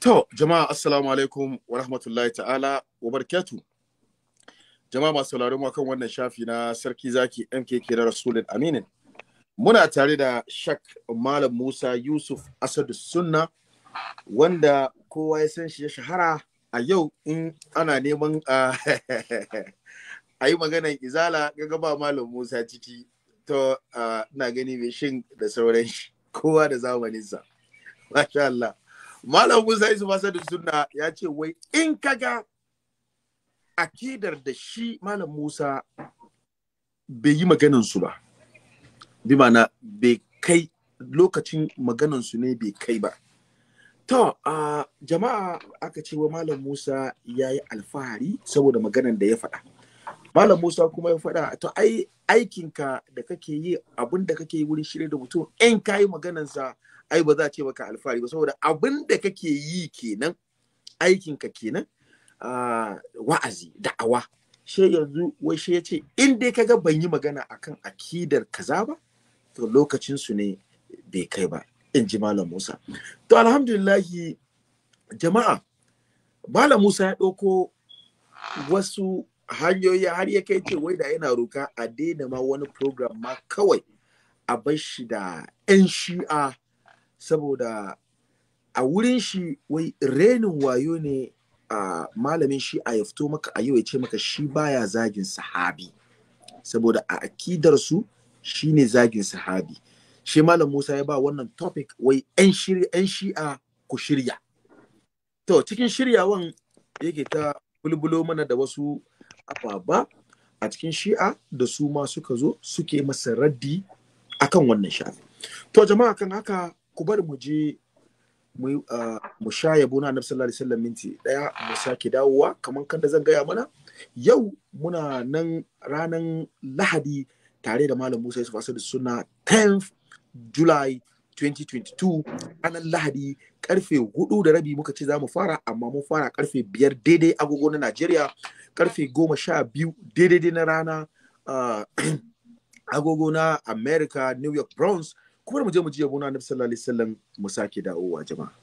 To, jama'a assalamu alaikum wa rahmatullahi ta'ala wa barakatu. Jama'a masu sauraron kan wannan shafi na Sarki Zaki MKK na Rasulun Aminin. Muna tare da Shak Malam Musa Yusuf Asadu Sunna wanda kowa ya san shi ya shahara a yau in ana neman a yi maganan izala ga gaba Malam Musa ciki to ina gani mai shin da sauran shi kowa da zamaninsa. Masha Allah. Malam Musa Yusuf da Sunna ya ce wai in kaga akidar da shi Malam Musa bai yi maganan ba. Bi mana bai kai lokacin maganan su ne bai kai ba. To, jama'a aka ce wa Malam Musa ya yi alfahari saboda maganan da ya faɗa. Malam Musa kuma ya faɗa, to ai aikinka da kake yi abin kake yi wurin shirya da mutum in ka yi maganansa ai ba za a ce maka alfahari ba saboda abin da kake yi kenan aikin ka kenan wa'azi da'awa she yanzu wai she ya ce in dai kaga ban yi magana akan akidar kaza ba to lokacin su ne bai kai ba in ji malam Musa to alhamdulillahi jama'a malam Musa ya ɗauko wasu hanyoyi har ya kai ce wai da yana roka a daina ma wani program ma kawai a bar shi da 'yan shi'a saboda a wurin shi wai renin wayo ne a malamin shi a yafto maka a yau ya ce maka shi baya zagin sahabi saboda a akidar su ne zagin sahabi shi malam Musa ya ba wannan topic wai yan shi'a ku shirya to cikin shiryawan yake ta bulbulo mana da wasu ababa a cikin shi'a da su ma suka zo suke masa raddi akan wannan shafi to jama'a kan haka ku bari mu je mu sha yabo na annabi sallallahu alaihi wasallam minti daya mu sake dawowa kamar kanda zan gaya mana yau muna nan ranar lahadi tare da malam Musa Yusuf Asadu suna 10th July 2022 ranar lahadi karfe hudu da rabi muka ce za mu fara amma mun fara karfe biyar daidai agogo na Najeriya karfe goma sha biyu daidai na rana agogo na America New York Browns. kuma mu je mu ji yabo na annabi sallallahu alaihi wasallam mu sake dawowa jama'a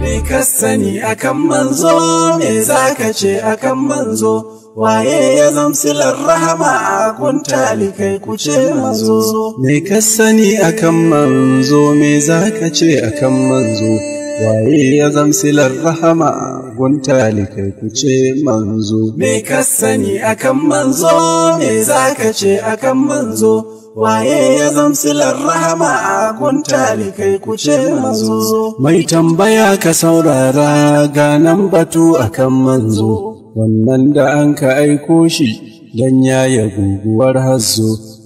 Me ka sani akan manzo, me za ka ce akan manzo, waye ya zamsilar rahama a kuntali kai kuce manzo. Me ka sani akan manzo, me za ka ce akan manzo, waye ya zamsilar rahama kun talikai ku ce manzo. Me ka sani akan manzo, me za ka ce akan manzo, waye ya zamsilar rahama a gunta talikai ku ce manzo. Mai tambaya ka saurara ganan batu akan manzo, wannan da an ka aiko shi don yaya guguwar hazo.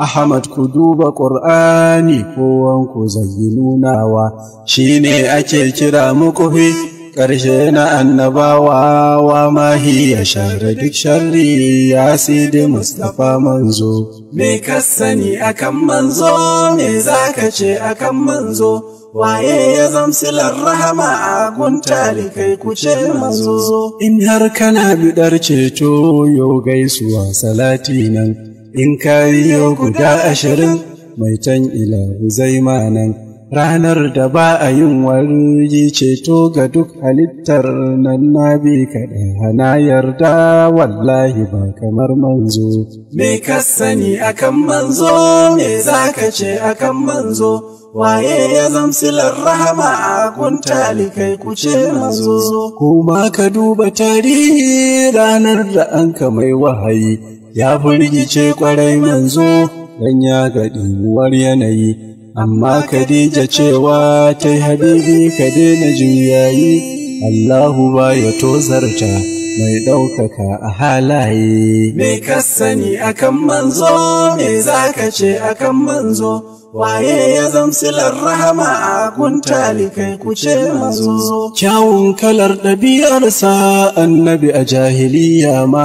Ahmad ku duba ƙur'ani kowanku nunawa, shi ne ake kira mukufi ƙarshe na annabawa wa mahi ya share duk sharri ya sidi Mustapha manzo. Me ka sani akan manzo, me za ka ce akan manzo, waye ya zamsilar rahama a kuntali kai kuce manzo. In har kana biɗar ceto yau gaisuwa salati nan. in kariyo guda ashirin mai can ila zai manan ranar da ba a yin wari ceto ga duk halittar nan na bi kaɗa hana yarda wallahi ba kamar manzo me ka sani akan manzo me za ka ce akan manzo waye ya zamsilar rahama a talikai kai ce manzo kuma ka duba tarihi ranar da an mai wahayi ya rigice kwarai manzo dan ya ga ɗinguwar yanayi amma Khadija cewa ta habibi ka daina juyayi Allahu ba ya tozarta mai ɗaukaka a halaye me ka sani akan manzo me zaka ce akan manzo waye ya zamsilar rahama a kuntali kai kuce manzo kyawun kalar ɗabi'arsa annabi a jahiliya ma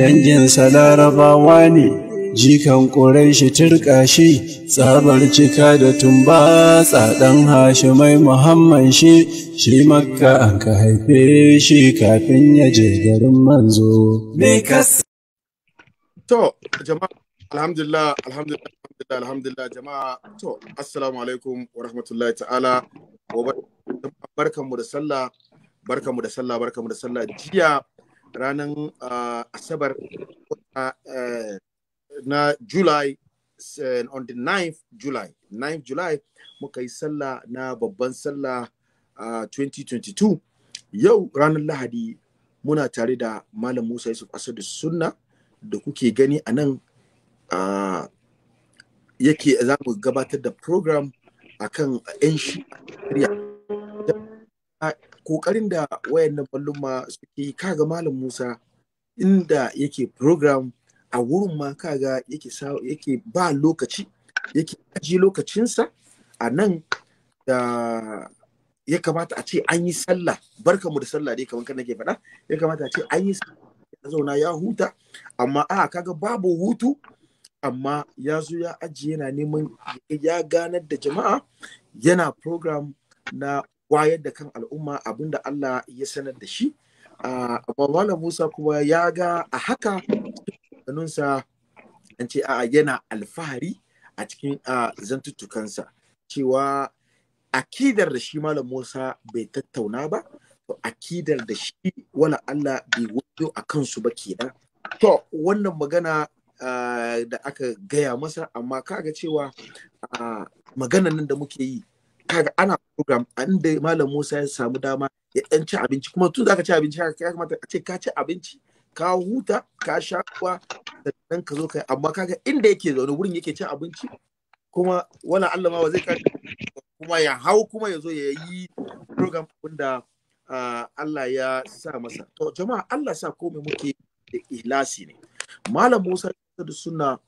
danginsa larabawa ne jikan ƙuraishi turka shi tsabar cika da tumba tsadan mai muhamman shi shi makka an ka haife shi kafin ya je garin manzo to jama'a alhamdulillah alhamdulillah alhamdulillah alhamdulillah jama'a to assalamu alaikum wa rahmatullahi ta'ala wa barkanmu da sallah barkanmu da sallah barkanmu da sallah jiya ranar ah, asabar ah, eh, na july eh, on the 9th july 9th july muka yi sallah na babban sallah uh, ah, 2022 yau ranar lahadi muna tare da malam musa yusuf asadu sunna da kuke gani a nan uh, yake za mu gabatar da program akan 'yan shi kokarin da wayannan ma suke yi kaga malam Musa inda yake program a wurin ma kaga yake yake ba lokaci yake aji lokacinsa a nan da ya kamata a ce an yi sallah barkamu da sallah dai kamar kana ke faɗa ya kamata a ce an yi zauna ya huta amma a kaga babu hutu amma ya zo ya aji yana neman ya ganar da jama'a yana program na wayar da kan al'umma abinda Allah ya sanar da shi a malam Musa kuma ya ga a haka ganunsa an ce a yana alfahari a cikin zantuttukansa cewa akidar da shi malam Musa bai tattauna ba to akidar da shi wala Allah bai wuce a kansu ba kenan to wannan magana da aka gaya masa amma kaga cewa maganan nan da muke yi kaga ana program da malam Musa ya samu dama ya dan ci abinci kuma tun zaka ci abinci ka ya kamata a ce ka ci abinci ka huta ka sha ruwa sannan ka zo kai amma kaga inda yake zaune wurin yake ci abinci kuma wani Allah ma ba zai kashi kuma ya hau kuma ya zo ya yi program Wanda Allah ya sa masa to jama'a Allah sa komai muke da ihlasi ne malam Musa da sunna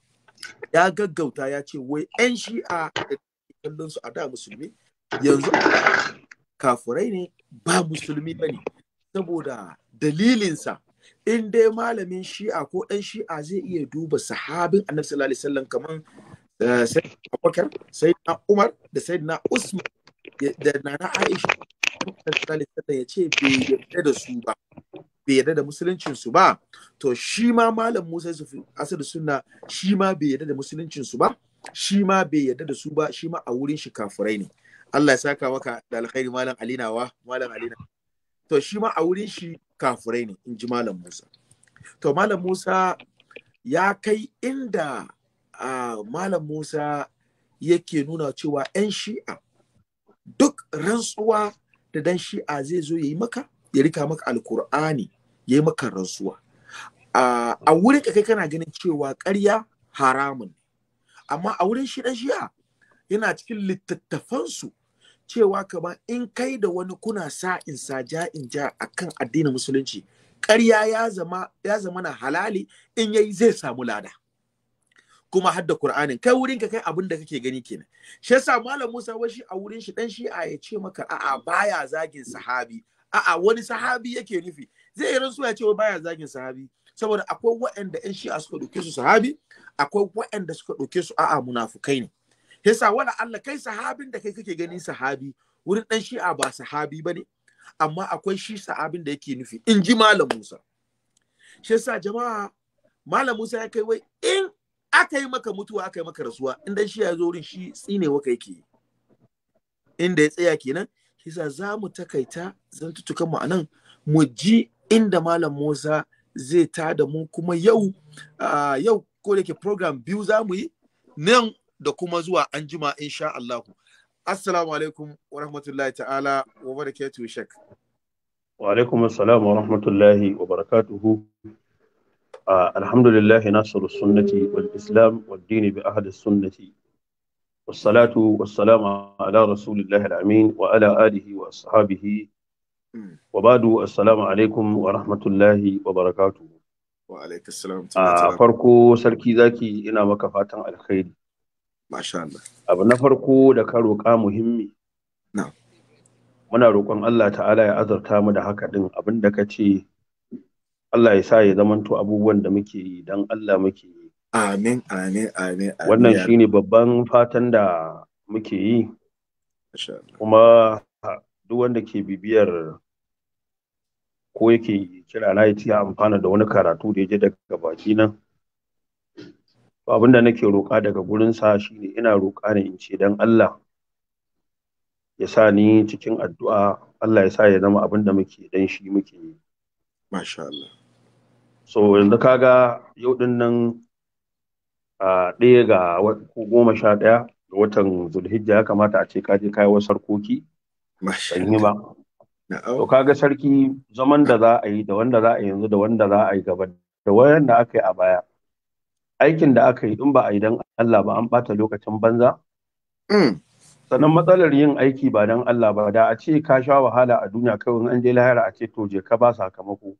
ya gaggauta ya ce wai 'yan shi'a da kallon su a da musulmi yanzu kafurai ne ba musulmi ba ne saboda dalilinsa in dai malamin shi'a ko ɗan shi'a zai iya duba sahabin annabi sallallahu alaihi wasallam kaman eh, sai abubakar sai na umar da sai na usman da nana aisha sallallahu alaihi wasallam ya ce bai yarda da su ba bai yarda da musuluncin su ba to shi ma malam musa sufi asadu sunna shi ma bai yarda da musuluncin su ba shi ma bai yarda da su ba shi ma a wurin shi kafurai ne Allah ya saka maka da alkhairi malam Alinawa malam Alina to shi ma a wurin shi kafurai ne in ji malam Musa to malam Musa ya kai inda uh, malam Musa yake nuna cewa 'yan shi'a duk rantsuwa da dan shi'a zai zo ya yi maka ya rika maka alkur'ani ya yi maka rantsuwa uh, a wurin kai kana ganin cewa ƙarya haramun amma a wurin shi dan shi'a yana cikin littattafansu cewa kamar in kai da wani kuna sa in sa ja in ja akan addinin musulunci ƙarya ya zama na halali in yayi zai samu lada kuma har da Qur'anin kai wurin ka kai abin da kake gani kenan shi yasa malam Musa shi a wurin shi dan shi'a ya ce maka a'a baya zagin sahabi a'a wani sahabi yake nufi zai yi rantsuwa ya ce baya zagin sahabi saboda akwai waɗanda 'yan shi'a suka ɗauke su sahabi akwai waɗanda suka ɗauke su a'a munafukai ne yasa wala Allah kai sahabin da kai kake ganin sahabi wurin dan shi'a ba sahabi bane amma akwai shi sahabin da yake nufi in ji malam Musa shi yasa jama'a malam Musa ya kai wai in aka yi maka mutuwa aka yi maka rasuwa in dan shi'a ya zo wurin shi tsinewa kai ke inda ya tsaya kenan yasa za mu takaita zantutukan mu anan mu ji inda malam Musa zai tada mu kuma yau ah, yau ko da ke program biyu za yi nan da kuma zuwa anjima insha Allah. Assalamu alaikum wa rahmatullahi ta'ala wa barakatuhu shek. Wa alaikum assalam wa rahmatullahi wa barakatuhu. Alhamdulillahi nasiru sunnati wal islam wal dini bi ahad sunnati. ala والسلام على رسول wa الأمين وعلى آله وأصحابه وبعد السلام عليكم ورحمة الله وبركاته وعليك farko sarki zaki ina maka fatan الخير Allah. Abu na farko da ka roƙa muhimmi. Muna roƙon Allah ta'ala ya azurta mu da haka din abin da ka ce Allah ya sa ya zamanto abubuwan da muke yi don Allah muke yi. Amin, amin, amin. Wannan ne babban fatan da muke yi. Kuma duk wanda ke bibiyar ko yake kira na ya amfana da wani karatu da ya je daga baki nan. to abin da nake roƙa daga gurinsa shine ina roƙa ne in ce dan Allah ya sa ni cikin addu'a Allah ya sa ya zama abin da muke dan shi muke yi masha Allah so yanzu kaga yau din nan a ɗaya ga goma sha ɗaya ga watan zulhijja ya kamata a ce ka je kai wasu sarkoki yi ba to kaga sarki zaman da za a yi da wanda za a yanzu da wanda za a yi gaba da wanda aka yi a baya aikin da aka yi in ba a yi don Allah ba an ɓata lokacin banza mm. sannan matsalar yin aiki ba don Allah ba da a ce ka sha wahala a duniya kawai an je lahira a ce to je ka ba sakamako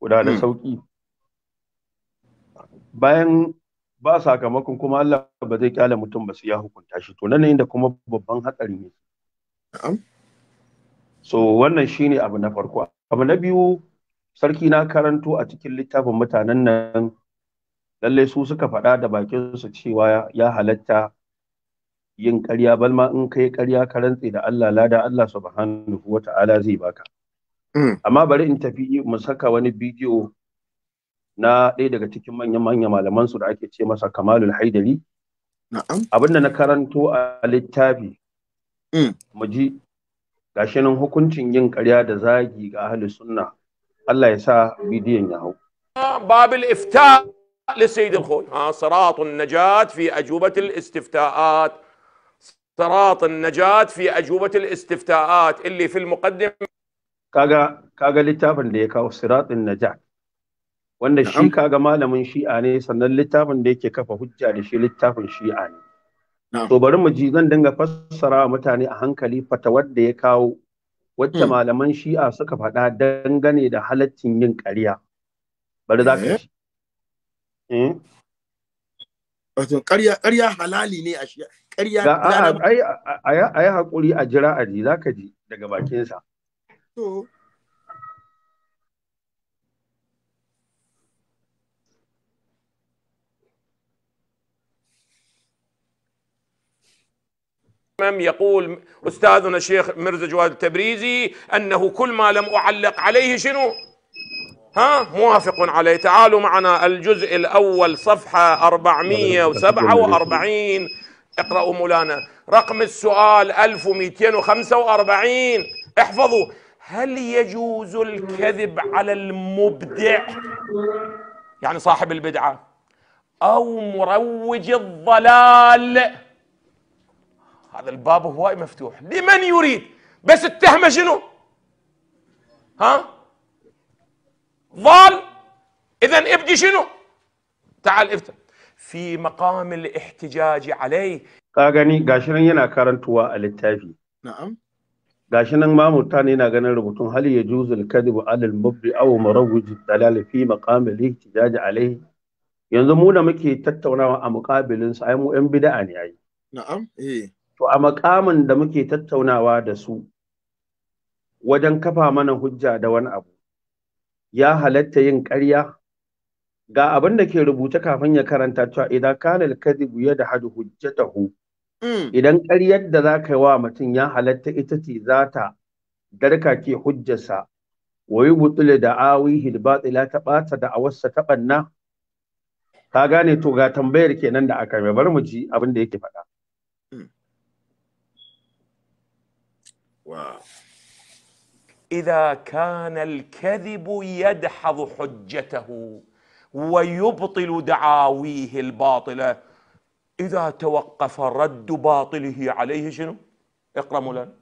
guda da mm. sauki bayan ba sakamakon kuma Allah ba zai kyale mutum ba su ya hukunta shi to nan da kuma babban hatsari ne so wannan shine abu na farko abu na biyu sarki na karanto a cikin littafin mutanen nan lallai su suka faɗa da bakinsu cewa ya halatta yin ƙarya balma in kai ƙarya ka rantse da Allah lada Allah subhanahu wa ta'ala zai baka hmm. amma bari in tafi mu saka wani bidiyo na ɗaya daga cikin manyan manyan malaman su da ake ce masa Kamalul Haidari na'am abinda na karanto a littafi hmm. mu ji gashi hukuncin yin ƙarya da zagi ga ahli sunna Allah ya sa bidiyon ya hau babil ifta للسيد الخوي ها صراط النجاة في أجوبة الاستفتاءات صراط النجاة في أجوبة الاستفتاءات اللي في المقدم كاغا كاغا لتابن أو صراط النجاة وأن نعم. الشيء نعم. كاغا ما لمن شيء آني سنة لتابن ليكا فهجة لشيء لتابن شيء آني to bari mu ji zan dinga fassara wa mutane a hankali fata wadda ya kawo wacce malaman shi'a suka faɗa dangane da halaccin Wato ƙarya ƙarya halali ne a shiya. Ƙarya a yi haƙuri a jira a ji za ka ji daga bakinsa. To. يقول أستاذنا الشيخ مرزا جواد التبريزي أنه كل ما لم أعلق عليه شنو؟ ها موافق عليه تعالوا معنا الجزء الأول صفحة 447 اقرأوا مولانا رقم السؤال 1245 احفظوا هل يجوز الكذب على المبدع يعني صاحب البدعة أو مروج الضلال هذا الباب هواي مفتوح لمن يريد بس التهمة شنو ها ضال اذا ابدي شنو تعال افتح في مقام الاحتجاج عليه قاغني غاشن ينا كارنتوا التافي نعم غاشن ما متان ينا غن ربطون هل يجوز الكذب على المبدي او مروج الدلاله في مقام الاحتجاج عليه yanzu mu da muke tattaunawa a muƙabilin sa ai mu ɗan bid'a ne ai na'am eh to a makamin da muke tattaunawa ya halatta yin ƙarya ga abin da ke rubuta kafin ya karanta cewa idan kana da hadu hujjata hu mm. idan ƙaryar da za ka yi wa mutum ya halatta ita ce za ta darka ke hujjarsa butule da awi al-batila ta bata da'awarsa ta banna ka gane to ga tambayar kenan da aka mai bar mu ji abin da yake faɗa mm. wow إذا كان الكذب يدحض حجته ويبطل دعاويه الباطلة إذا توقف رد باطله عليه شنو؟ اقرأ لنا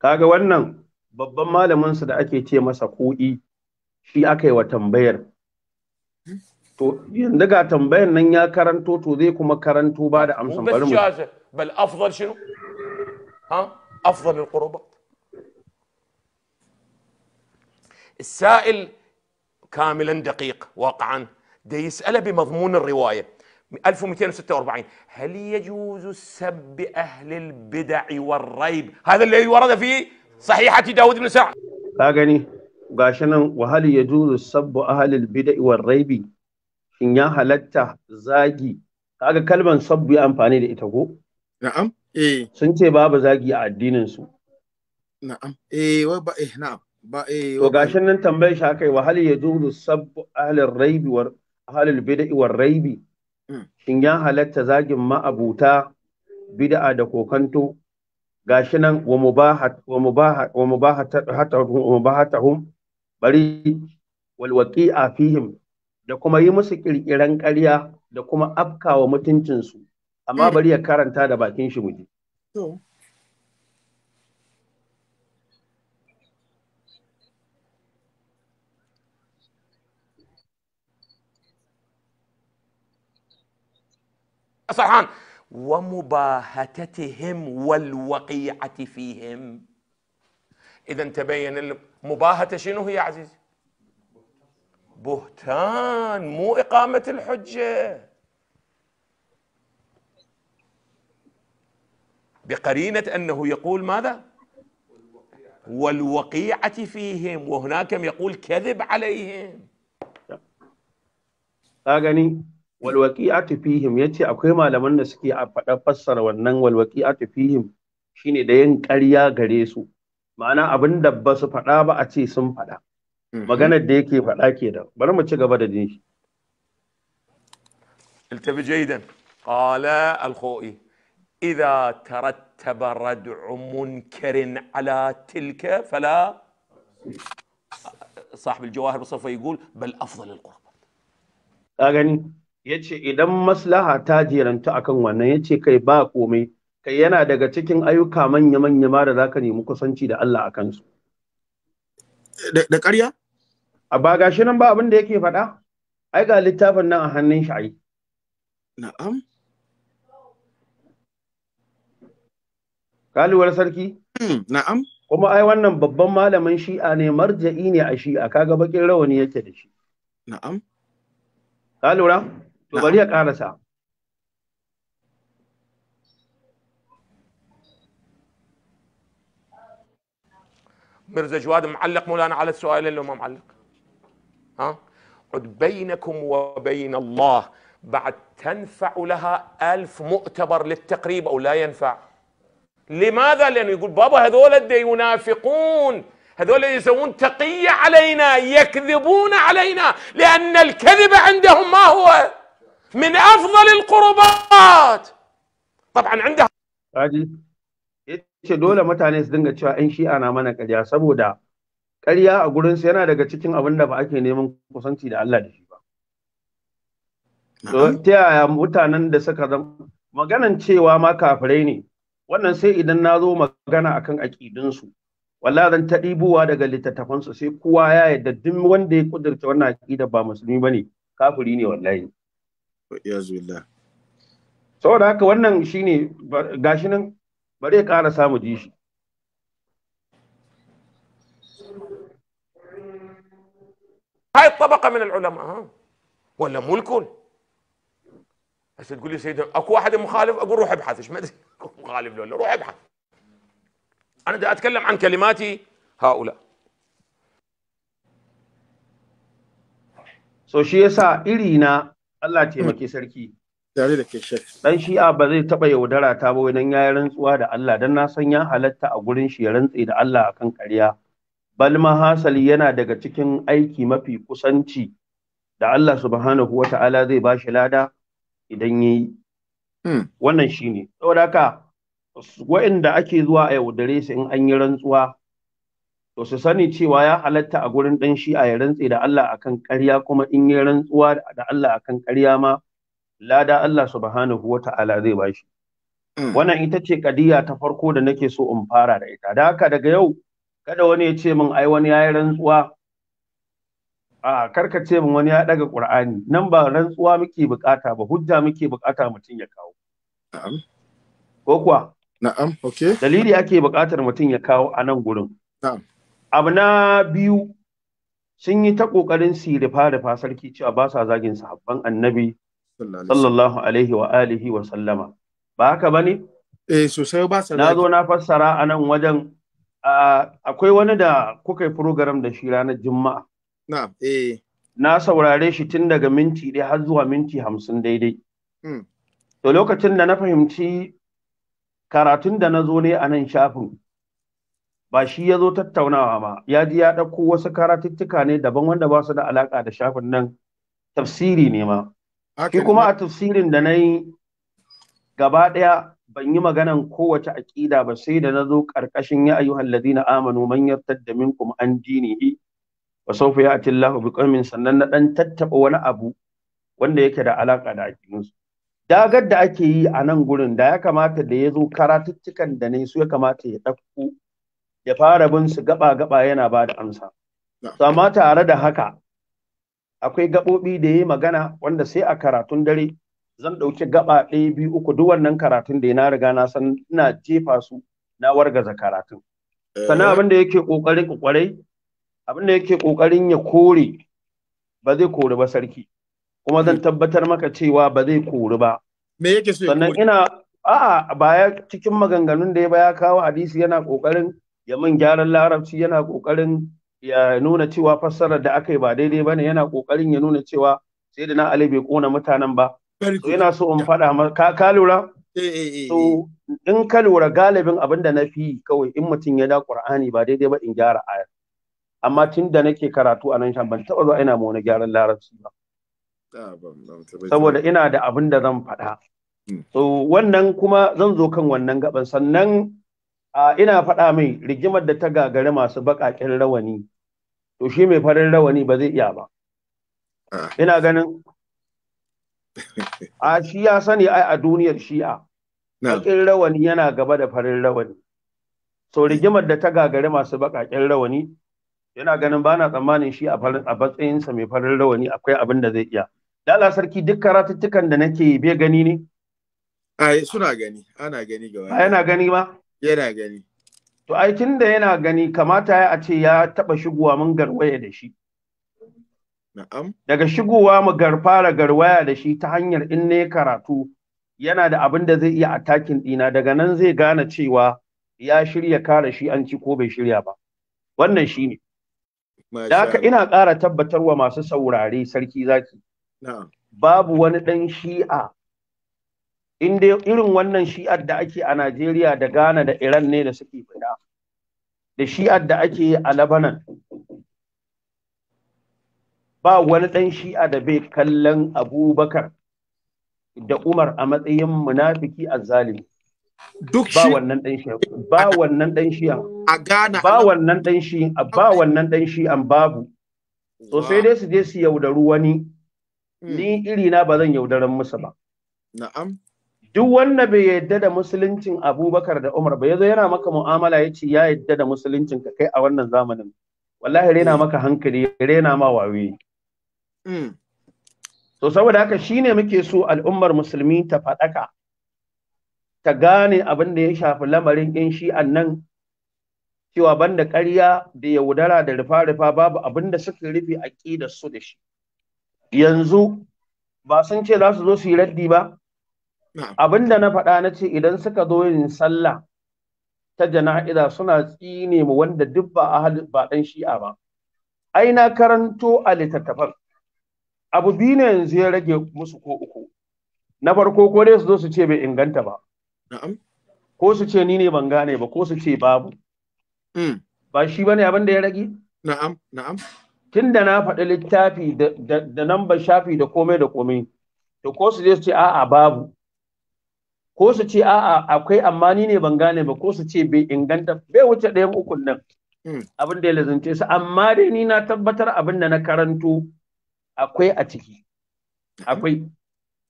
كاغا ونن بابا مالا منسى اكي تي مسا كوئي شي اكي وتنبير يندقى تنبير نن يا كارنتو تو ما كارنتو بعد امسن بس جازة بل افضل شنو ها افضل القربة السائل كاملا دقيق واقعا دي يسأله بمضمون الرواية 1246 هل يجوز السب أهل البدع والريب هذا الذي ورد في صحيحة داود بن سعد لاغني غاشنا وهل يجوز السب أهل البدع والريب إن يا هلتا زاجي هذا كلمة سب يا أمفاني لإتغو نعم إيه سنتي باب زاجي نسو نعم إيه وبا إيه نعم ba eh to gashin nan tambayar shi akai wa ya yajuzu sabbu ahlil raibi wa ahlil bid'i war raibi hmm. shin ya halatta zagin ma'abuta bid'a da kokanto gashi nan wa mubahat wa mubahat wa mubahatahum bari wal waqi'a fihim da kuma yi musu kirkiran ƙarya da kuma afkawa mutuncinsu amma eh. bari ya karanta da bakin shi muje أصحان ومباهتتهم والوقيعة فيهم إذا تبين المباهتة شنو هي يا عزيزي بهتان مو إقامة الحجة بقرينة أنه يقول ماذا والوقيعة فيهم وهناك يقول كذب عليهم أغني آه، walwaqi'atu fihim yace akwai malaman da suke a faɗa fassara wannan walwaqi'atu fihim shine da yin ƙarya gare su ma'ana abin da ba su faɗa ba a ce sun faɗa maganar da yake faɗa kenan bari mu ci gaba da jin shi التفت جيدا قال الخوئي إذا ترتب ردع منكر على تلك فلا صاحب الجواهر بصفة يقول بل أفضل القربات أغني ya ce idan maslaha ta a akan wannan ya ce kai ba komai kai yana daga cikin ayyuka manya-manya ma da za ka nemi kusanci da Allah a kansu. Da ƙarya? A ba gashi nan ba abin da yake faɗa? Ai ga littafin nan a hannun shi ai. Na'am. Kaluwar sarki? Hmm, na'am. Kuma ai wannan babban malamin shi'a ne marja'i ne a shi'a kaga bakin rawani yake da shi. Na'am. Ka lura? to نعم. bari ساعة مرزا جواد معلق مولانا على السؤال اللي ما معلق ها عد بينكم وبين الله بعد تنفع لها ألف مؤتبر للتقريب أو لا ينفع لماذا؟ لأنه يقول بابا هذول ينافقون هذول يسوون تقية علينا يكذبون علينا لأن الكذب عندهم ما هو؟ من افضل القربات طبعا عندها yace dole mutane su dinga cewa in shi'a na mana ƙarya saboda ƙarya a gurinsu yana daga cikin abin da ba ake neman kusanci da Allah da shi ba. Ta yaya mutanen da suka zama maganan cewa ma kafirai ne wannan sai idan na zo magana akan su wallahi zan ta ɗibowa daga littattafansu sai kowa ya yarda duk wanda ya ƙudurta wannan aƙida ba musulmi bane kafiri ne wallahi. saboda haka wannan shine gashi nan samu ji shi هاي الطبقه من العلماء ها ولا ملك هسه تقول لي سيدنا اكو واحد مخالف اقول روح ابحث ايش ما ادري مخالف ولا روح ابحث انا دا اتكلم عن كلماتي هؤلاء سو شي يسا ايرينا Allah taimaki sarki. Tare da ke shek. Dan shi'a ba zai taɓa yaudara ta ba wannan ya rantsuwa da Allah dan na san ya halatta a gurin shi ya rantse da Allah akan ƙarya. Bal mahasali yana daga cikin aiki mafi kusanci da Allah subhanahu wa ta'ala zai ba shi lada idan yayi hmm. Wannan shi ne. Saboda haka wa'inda ake zuwa a yaudare su in an yi rantsuwa to su sani cewa ya halatta a gurin dan shi'a ya rantse da Allah akan ƙarya kuma in ya rantsuwa da Allah akan ƙarya ma lada Allah subhanahu wa ta'ala zai ba shi mm. wannan ita ce kadiya ta farko da nake so in fara da ita da haka daga yau kada wani ya ce min ai wani yi rantsuwa a karka ce min wani ya daga qur'ani nan ba rantsuwa muke bukata ba hujja muke bukata mutum ya kawo na'am ko kuwa na'am okay dalili ake bukatar mutum ya kawo a nan gurin na'am abu na biyu sun yi ta ƙoƙarin su rufa-rufa sarki cewa ba sa zagin sahabban annabi sallallahu alaihi wa alihi wa sallama ba haka ba ne? eh sosai ba sa na zo na fassara a nan wajen akwai wani da kuka yi program da shi ranar juma'a na eh na saurare shi tun daga minti ɗaya har zuwa minti hamsin daidai hmm. to lokacin da na fahimci karatun da na zo ne a nan shafin ba shi ya zo tattaunawa ba ya ji ya ɗauko wasu karatuttuka ne daban wanda ba su da alaƙa da shafin nan tafsiri ne ma shi kuma a tafsirin da na yi gaba ɗaya ban yi maganan kowace aƙida ba sai da na zo ƙarƙashin ya ayyuhan na amanu man taddamin kuma an dinihi wa sawfa ya'ti Allahu biqaumin sannan na ɗan tattaɓa wani abu wanda yake da alaƙa da aƙidunsu dagar da ake yi a nan gurin da ya kamata da ya zo karatuttukan da ne su ya kamata ya ɗauko ya fara bin su gaba-gaba yana ba da amsa. Amma tare da haka akwai gaɓoɓi da ya yi magana wanda sai a karatun dare zan ɗauki gaba ɗaya biyu uku duk wannan karatun da na riga na san ina jefa su na wargaza karatun. Eh. Sannan abin da yake ƙoƙarin abin da yake ƙoƙarin ya kore ba zai kori ba sarki kuma zan mm. tabbatar maka cewa ba zai kori ba. Me yake so Sannan ina a'a baya cikin maganganun da ya ba ya kawo hadisi yana ƙoƙarin ya min gyaran larabci yana kokarin ya nuna cewa fassarar da aka yi ba daidai ba ne yana kokarin ya nuna cewa sai da na Ali bai kona mutanen ba. So yana so in faɗa ma ka, lura? Eh, eh, eh, so in ka lura galibin abin da na fi kawai in mutum ya da Qur'ani ba daidai ba in gyara ayar. Amma tun da nake karatu a nan shan ban taɓa zuwa ina ma gyaran larabci ba. Saboda ina da abin da zan faɗa. Hmm. So wannan kuma zan zo kan wannan gaban sannan a ina faɗa mai rigimar da ta gagari masu baƙaƙen rawani to shi mai farin rawani ba zai iya ba ah. ina ganin a shi ya sani ai a duniyar shi'a baƙin rawani yana gaba da farin rawani so rigimar da ta gagari masu baƙaƙen rawani yana ganin ba na tsammanin shi a matsayinsa mai farin rawani akwai abin da zai iya lala sarki duk karatuttukan da nake bai gani ne ai suna gani ana gani ga yana gani ma yana gani to ai tunda yana gani kamata ya a ce ya taɓa shigowa mun garwaya da shi Na'am. Daga shigowa mu fara garwaya da shi ta hanyar in ne karatu yana da abin da zai iya attacking ɗina daga nan zai gane cewa ya shirya kare shi an ci ko bai shirya ba. Wannan shi ne. Da ina ƙara tabbatarwa masu saurare sarki zaki. Babu wani ɗan shi'a in dai irin wannan shi'ar da ake a Najeriya da Ghana da Iran ne da suke fita da shi'ar da ake a Lebanon ba wani ɗan shi'a da bai kallon abubakar da umar a matsayin munafiki a zalimi duk ba wannan ɗan shi'a ba wannan ɗan shi'a a Ghana ba wannan ɗan shi'a ba wannan ɗan shi'an babu to sai dai su je su yaudaru wani hmm. ni iri na ba zan yaudaran musu ba na'am duk wanda bai yadda da musuluncin abubakar da umar ba yazo yana maka mu'amala ya ce ya yadda da musuluncin ka kai a wannan zamanin wallahi rena mm. maka hankali rena ma wawe mm. to saboda haka shine muke so al'ummar musulmi ta faɗaka ta gane abin da ya shafi lamarin yan shi'an nan cewa banda ƙarya da yaudara da rufa-rufa babu abin da suka rufe aƙidar su da shi yanzu ba sun ce za su zo su yi raddi ba abinda na faɗa na ce idan suka zo yin sallah ta jana'iza suna tsine mu wanda duk ba ahli ba ɗan shi'a ba ai na karanto a littattafan abu biyu ne yanzu ya rage musu ko uku na farko ko dai su zo su ce bai inganta ba ko su ce ni ne ban gane ba ko su ce babu hmm. ba shi bane abin da ya rage na'am na'am tun da na faɗi littafi da nan ba shafi da komai da komai to ko su je su ce a'a babu ko su ce a'a akwai amma ni ne ban gane ba ko su ce bai inganta bai wuce ɗayan ukun nan hmm. abin da ya lazance su amma dai ni na tabbatar abin da na karanto akwai a ciki hmm. akwai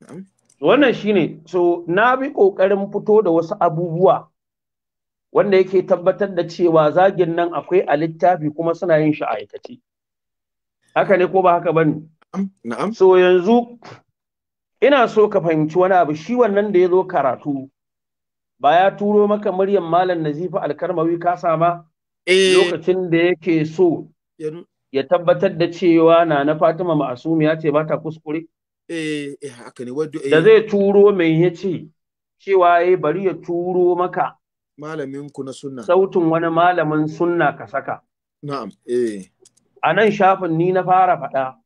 hmm. wannan shine so na bi ƙoƙarin fito da wasu abubuwa wanda yake tabbatar da cewa zagin nan akwai a littafi kuma suna yin shi a aikace haka ne ko ba haka bane na'am so yanzu ina so ka fahimci wani abu shi wannan da ya zo karatu ba ya turo maka Maryam malam nazifa alkarmawi ka sama eh. lokacin da yake so ya tabbatar da cewa na na fatima ma'asumiya ce ba ta kuskure eh, eh, da zai turo mai ya ce cewa ya bari ya turo maka malamin ku na sunna sautin wani malamin sunna ka saka na'am a nan shafin ni na fara faɗa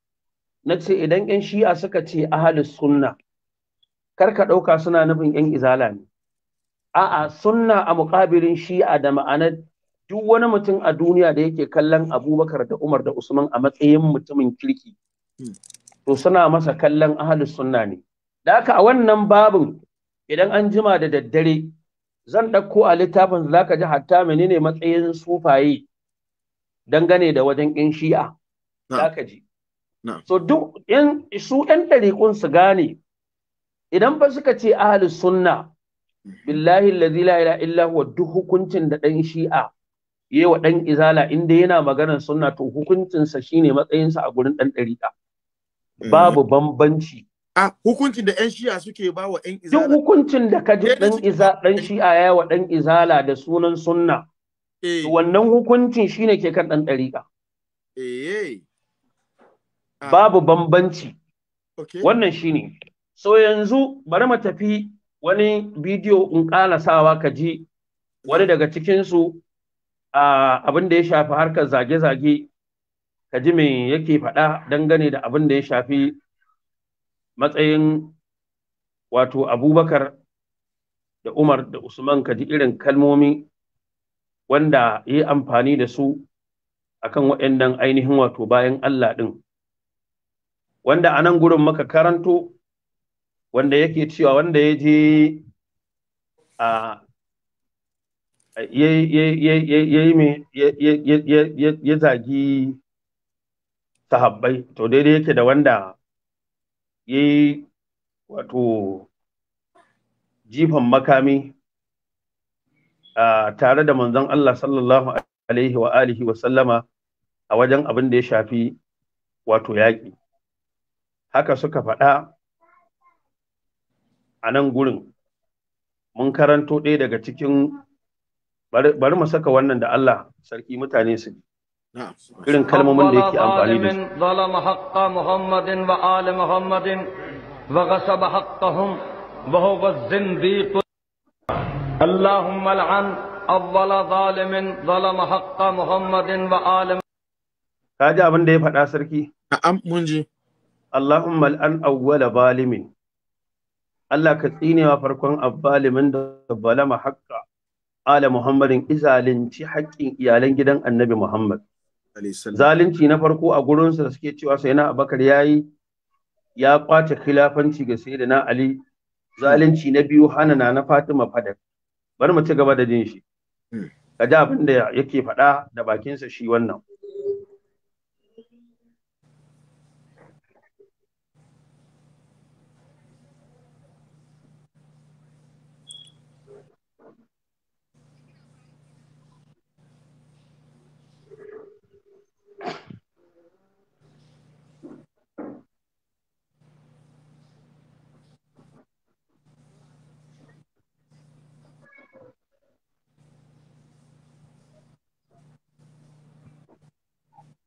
na ce idan ‘yan shi'a suka ce ahalus sunna kar ka ɗauka suna nufin ‘yan izala ne a'a sunna a muƙabirin shi'a da ma'anar duk wani mutum a duniya da yake kallon abubakar da umar da usman a matsayin mutumin kirki hmm. to suna masa kallon ahalus sunna ne da haka a wannan babin idan an jima da daddare zan ɗauko a littafin za ka ji hatta menene matsayin sufaye dangane da wajen ƴan shi'a za ka ji so duk yan su yan ɗariƙun su gane idan ba suka ce ahlus sunna mhm. billahi allazi la ilaha illa huwa duk hukuncin da dan shi'a yi wa dan izala inda yana maganar sunna to hukuncin sa shine matsayin sa a gurin dan ɗariƙa eh. babu bambanci a hukuncin da yan shi'a suke ba wa yan izala duk hukuncin da ka ji dan eh, iza dan shi'a yayi wa dan izala da sunan sunna eh. wannan hukuncin shine ke kan dan ɗariƙa eh Ah. babu bambanci wannan shine so yanzu bari mu tafi wani bidiyo in sawa kaji wani daga cikinsu abin da ya shafi harkar zage-zage kaji ji me yake faɗa dangane da abin da ya shafi matsayin wato abubakar da umar da usman kaji irin kalmomi wanda ya yi amfani da su akan waɗannan ainihin wato bayan allah ɗin wanda anan gurin maka karanto wanda yake cewa wanda ya je a ya zagi sahabbai to daidai yake da wanda ya yi wato jifan makami tare da manzon Allah sallallahu alaihi wa alihi wa sallama a wajen abin da ya shafi wato yaƙi haka suka faɗa a nan gurin mun karanto ɗaya daga cikin bari mu saka wannan da Allah sarki mutane su irin kalmomin da yake amfani da su zalama haqqa muhammadin wa ali muhammadin wa ghasaba haqqahum wa huwa az-zindiq allahumma al'an awwala zalimin zalama haqqa muhammadin wa ali kaji abin da ya faɗa sarki na'am mun ji Allahumma al'an auwala balimin Allah ka tsinewa farkon abbalimin da balama haƙƙa ala Muhammadin izalinci haƙƙin iyalan gidan annabi Muhammad. Zalunci na farko a gurinsa da suke cewa sai na abakar ya yi ya ƙwace khilafanci ga sai na Ali. Zalunci na biyu hana na na Fatima Fadar. Bari mu ci gaba da jin shi. Hmm. Ka ji abin da yake faɗa da bakinsa shi wannan.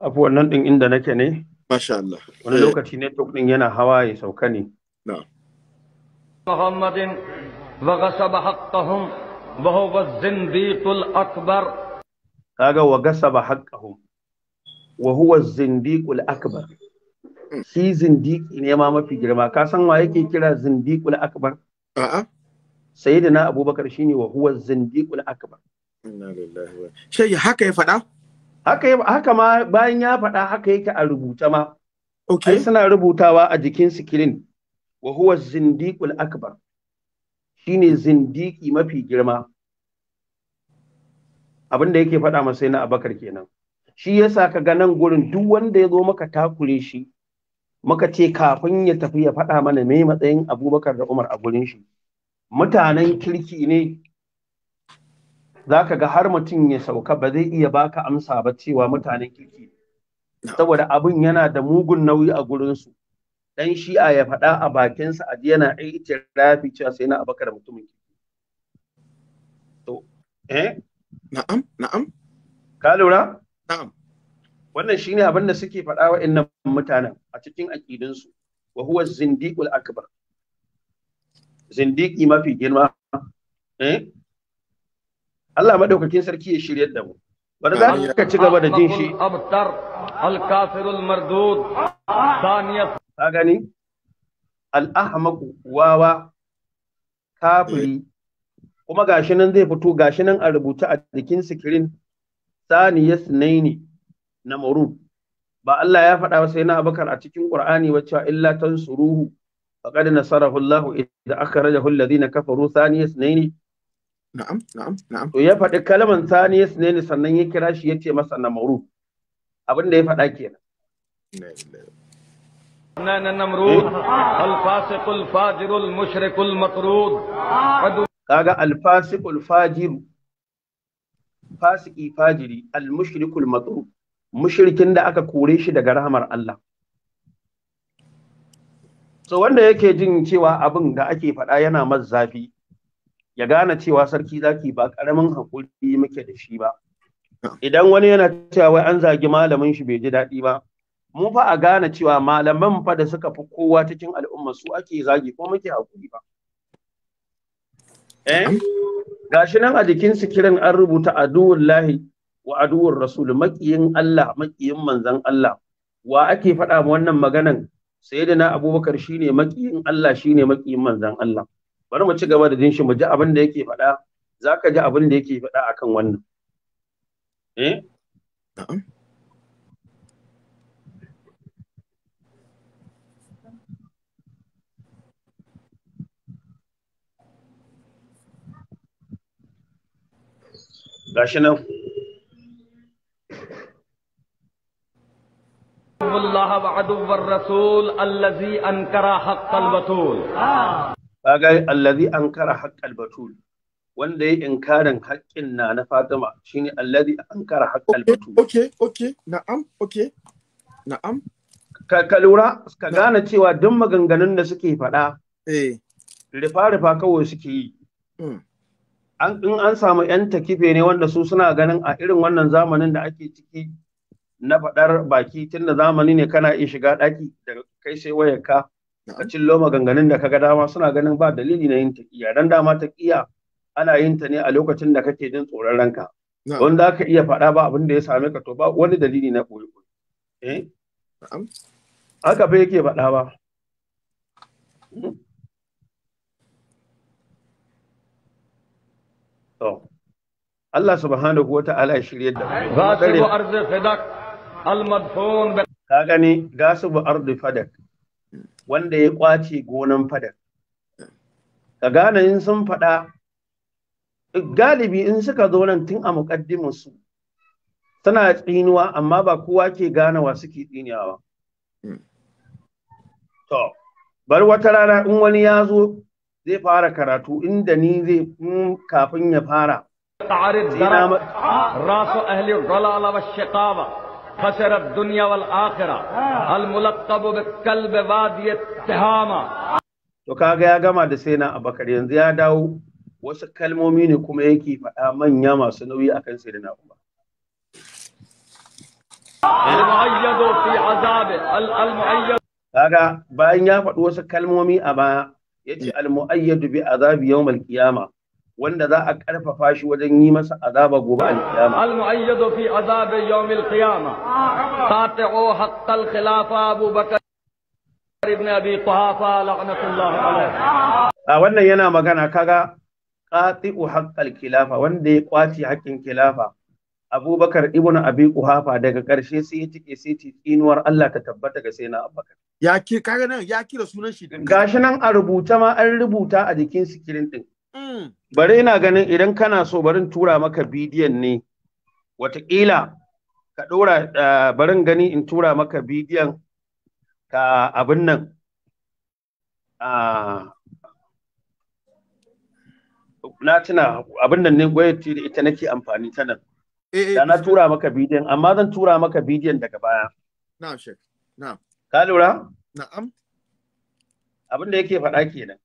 abu wannan ɗin inda nake ne? Masha Allah. Wani eh. lokaci network ɗin yana hawa ya sauka ne. Na'am. محمد وغصب ba وهو الزنديق akbar kaga wa gasaba haqqahum wa huwa zindiqul akbar hmm. shi zindiki ne ma mafi girma ka san wa yake kira zindiqul akbar a'a sayyidina abubakar shine wa huwa zindiqul akbar inna lillahi wa haka ya faɗa haka haka ma bayan ya faɗa haka yake a rubuta ma okay suna rubutawa a jikin sikirin wa huwa zindiqul akbar shine zindiki mafi girma abin da yake faɗa masa na abakar kenan shi yasa ka ga nan gurin duk wanda ya zo maka takure shi maka ce kafin ya tafi ya faɗa mana me matsayin abubakar da umar a gurin shi mutanen kirki ne za ka ga har mutum ya sauka ba zai iya baka amsa ba cewa mutanen kirki saboda abin yana da mugun nauyi a gurinsu dan shi'a ya faɗa a bakinsa a yana aiki rafi cewa sai na abakar mutumin to eh na'am na'am ka lura na'am wannan shine abin da suke faɗa innan mutanen a cikin aƙidinsu wa huwa zindiqul akbar zindiqi mafi girma eh Allah madaukakin sarki ya shiryar da mu Bari za ka ci gaba da jin shi al al mardud ka gani al-ahmaqu wawa kafiri kuma gashi nan zai fito gashi nan a rubuta a jikin sikirin saniyas naini na maru ba Allah ya faɗa sai na abakar a cikin Qur'ani wacce illa tansuruhu faqad nasarahu Allah idza akhrajahu alladhina kafaru saniyas naini Na'am, na'am, na'am. To ya faɗi kalaman sani ya ne sannan ya kira shi ya ce masa namaru. Abin da ya faɗa kenan. نمرود نمرود الفاسق الفاجر المشرك المطرود kaga الفاسق الفاجر fasiki fajiri al-mushrikul matrud mushrikin da aka kore shi daga rahamar Allah so wanda yake jin cewa abin da ake faɗa yana zafi ya gane cewa sarki zaki ba karamin hakuri muke da shi ba idan wani yana cewa wai an zagi malamin shi bai ji daɗi ba mu fa a gane cewa malaman fa da suka fi kowa cikin al'umma su ake zagi ko muke hakuri ba eh gashi nan a jikin kiran an rubuta aduwullahi wa aduwur rasul makiyin Allah makiyin manzon Allah wa ake faɗa wannan maganan sayyidina abubakar shine makiyin Allah shine makiyin manzon Allah bari mu ci gaba da jin shi mu ji abin da yake faɗa za ka ji abin da yake faɗa a kan wannan eh? gashi nan الله بعد الرسول الذي أنكر حق البتول kaga allazi ankara haqqal batul wanda ya inkarin haƙƙin na na Fatima shine allazi ankara haqqal batul okay okay na'am okay na'am ka, ka ka gane cewa duk maganganun da suke faɗa eh rifa rifa kawai suke yi hmm. an in an samu yan takife ne wanda su suna ganin a irin wannan zamanin da ake ciki na faɗar baki tunda zamani ne kana iya shiga ɗaki daga kai sai wayarka a cillo maganganun da kaga dama suna ganin ba dalili na yin taƙiya dan dama taƙiya ana yin ta ne a lokacin da kake jin tsoron ranka wanda ka iya faɗa ba abin da ya same ka to ba wani dalili na koyi koyi eh haka fa yake faɗa ba Allah subhanahu wa ta'ala ya shirye da mu. Gasibu arzi fadak al-madfun Ka gani gasu bu arzi fadak wanda ya kwace gonan fadar ka gane in sun faɗa galibi in suka zo nan tun a muƙaddimin su tana tsinuwa amma ba kowa ke ganawa suke tsinuwa. to bar wata rana in wani ya zo zai fara karatu inda ni zai kafin ya fara تعرض rasu ahli أهل wa والشقاوة خسر الدنيا والآخرة الملقب بالكلب وادي التهامة to kaga ya gama da Saina na abakar yanzu ya dawo wasu kalmomi ne kuma yake faɗa manya masu nauyi akan sai na umar kaga bayan ya faɗi wasu kalmomi a baya yace al muayyadu bi azabi yawm al qiyamah wanda za a karfafa shi wajen yi masa azaba gobe kiyama al-mu'ayyadu fi azab yawm al-qiyama qati'u haqq al-khilafa Abu Bakr ibn Abi Quhafa la'natullah alayhi a wannan yana magana kaga qati'u haqq al-khilafa wanda ya kwaci haƙƙin khilafa Abubakar ibn Abi Quhafa daga ƙarshe sai ya tike sai tinuwar Allah ta tabbata ga sai na Abubakar ya ki kaga nan ya kira sunan shi gashi nan a rubuta ma an rubuta a jikin sikirin din Bari ina ganin idan kana so barin tura maka bidiyon ne, wataƙila ka ɗora eh, barin gani in tura maka bidiyon ka abin nan. Ah, na tuna abin nan ne gwayati da ita nake amfani ta nan. Eh, eh, da na tura maka bidiyon, amma zan tura maka bidiyon daga baya. Na'am, Sheikh. Na'am. Ka lura? Na'am. Abin da yake faɗa kenan.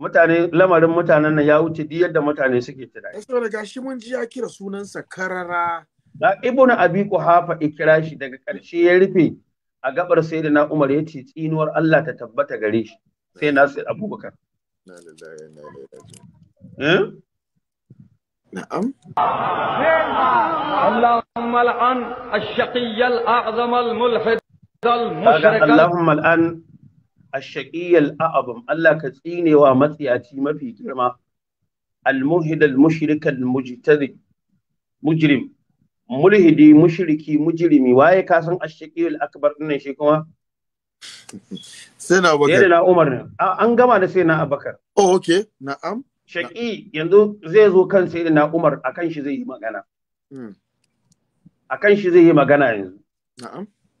Mutane lamarin mutanen nan ya wuce duk yadda mutane suke tunani. Eh, saboda gashi mun ji ya kira sunansa karara. Da Ibn Abi Quhafa ikira shi daga ƙarshe ya rufe a gabar Sayyidina Umar ya ce tsinuwar Allah ta tabbata gare shi sai Nasir Abubakar. نعم اللهم الان الشقي الاعظم الملحد المشرك اللهم an' ashaqiyyal a'abam Allah ka tsine wa matsiyaci mafi girma al-muhid al-mushrik al-mujtadi mujrim mulhidi mushriki mujrimi waye ka san ashaqiyyal akbar din shi kuma sai na abakar yana umar ne an gama da sai na abakar oh okay na'am shaqi yanzu zai zo kan sai na umar akan shi zai yi magana akan shi zai yi magana yanzu na'am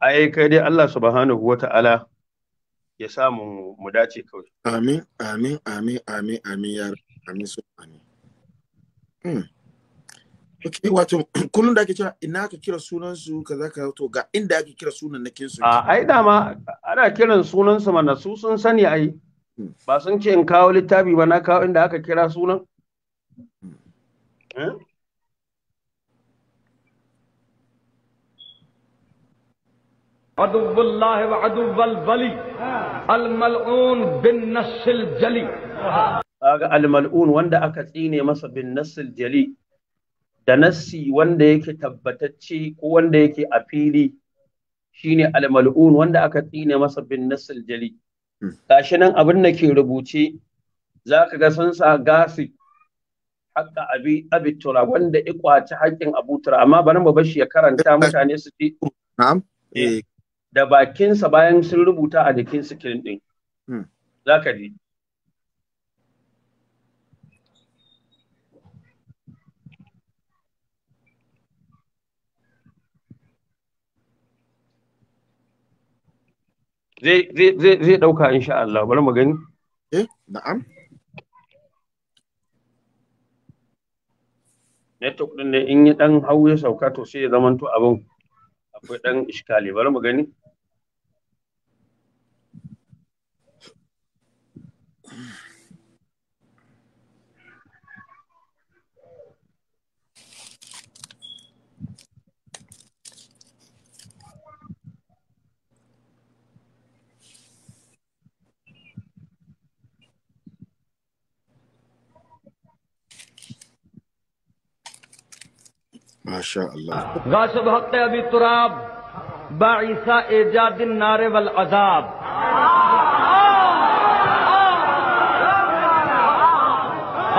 ai kai dai Allah subhanahu ta'ala ya sa mu dace kawai amin amin amin amin amin ya amin so amin hmm. okay wato kullum da ake cewa ina aka kira sunan su kaza ka to ga inda ake kira sunan na kinsu a ai dama ana kiran sunan su mana su sun sani ai hmm. ba sun ce in kawo littafi ba na kawo inda aka kira sunan hmm. eh? عدو الله وعدو الولي الملعون بالنص الجلي الملعون وندا aka tsine masa bin jali da nassi wanda yake tabbatacce ko wanda yake a fili shine almal'un wanda aka tsine masa bin nasl jali gashi nan abin da ke rubuce zaka ga sansa sa gasi haƙƙa abi abi tura wanda ya kwaci haƙƙin abu tura amma bari mu bashi ya karanta mutane su ji da bakinsa bayan sun rubuta a jikin sikirin ɗin. Hmm. Za ka ji. Zai ɗauka insha Allah, bari mu gani? Eh, na'am. Network ɗin ne in yi ɗan hau ya sauka to sai ya zamanto abin akwai ɗan iskali, bari mu gani? ماشاء اللہ غاصب حق ابھی تراب باعیسا ایجاد نار والعذاب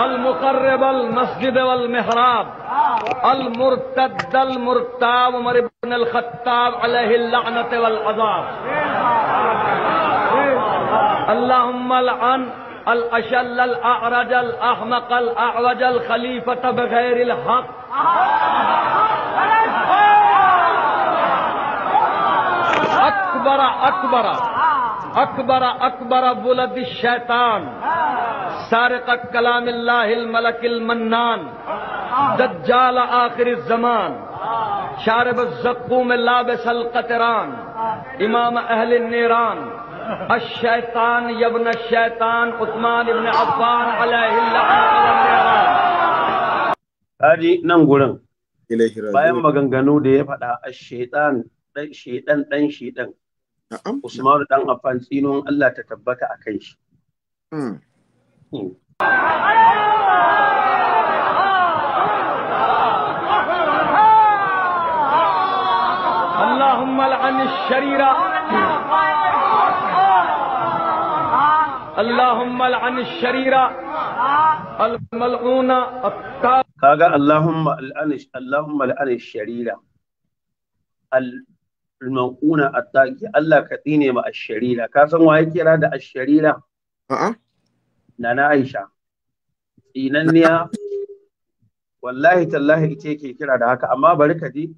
المقرب المسجد والمحراب المرتد المرتاب عمر بن الخطاب علیہ اللعنت والعذاب اللہم العن الاشل الاعرج الاحمق الاعوج الخلیفة بغیر الحق اکبرا اکبرا اکبرا اکبرا بلد شیطان سارق اللہ الملک المنان دجال آخر الزمان شارب الزقوم میں القطران امام اہل نیران الشیطان یبن الشیطان عثمان ابن عفان علیہ اللہ kaji nan gurin bayan maganganu da ya faɗa a shaitan dan shaitan dan shaitan Usmanu dan Affan tsinon Allah ta tabbata a kan shi اللهم لعن الشريرة اللهم لعن الشريرة الملعونة الطالب kaga Allahumma al'anish Allahumma al'anish sharira al-ma'una attaqi Allah ka tsine ma ash-sharira ka san wa ya kira da ash-sharira a'a nana Aisha tsinanniya wallahi tallahi ita yake kira da haka amma bari ka ji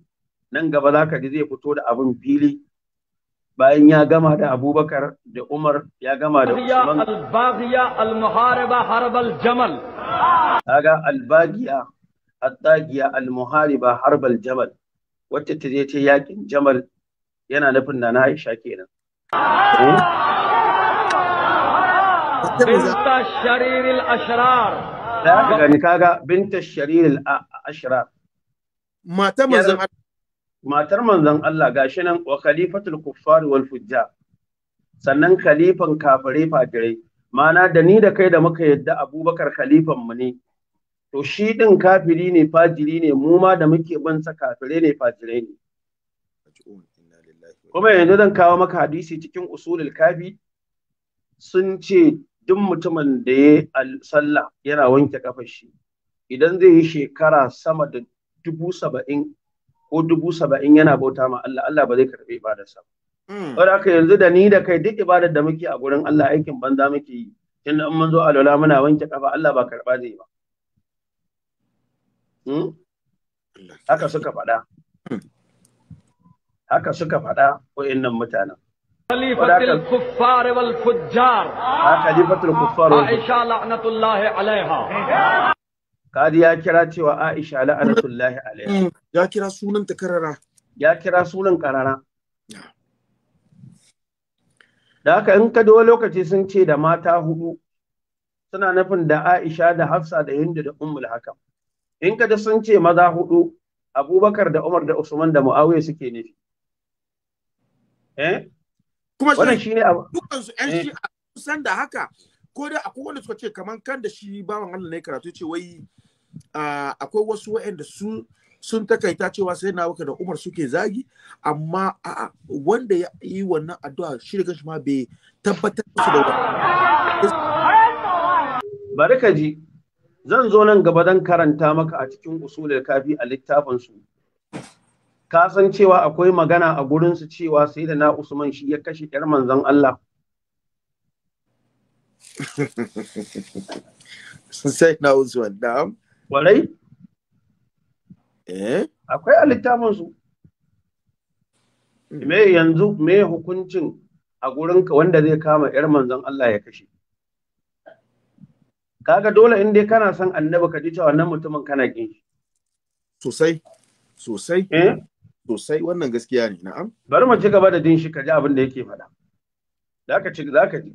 nan gaba za ka ji zai fito da abin fili bayan ya gama da abubakar da umar ya gama da usman al-baghiya al muharaba harbal jamal kaga albadiya attagiya almuhariba harbal jamal wacce ta je ta yakin jamal yana nufin da na Aisha kenan eh? binta shariril ashrar da gani kaga binta shariril ashrar matar manzon matar manzon Allah gashi nan wa khalifatul kuffar wal fujja, sannan khalifan kafare fajirai ma'ana da ni da kai da muka yadda abubakar khalifan mu ne to shi din kafiri ne fajiri ne mu ma da muke bin sa kafire ne fajire ne kuma yanzu zan kawo maka hadisi cikin usulul kafi sun ce duk mutumin da ya sallah yana wanke kafar shi idan zai yi shekara sama da dubu saba'in ko dubu saba'in yana bauta ma Allah Allah ba zai karɓi ibadarsa ba Wa mm. da haka yanzu da ni da kai duk ibadar da muke a gurin Allah aikin banza muke yi. Tun an manzo a lola muna wanke kafa Allah ba karɓa zai ba. Hmm? Hmm. Haka suka faɗa. Haka suka faɗa ko innan mutanen. Khalifatul kuffar wal fujjar. Ah, Khalifatul kuffar wal Aisha La'anatullahi alaiha. Kadi ya kira cewa Aisha La'anatullahi alaiha. Hmm, ya kira sunan takarara. Ya kira sunan karara. da haka in ka dawo lokaci sun ce da mata hudu suna nufin da Aisha da Hafsa da Hindu da Ummul Hakam in ka sun ce maza hudu Abubakar da Umar da Usman da Muawiya suke nufi eh kuma wannan shine dukkan su ƴan eh. shi san da haka ko da akwai wanda suka ce kaman kan da shi bawan Allah ne karatu ce wai ah, akwai wasu wa'anda su sun takaita cewa sai na baka da umar suke zagi amma a wanda ya yi wannan addu'a shi ma bai tabbatar da su da bari ka ji zan zo nan gaba don karanta maka a cikin usulul kafi a littafin su ka san cewa akwai magana a gurin su cewa sai da na usman shi ya kashe ƴar manzon Allah sai na usman na'am warai Eh? akwai a littafin su hmm. me yanzu me hukuncin a gurinka wanda zai kama yar manzon Allah ya kashe kaga dole in dai kana son annabi ka ji cewa wannan mutumin kana kin shi sosai sosai eh? sosai wannan gaskiya ne na'am bari mu ci gaba da din shi ka ji abin da yake faɗa zaka ci zaka ji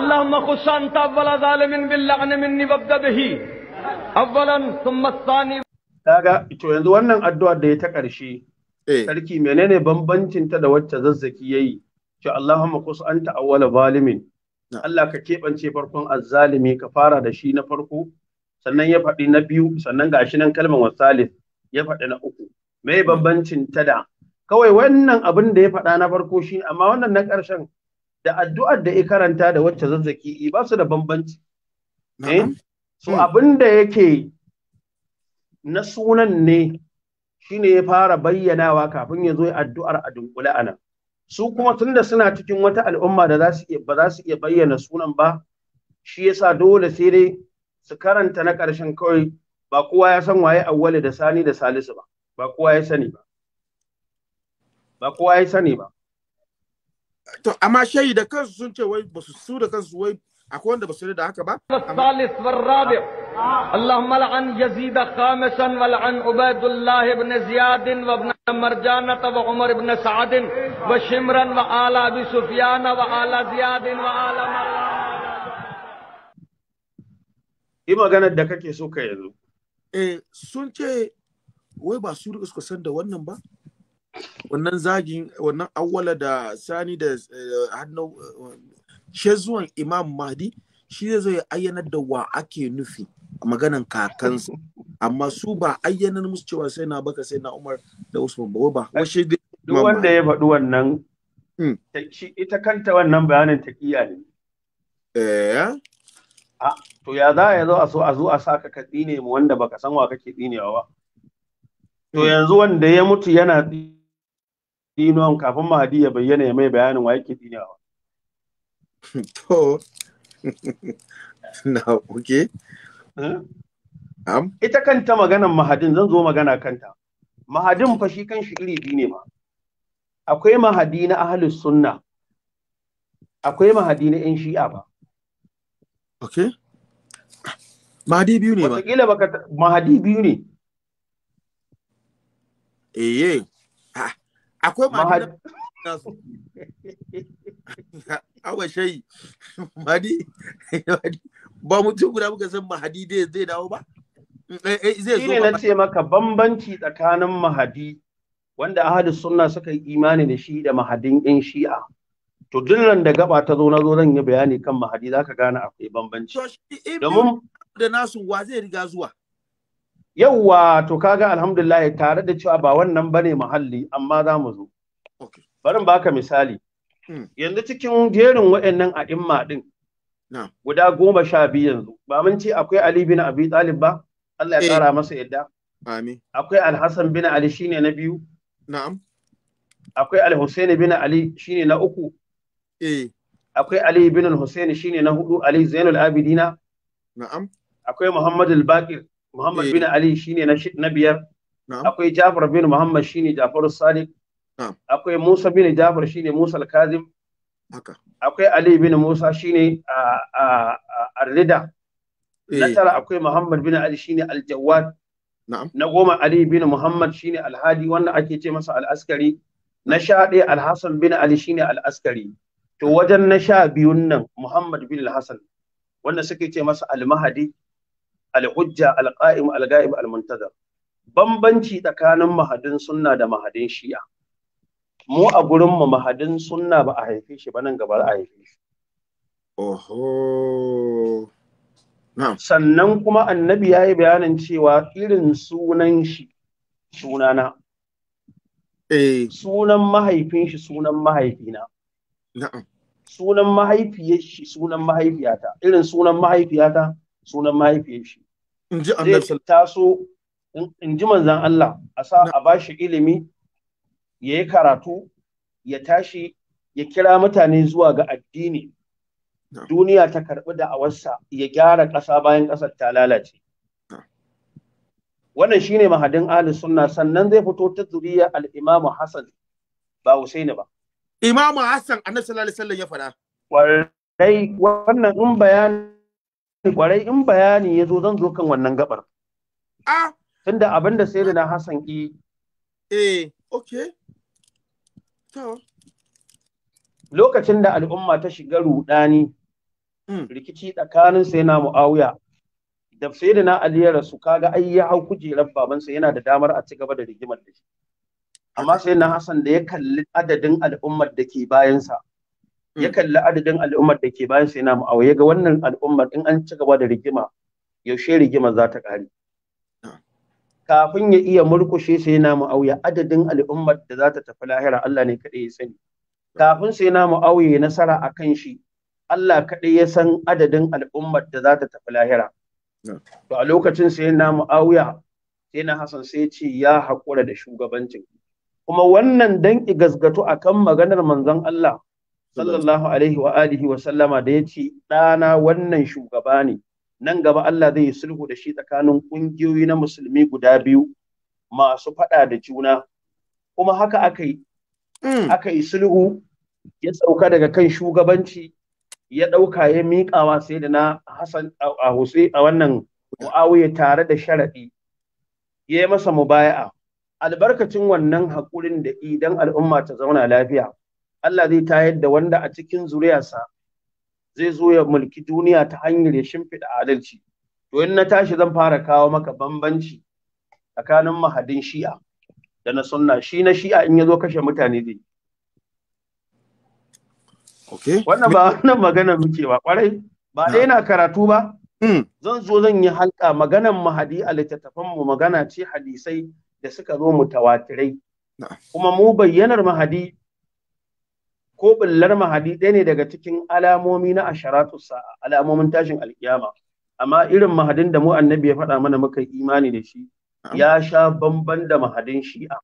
اللهم خص أنت بلا ظالم باللعن مني وابدأ به awwalan thumma thani Daga, to yanzu wannan addu'ar da ya ta ƙarshe eh. sarki menene bambancinta da wacce zazzaki ya yi? ce Allahumma kus an ta’awwala balimin? Allah ka keɓance farkon azzalimi ka fara da shi na farko sannan ya faɗi na biyu sannan ga shi nan kalmar wasali ya faɗi na uku me bambancin ta da kawai wannan abin da ya faɗa na farko shi amma wannan na ƙarshen da addu'ar da ya karanta da wacce zazzaki ba su da bambanci so hmm. abin da yake na sunan ne shi ne ya fara bayyanawa kafin ya zo addu'ar a dunkule ana. su kuma tun da suna cikin wata al'umma da ba za su iya bayyana sunan ba shi yasa dole sai dai su karanta na ƙarshen kawai ba kowa ya san waye awwali da sani da salisu ba ba kowa ya sani ba ba kowa ya sani ba to amma shayi da kansu sun ce wai ba su su da kansu wai أكون ده بسوري ده أكبر الثالث والرابع اللهم لعن يزيد خامسا ولعن عبيد الله بن زياد وابن مرجانة وعمر بن سعد وشمرا وآل أبي سفيان وآل زياد وآل مرجانة إما كانت دكاكي سوكا يدو إيه سنتي ويبا سوري اسكو سند ونمبا ونن زاجين ونن أولا دا ساني دا حدنو shi zuwan imam mahdi shi zai zo ya ayyanar da wa ake nufi a maganan kakansa amma su ba ayyanar musu cewa sai na baka sai na umar da usman ba ba washe dai duk wanda ya faɗi wannan hmm. ita kanta wannan bayanin taqiya ne eh a to ya za ya zo a so a zo a saka ka tsine mu wanda baka san wa kake tsinewa ba to hmm. yanzu wanda ya mutu yana tsinewa kafin mahadi ya bayyana ya mai bayanin wa yake tsinewa to na oke ita kanta maganan mahadin zan zo magana kanta mahadin fa shi kan shi iri biyu ne ma akwai mahadi na ahlus sunna akwai mahadi na yan shi'a ba oke mahadi biyu ne ma baka mahadi biyu ne eh, eh. Ah, akwai mahadi awa shayi mahadi ba mutum guda muka san mahadi zai dawo ba eh, eh, zai zo na ce maka bambanci tsakanin mahadi wanda ahadus sunna suka yi imani da shi da mahadin in shi'a to duk da gaba ta zo na zo zan yi bayani kan mahadi zaka gane akwai bambanci domin da nasu wa zai riga zuwa yauwa to kaga alhamdulillah tare da cewa ba wannan bane mahalli amma za mu zo barin baka misali Mm. Yanzu cikin jerin waɗannan a'imma din. Guda goma sha biyu yanzu. Ba mun ce akwai Ali bin Abi Talib ba? Allah ya eh. ƙara masa yadda. Amin. Akwai Alhassan bin Ali shine na biyu. Na'am. Akwai al husayn bin Ali shine na uku. Eh. Akwai Ali bin Husayn shine na hudu Ali Zainul Abidina. Na'am. Akwai Muhammad al-Baqir Muhammad eh. bin Ali shine na biyar. Akwai Jafar bin Muhammad shine Jafar Sadiq. akwai Musa bin Jafar shine Musa al-Kazim akwai Ali bin Musa shine a Ar-Rida eh. na tara akwai Muhammad bin Ali shine Al-Jawad na goma Ali bin Muhammad shine Al-Hadi wanda ake ce masa Al-Askari na sha ɗaya Al-Hassan bin Ali shine Al-Askari to wajen na sha biyun nan Muhammad bin Al-Hassan wanda suke ce masa Al-Mahdi Al-Hujja Al-Qa'im Al-Ghaib Al-Muntazir bambanci tsakanin mahadin sunna da mahadin shi'a mu a gurin mu mahadin sunna ba a haife shi ba nan gaba a haife shi oho na'am sannan kuma annabi ya yi bayanin cewa irin sunan shi sunana eh sunan mahaifin shi sunan mahaifina na'am sunan mahaifiyar shi sunan mahaifiyata irin sunan mahaifiyata sunan mahaifiyar shi in ji annabi taso in ji manzon Allah a sa a bashi ilimi ya yi karatu ya tashi ya kira mutane zuwa ga addini duniya ta karɓi da'awarsa ya gyara ƙasa bayan ƙasar ta lalace wannan shine mahadin ahli sunna sannan zai fito ta zuriya al-imamu hasan ba husaini ba imamu hassan annabi sallallahu alaihi wasallam ya faɗa kwarai wannan in bayani kwarai in bayani yazo zan zo kan wannan gabar ah tunda abinda sayyidina hasan ki eh okay Lokacin da al'umma ta shiga rudani, mm. rikici tsakanin sai na mu'awiya da sai da na aliyar su kaga ai ya hau kujerar babansa yana da damar a ci gaba da rigimar da shi. Amma sai na Hassan da ya kalli adadin al'ummar da ke bayansa. Ya mm. kalli adadin al'ummar da ke bayansa yana na mu'awiya ga wannan al'ummar in an ci gaba da rigima yaushe rigimar za ta ƙare. kafin ya iya murkushe sai na mu'awiya adadin al'ummar da za ta tafi lahira Allah ne kaɗai ya sani kafin sai na mu'awiya nasara a kan shi Allah kaɗai ya san adadin al'ummar da za ta tafi lahira to a lokacin sai na mu'awiya sai na Hassan sai ce ya haƙura da shugabancin kuma wannan dan a akan maganar manzon Allah sallallahu alaihi wa alihi wa sallama da ya ce ɗana wannan shugaba ne nan gaba Allah zai yi sulhu da shi tsakanin ƙungiyoyi na musulmi guda biyu masu faɗa da juna kuma haka aka yi mm. sulhu ya sauka daga kan shugabanci ya ɗauka ya miƙawa sai da na Hassan a Hussein a wannan Muawiya tare da sharaɗi ya yi masa mubaya'a albarkacin wannan haƙurin da idan al'umma ta zauna lafiya Allah zai tayar da wanda a cikin zuriyarsa zai zo ya mulki duniya ta hanyar ya shimfiɗa adalci to in na tashi zan fara kawo maka bambanci tsakanin mahadin shi'a da na sunna shi na shi'a in ya zo kashe mutane zai Okay. Wannan ba wannan magana muke ba kwarai ba dai na karatu ba hmm. zan zo zan yi halka maganar mahadi a littattafan mu magana ce hadisai da suka zo mutawatirai kuma mu bayyanar mahadi ko bullar mahadi ɗaya ne daga cikin alamomi na asharatu sa'a alamomin tashin alkiyama amma irin mahadin da mu annabi ya faɗa mana muka imani da shi ya sha bamban da mahadin shi'a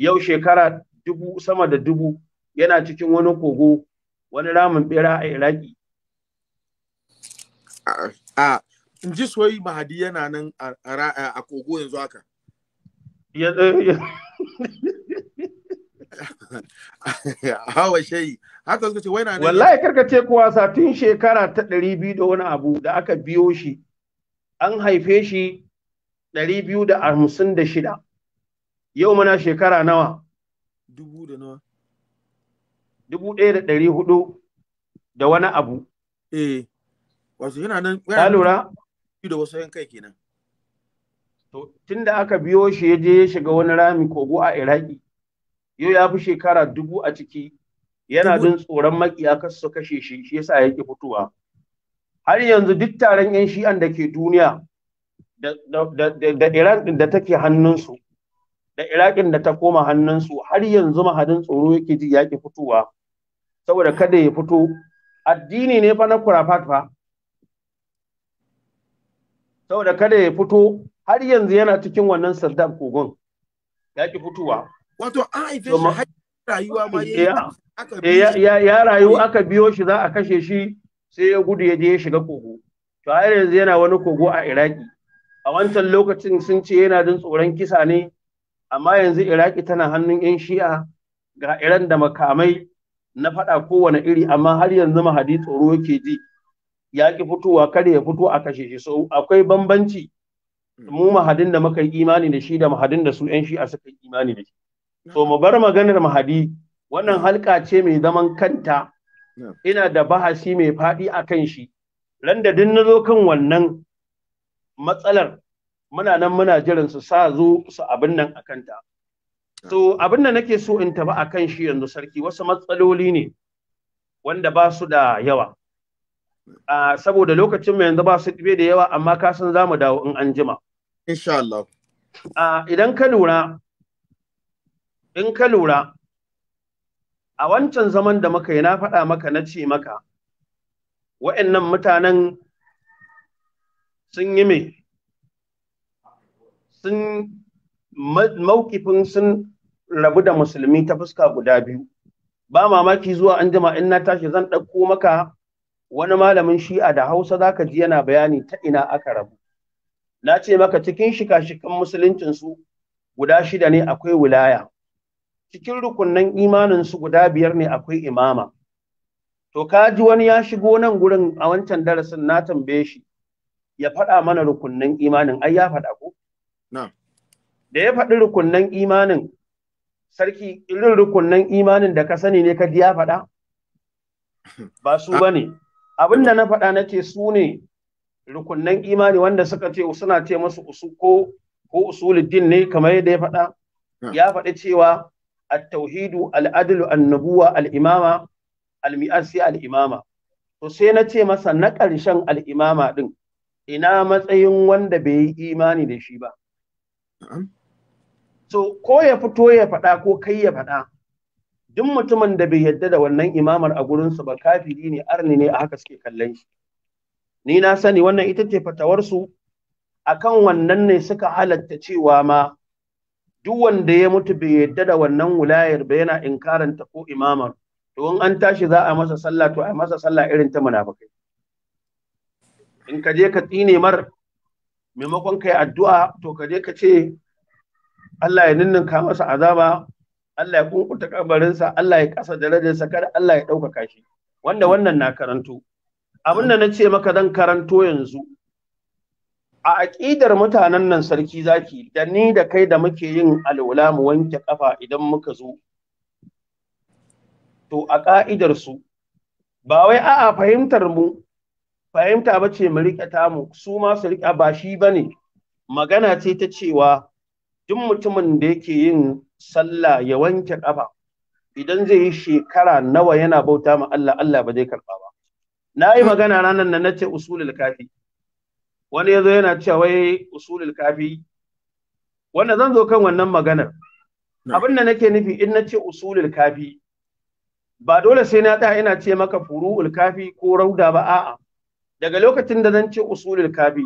yau shekara dubu sama da dubu yana cikin wani kogo wani ramin bera a iraki a in ji soyi mahadi yana nan a kogo yanzu haka eh, hawa shayi haka suka ce waina ne wallahi ce kuwa satin shekara ta ɗari biyu da wani abu da aka biyo shi an haife shi ɗari biyu da hamsin da shida yau muna shekara nawa dubu da nawa dubu ɗaya da ɗari hudu da wani abu eh wasu yana nan ka lura da wasu yan kai kenan To, tun da aka biyo shi ya je ya shiga wani rami kogo a Iraki, yau ya fi shekara dubu a ciki yana jin tsoron makiya kasu su kashe shi shi yasa ya ki fitowa har yanzu duk taron yan shi'an da ke duniya da Iran din da take hannunsu da Iraƙin da ta koma hannunsu har yanzu mahadin tsoro yake ji ya ki fitowa saboda kada ya fito addini ne fa na kurafat fa saboda kada ya fito har yanzu yana cikin wannan saddam kogon ya ki fitowa wato an haife shi rayuwa ma ya rayu aka biyo shi za a kashe shi sai ya gudu ya je ya shiga kogo to har yanzu yana wani kogo a iraki a wancan lokacin sun ce yana jin tsoron kisa ne amma yanzu iraki tana hannun yan shi'a ga iran da makamai na faɗa kowane iri amma har yanzu mahadi tsoro yake ji ya ki fitowa kare ya fito a kashe shi so akwai bambanci mu mahadin da muka yi imani da shi da mahadin da su yan shi'a suka yi imani da shi So mu bar maganar mahadi wannan hmm. halka ce mai zaman kanta hmm. ina da bahasi mai faɗi a kan shi. Randa duk na zo kan wannan matsalar muna nan muna jiran su sa zo su abin nan a kanta. So hmm. abin da nake so in tafi a kan shi yanzu sarki wasu matsaloli ne wanda ba su da yawa. Uh, saboda lokacin mai yanzu ba su da yawa amma ka san za mu dawo in an jima. Insha Allah. Uh, idan ka lura in ka lura a wancan zaman da muka yi na faɗa maka na ce maka wa'annan mutanen sun yi me sun mawkifin sun rabu da musulmi ta fuska guda biyu ba mamaki zuwa an jima in na tashi zan ɗauko maka wani malamin shi'a da hausa za ka ji yana bayani ta ina aka rabu na ce maka cikin shika-shikan musuluncinsu guda shida ne akwai wilaya cikin rukunnan imanin su guda biyar ne akwai imama to kaji wani ya shigo nan gurin a wancan darasin na tambaye shi ya faɗa mana rukunnan imanin ai ya faɗa ko da ya faɗi rukunnan imanin sarki irin rukunnan imanin da ka sani ne ka ji ya faɗa ba su bane abin da na faɗa na ce su ne rukunnan imani wanda suka ce suna ce masu usu ko ko usuluddin ne kamar yadda ya faɗa ya faɗi cewa التوحيد tauhidu النبوة الإمامة المئاسي الإمامة al-imama al al-imama to na ce masa na ƙarshen al din ina matsayin wanda bai yi imani da shi ba so ko ya fito ya faɗa ko kai ya faɗa duk mutumin da bai yadda da wannan imamar a gurinsu ba kafiri ne arni ne a haka suke kallon shi ni na sani wannan ita ce fatawarsu akan wannan ne suka halatta cewa ma duk wanda ya mutu bai yadda da wannan wulayar ba yana inkaranta ko imamar to in an tashi za a masa sallah to a masa sallah irin ta munafikai in ka je ka tsine mar maimakon kai addu'a to ka je ka ce Allah ya ninninka masa azaba Allah ya kunkuta kabarinsa Allah ya kasa darajarsa kada Allah ya ɗaukaka shi wanda wannan na karanto abin da na ce maka zan karanto yanzu a aƙidar mutanen nan sarki zaki da ni da kai da muke yin alwala mu wanke kafa idan muka zo to a ƙa'idar su ba wai a'a fahimtar mu fahimta ba ce mu riƙe tamu su ma su riƙe ba shi ba magana ce ta cewa duk mutumin da yake yin sallah ya wanke kafa idan zai yi shekara nawa yana bauta ma Allah Allah ba zai karɓa ba na yi magana ranar nan na ce usulul kafi wani yazo yana cewa wai usulul kafi wanda zan zo kan wannan maganar abin da nake nufi in na ce usulul kafi ba dole sai na tsaya ina ce maka furu'ul kafi ko rauda ba a'a daga lokacin da zan ce usulul kafi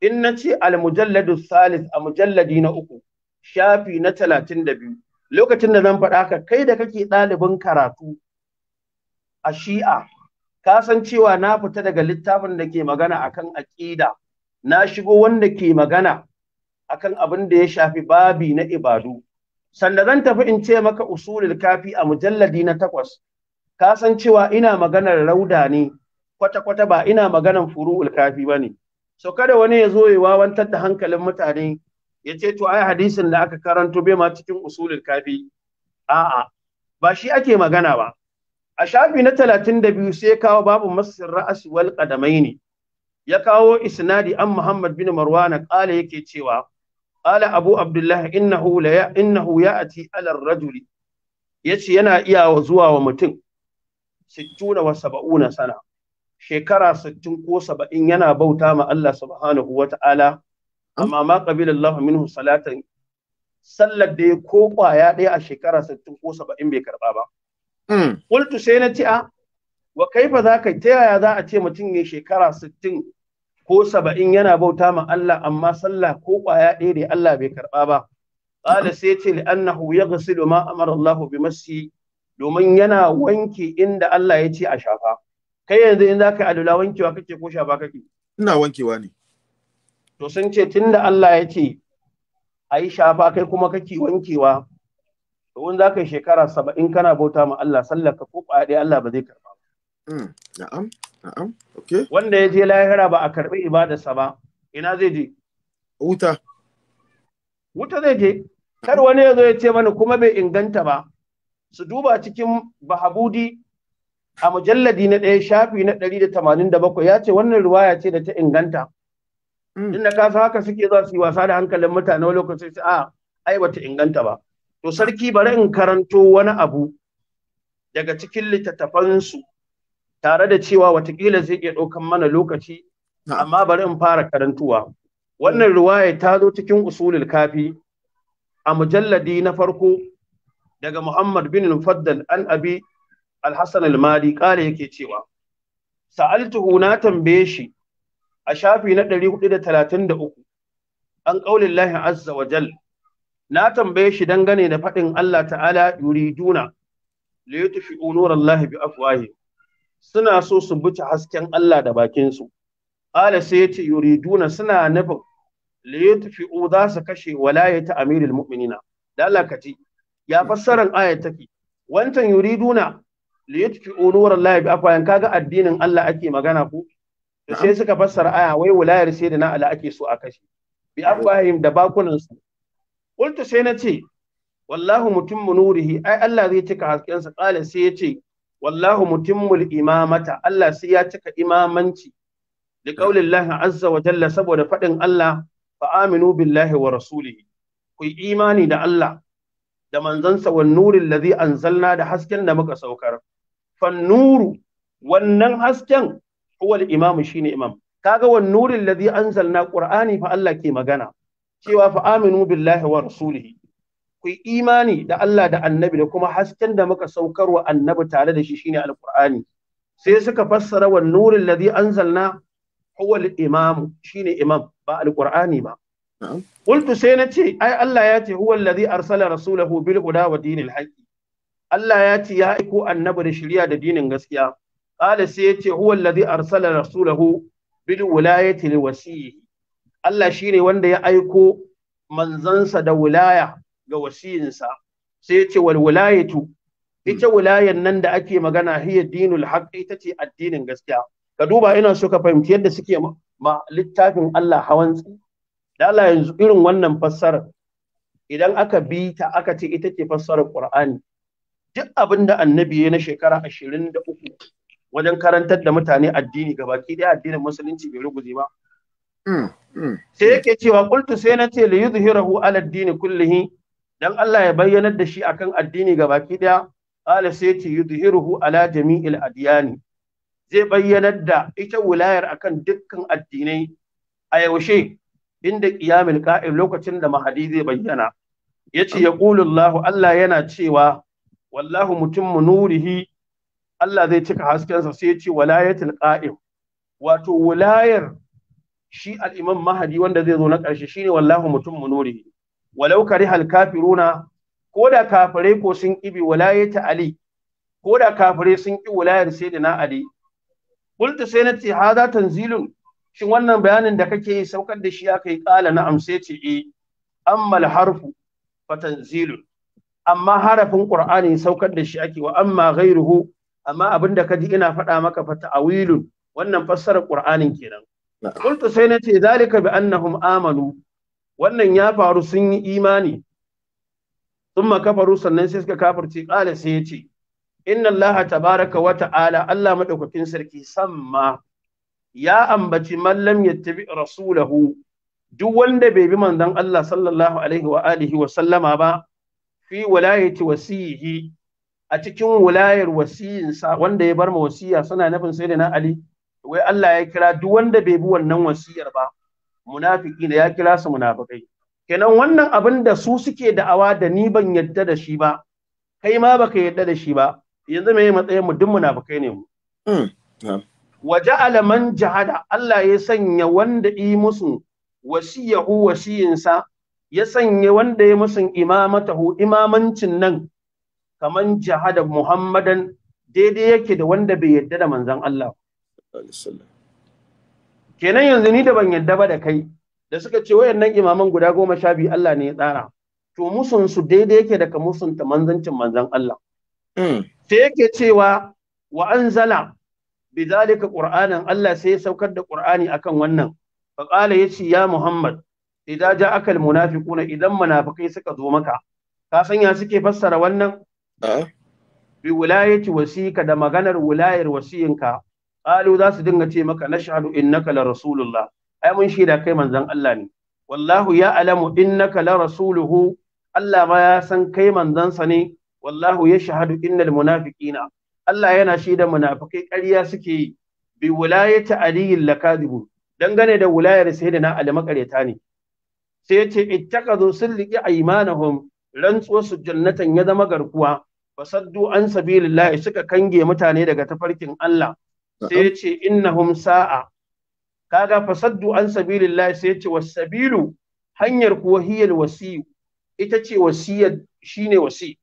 in na ce al mujalladu salis a mujalladi na uku shafi na talatin da biyu lokacin da zan faɗa ka kai da kake ɗalibin karatu a shi'a ka san cewa na fita daga littafin da ke magana akan aƙida na shigo wanda ke magana akan abin da ya shafi babi na ibadu sanda zan tafi in ce maka usulul kafi a mujalladi na takwas ka san cewa ina maganar rauda ne kwata-kwata ba ina maganar furu'ul kafi ba ne so kada wani ya zo ya wawantar da hankalin mutane ya ce to ai hadisin da aka karanto bai ma cikin usulul kafi a'a ba shi ake magana ba a shafi na talatin da biyu sai kawo babu masir ra'asi wal qadamaini ya kawo isnadi an Muhammad bin Marwan qala yake cewa qala Abu Abdullah innahu la innahu ya'ti ala ar-rajul yace yana iya zuwa wa mutum 60 wa 70 sana shekara 60 ko 70 yana bauta ma Allah subhanahu wata'ala amma ma qabila Allah minhu salatan sallar da ya ko kwaya ɗaya a shekara 60 ko 70 bai karba ba hmm. qultu sai na ci a wa kaifa za ka ta yaya za a ce mutum ne shekara 60 ko saba'in yana bauta ma Allah amma sallah ko ƙwaya ɗaya da Allah bai karɓa ba qala sai ce li annahu gasi ma amara Allah bi masi domin yana wanke inda Allah ya ce a shafa kai yanzu in zaka alula wankewa kake ko shafa kake ina wankewa ne to sun ce tunda Allah ya ce a yi shafa kai kuma kake wankewa to in ka yi shekara saba'in kana bauta ma Allah sallaka ka ko ƙwaya ɗaya Allah ba zai karɓa ba mm, na'am Wanda ya je lahira ba a karɓi ibadarsa ba, ina zai je? Wuta. Wuta zai je. Kar wani ya zo ya ce mani kuma bai inganta ba. Su duba cikin Bahabudi a mujalladi na ɗaya shafi na ɗari da tamanin da bakwai ya ce wannan ruwaya ce da ta inganta. Din mm. da kasa haka suke zuwa su yi wasa da hankalin mutane wani lokacin, su a ah, ai bata inganta ba. To sarki bari in karanto wani abu daga cikin littattafansu tare da cewa watakila zai iya ɗaukan mana lokaci amma bari in fara karantuwa wannan ruwaya ta zo cikin usulul kafi a mujalladi na farko daga Muhammad bin Mufaddal an abi al-Hassan kare yake cewa sa'altuhu na tambaye shi a shafi na 433 an qaulin lahi azza wa jal na tambaye shi dangane da faɗin Allah ta'ala yuriduna li yutfi'u nurallahi bi afwahi suna so su buci hasken Allah da bakinsu ala sai yace yuriduna suna nufin li yutfi'u za su kashe walayata amiril mu'minina da Allah ka ci ya fassaran ayat take wancan yuriduna li yutfi nuran Allah bi afwahin kaga addinin Allah ake magana ko sai suka fassara aya wai wulayar sai da na Allah ake so a kashe bi afwahim da bakunan su sai na ce wallahu mutum nurihi ai Allah zai cika haskensa qala sai yace wallahu mutimmul imamata Allah sai ya cika imamanci li qaulillahi azza wa jalla saboda faɗin Allah fa aminu billahi wa rasulihi ku imani da Allah da manzansa wa nurin ladhi anzalna da hasken da muka saukar Fannuru, nuru wannan hasken huwa al-imamu shine imam kaga wa nurin ladhi anzalna qur'ani fa Allah ke magana cewa fa aminu billahi wa rasulihi ku imani da Allah da annabi da kuma hasken da muka saukar wa annabi tare da shi shine alqur'ani sai suka fassara wa nurin ladhi anzalna huwa al-imam shine imam ba alqur'ani ba qultu sai na ce ai Allah ya ce huwa alladhi arsala rasulahu bil huda wa dinil haqqi Allah ya ce ya aiko annabi da shari'a da dinin gaskiya qala sai ya ce huwa alladhi arsala rasulahu bil wilayati li wasiyyi Allah shine wanda ya aiko manzansa da wilaya ga wasiyinsa sai ya ce wal wilayatu ita hmm. wulayan nan da ake magana hiya dinul haqq ita ce addinin gaskiya ka duba ina so ka fahimci yadda suke ma littafin Allah hawan tsi da Allah yanzu irin wannan fassarar idan aka bi ta aka ce ita ce fassarar Qur'ani duk abin da annabi ya na shekara 23 wajen karantar da mutane addini ga baki daya addinin musulunci bai ruguje ba hmm, hmm. sai yake cewa qultu sai na ce li yuzhirahu ala ad-din kullihi dan Allah ya bayyanar da shi akan addini ga baki daya ala sai ce yudhiruhu ala jami'il adyani zai bayyanar da ita wilayar akan dukkan addinai a yaushe inda qiyamul qa'im lokacin da mahadi zai bayyana yace yaqulu Allah Allah yana cewa wallahu mutimmu nurihi Allah zai cika haskensa sai ya ce walayatul qa'im wato wilayar shi al-imam mahadi wanda zai zo na ƙarshe shine wallahu mutimmu nurihi walau karihal kafiruna ko da kafirai ko sun kibi walayata ali ko da kafirai sun ki walayar sayyidina ali qultu sai na ce hadha tanzilun shin wannan bayanin da kake yi saukar da shi aka yi kala na amsa ce eh ammal harfu fa tanzilun amma harafin qur'ani saukar da shi ake wa amma ghairuhu amma abin da kaji ina faɗa maka fa ta'awilun wannan fassarar qur'anin kenan qultu sai na ce zalika bi annahum amanu wannan ya faru sun yi imani sun makafaru sannan sai suka kafirce ƙala sai ya ce inna allaha tabaraka wa ta'ala Allah madaukakin sarki samma ya ambaci man lam yattabi rasulahu duk wanda bai bi manzon Allah sallallahu alaihi wa alihi wa sallama ba fi walayati wasihi a cikin wasiyin sa wanda ya bar ma wasiya suna nufin sai na Ali wai Allah ya kira duk wanda bai bi wannan wasiyar ba munafiki ne ya kira su munafikai kenan wannan abin da su suke da'awa da ni ban yadda da shi ba kai ma baka yadda da shi ba yanzu me matsayin mu duk munafikai ne mu hmm, wa ja'ala man jahada Allah ya sanya wanda yi musu wasiyahu wasiyinsa ya sanya wanda ya musu imamatahu imamancin nan kaman jahada Muhammadan daidai yake da wanda bai yadda da manzon Allah sallallahu kenan yanzu ni da ban yadda ba da kai da suka ce wayannan imaman guda goma sha biyu Allah ne ya tsara to musun su daidai yake daga musunta manzancin manzan Allah sai hmm. yake cewa wa anzala bi zalika qur'anan Allah sai ya saukar da qur'ani akan wannan fa qala yace ya muhammad idan ja'aka munafiku munafiquna idan munafukai suka zo maka ka sanya suke fassara wannan bi wilayati wasika da maganar wilayar wasiyinka qalu za su dinga ce maka nashhadu innaka la rasulullah ai mun shaida kai manzon Allah ne wallahu ya alamu in innaka la rasuluhu Allah ma ya san kai manzansa ne wallahu ya shahadu innal munafiqina Allah yana shaida munafukai karya suke yi bi wula wilayati aliyin lakadibu dangane da wilayar sayyidina Ali makareta ne sai yace ittakazu a aymanahum rantsuwar su jannatan ya zama garkuwa fasaddu an sabilillahi suka kange mutane daga tafarkin Allah sai ya ce innahum sa'a kaga fasaddu an sabilillahi sai ya ce wasabilu hanyar kuwa hiyal wasiyu ita ce wasiyar shine wasi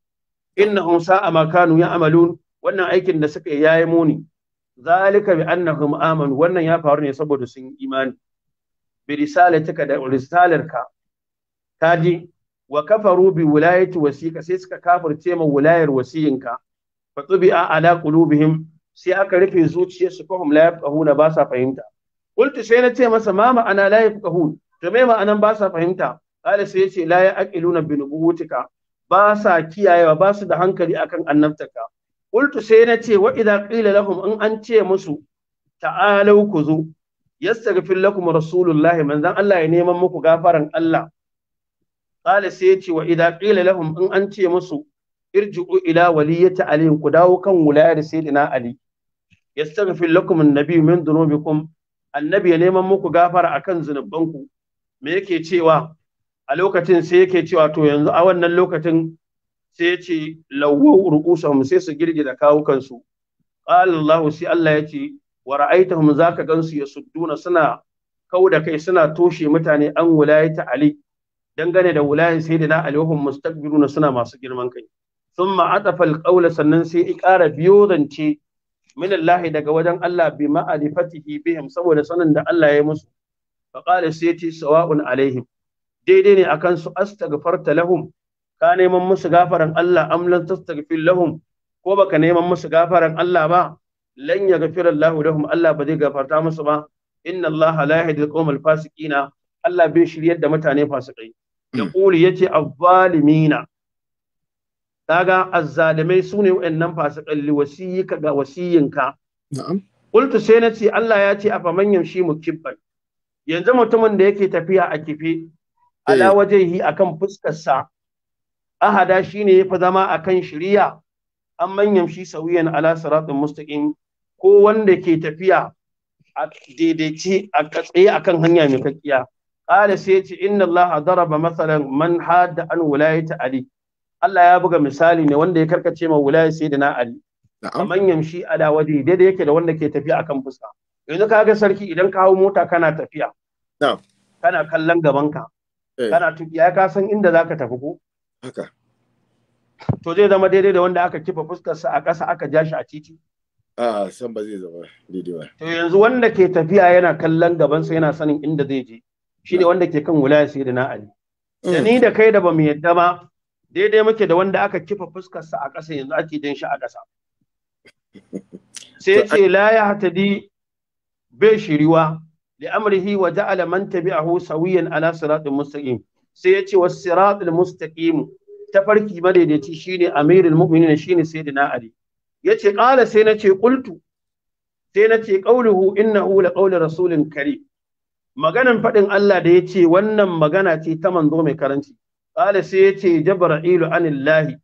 innahum sa'a ma kanu ya'malun wannan aikin da suka yayi muni zalika bi annahum amanu wannan ya faru ne saboda sun imani bi risalatika da risalarka kaji wa kafaru bi wilayati wasika sai suka kafirce ma wilayar wasiyinka fa tubi'a ala qulubihim sai aka rufe zuciyarsu fahim la yafqahuna ba sa fahimta qultu sai na ce masa ma ma'ana la yafqahun to me ma'anan ba sa fahimta kala sai yace la yaqiluna bi nubuwwatika ba sa kiyayewa ba su da hankali akan annabtaka qultu sai na ce wa idza qila lahum in an ce musu ta'alau ku zo yastaghfir lakum rasulullahi manzan Allah ya neman muku gafaran Allah kala sai yace wa idza qila lahum in an ce musu irji'u ila waliyyati ali ku dawo kan wulayar sayyidina ali yastaghfir lakum an min dhunubikum annabi ya neman muku gafara akan zunubanku me yake cewa a lokacin sai yake cewa to yanzu a wannan lokacin sai ya ce lawwau ru'usahum sai su girgida kawukansu qala Allah sai Allah ya ce wa ra'aitahum zaka gansu yasudduna suna kau da kai suna toshe mutane an wulayata ali dangane da wulayin sayyidina ali wahum mustakbiruna suna masu girman kai thumma atafa al sannan sai ya ƙara biyo zance minallahi daga wajen Allah bi ma'arifatihi bihim saboda sanin da Allah ya musu fa qala sayti sawa'un alaihim daidai ne akan su astaghfarta lahum ka neman musu gafaran Allah am lan tastaghfir lahum ko baka neman musu gafaran Allah ba lan yaghfira Allahu lahum Allah ba zai gafarta musu ba inna Allah la yahdi al-qawmal fasiqina Allah bai shiryar da mutane fasikai yaqulu yace az-zalimina kaga azzalimai su ne wa'annan fasikan wasiyika ga wasiyinka na'am sai na ce Allah ya ce afa man yamshi mukibban yanzu mutumin da yake tafiya a kife ala yi eh. akan kan fuskarsa. ahada shine fi zama akan shiriya an man yamshi sawiyan ala siratin mustaqim ko wanda ke tafiya a daidaice a katsaye akan hanya mai kakkiya qala sai ce inna Allah daraba masalan man hada an wilayata ali Allah ya buga misali ne wanda ya karkace ma wulaya sayyidina Ali kaman yamshi ala waje daidai yake da wanda ke tafiya akan fuska yanzu kaga sarki idan ka hau mota kana tafiya kana kallon gaban ka eh. kana tafiya ka san inda zaka tafi ko haka to zai zama daidai da wanda aka kifa fuskarsa a ƙasa aka ja shi a titi a san ba zai zama daidai ba to yanzu wanda ke tafiya yana kallon gabansa yana sanin inda zai je shine wanda ke kan wulaya sayyidina Ali da mm. ni da kai da ba mu yadda ba daidai muke da wanda aka kifa fuskarsa a ƙasa yanzu ake jin shi a ƙasa sai ce la ya hatadi bai shiriwa li amrihi wa ja'ala man tabi'ahu sawiyan ala siratil mustaqim sai ya ce was siratil mustaqim tafarki madaidaici shine amirul mu'minin shine sayyidina ali yace qala sai nace qultu sai nace qawluhu innahu la qawlu rasulin karim maganan faɗin Allah da ya ce wannan magana ce ta manzo mai karanci qala sai yace jibrilu anillahi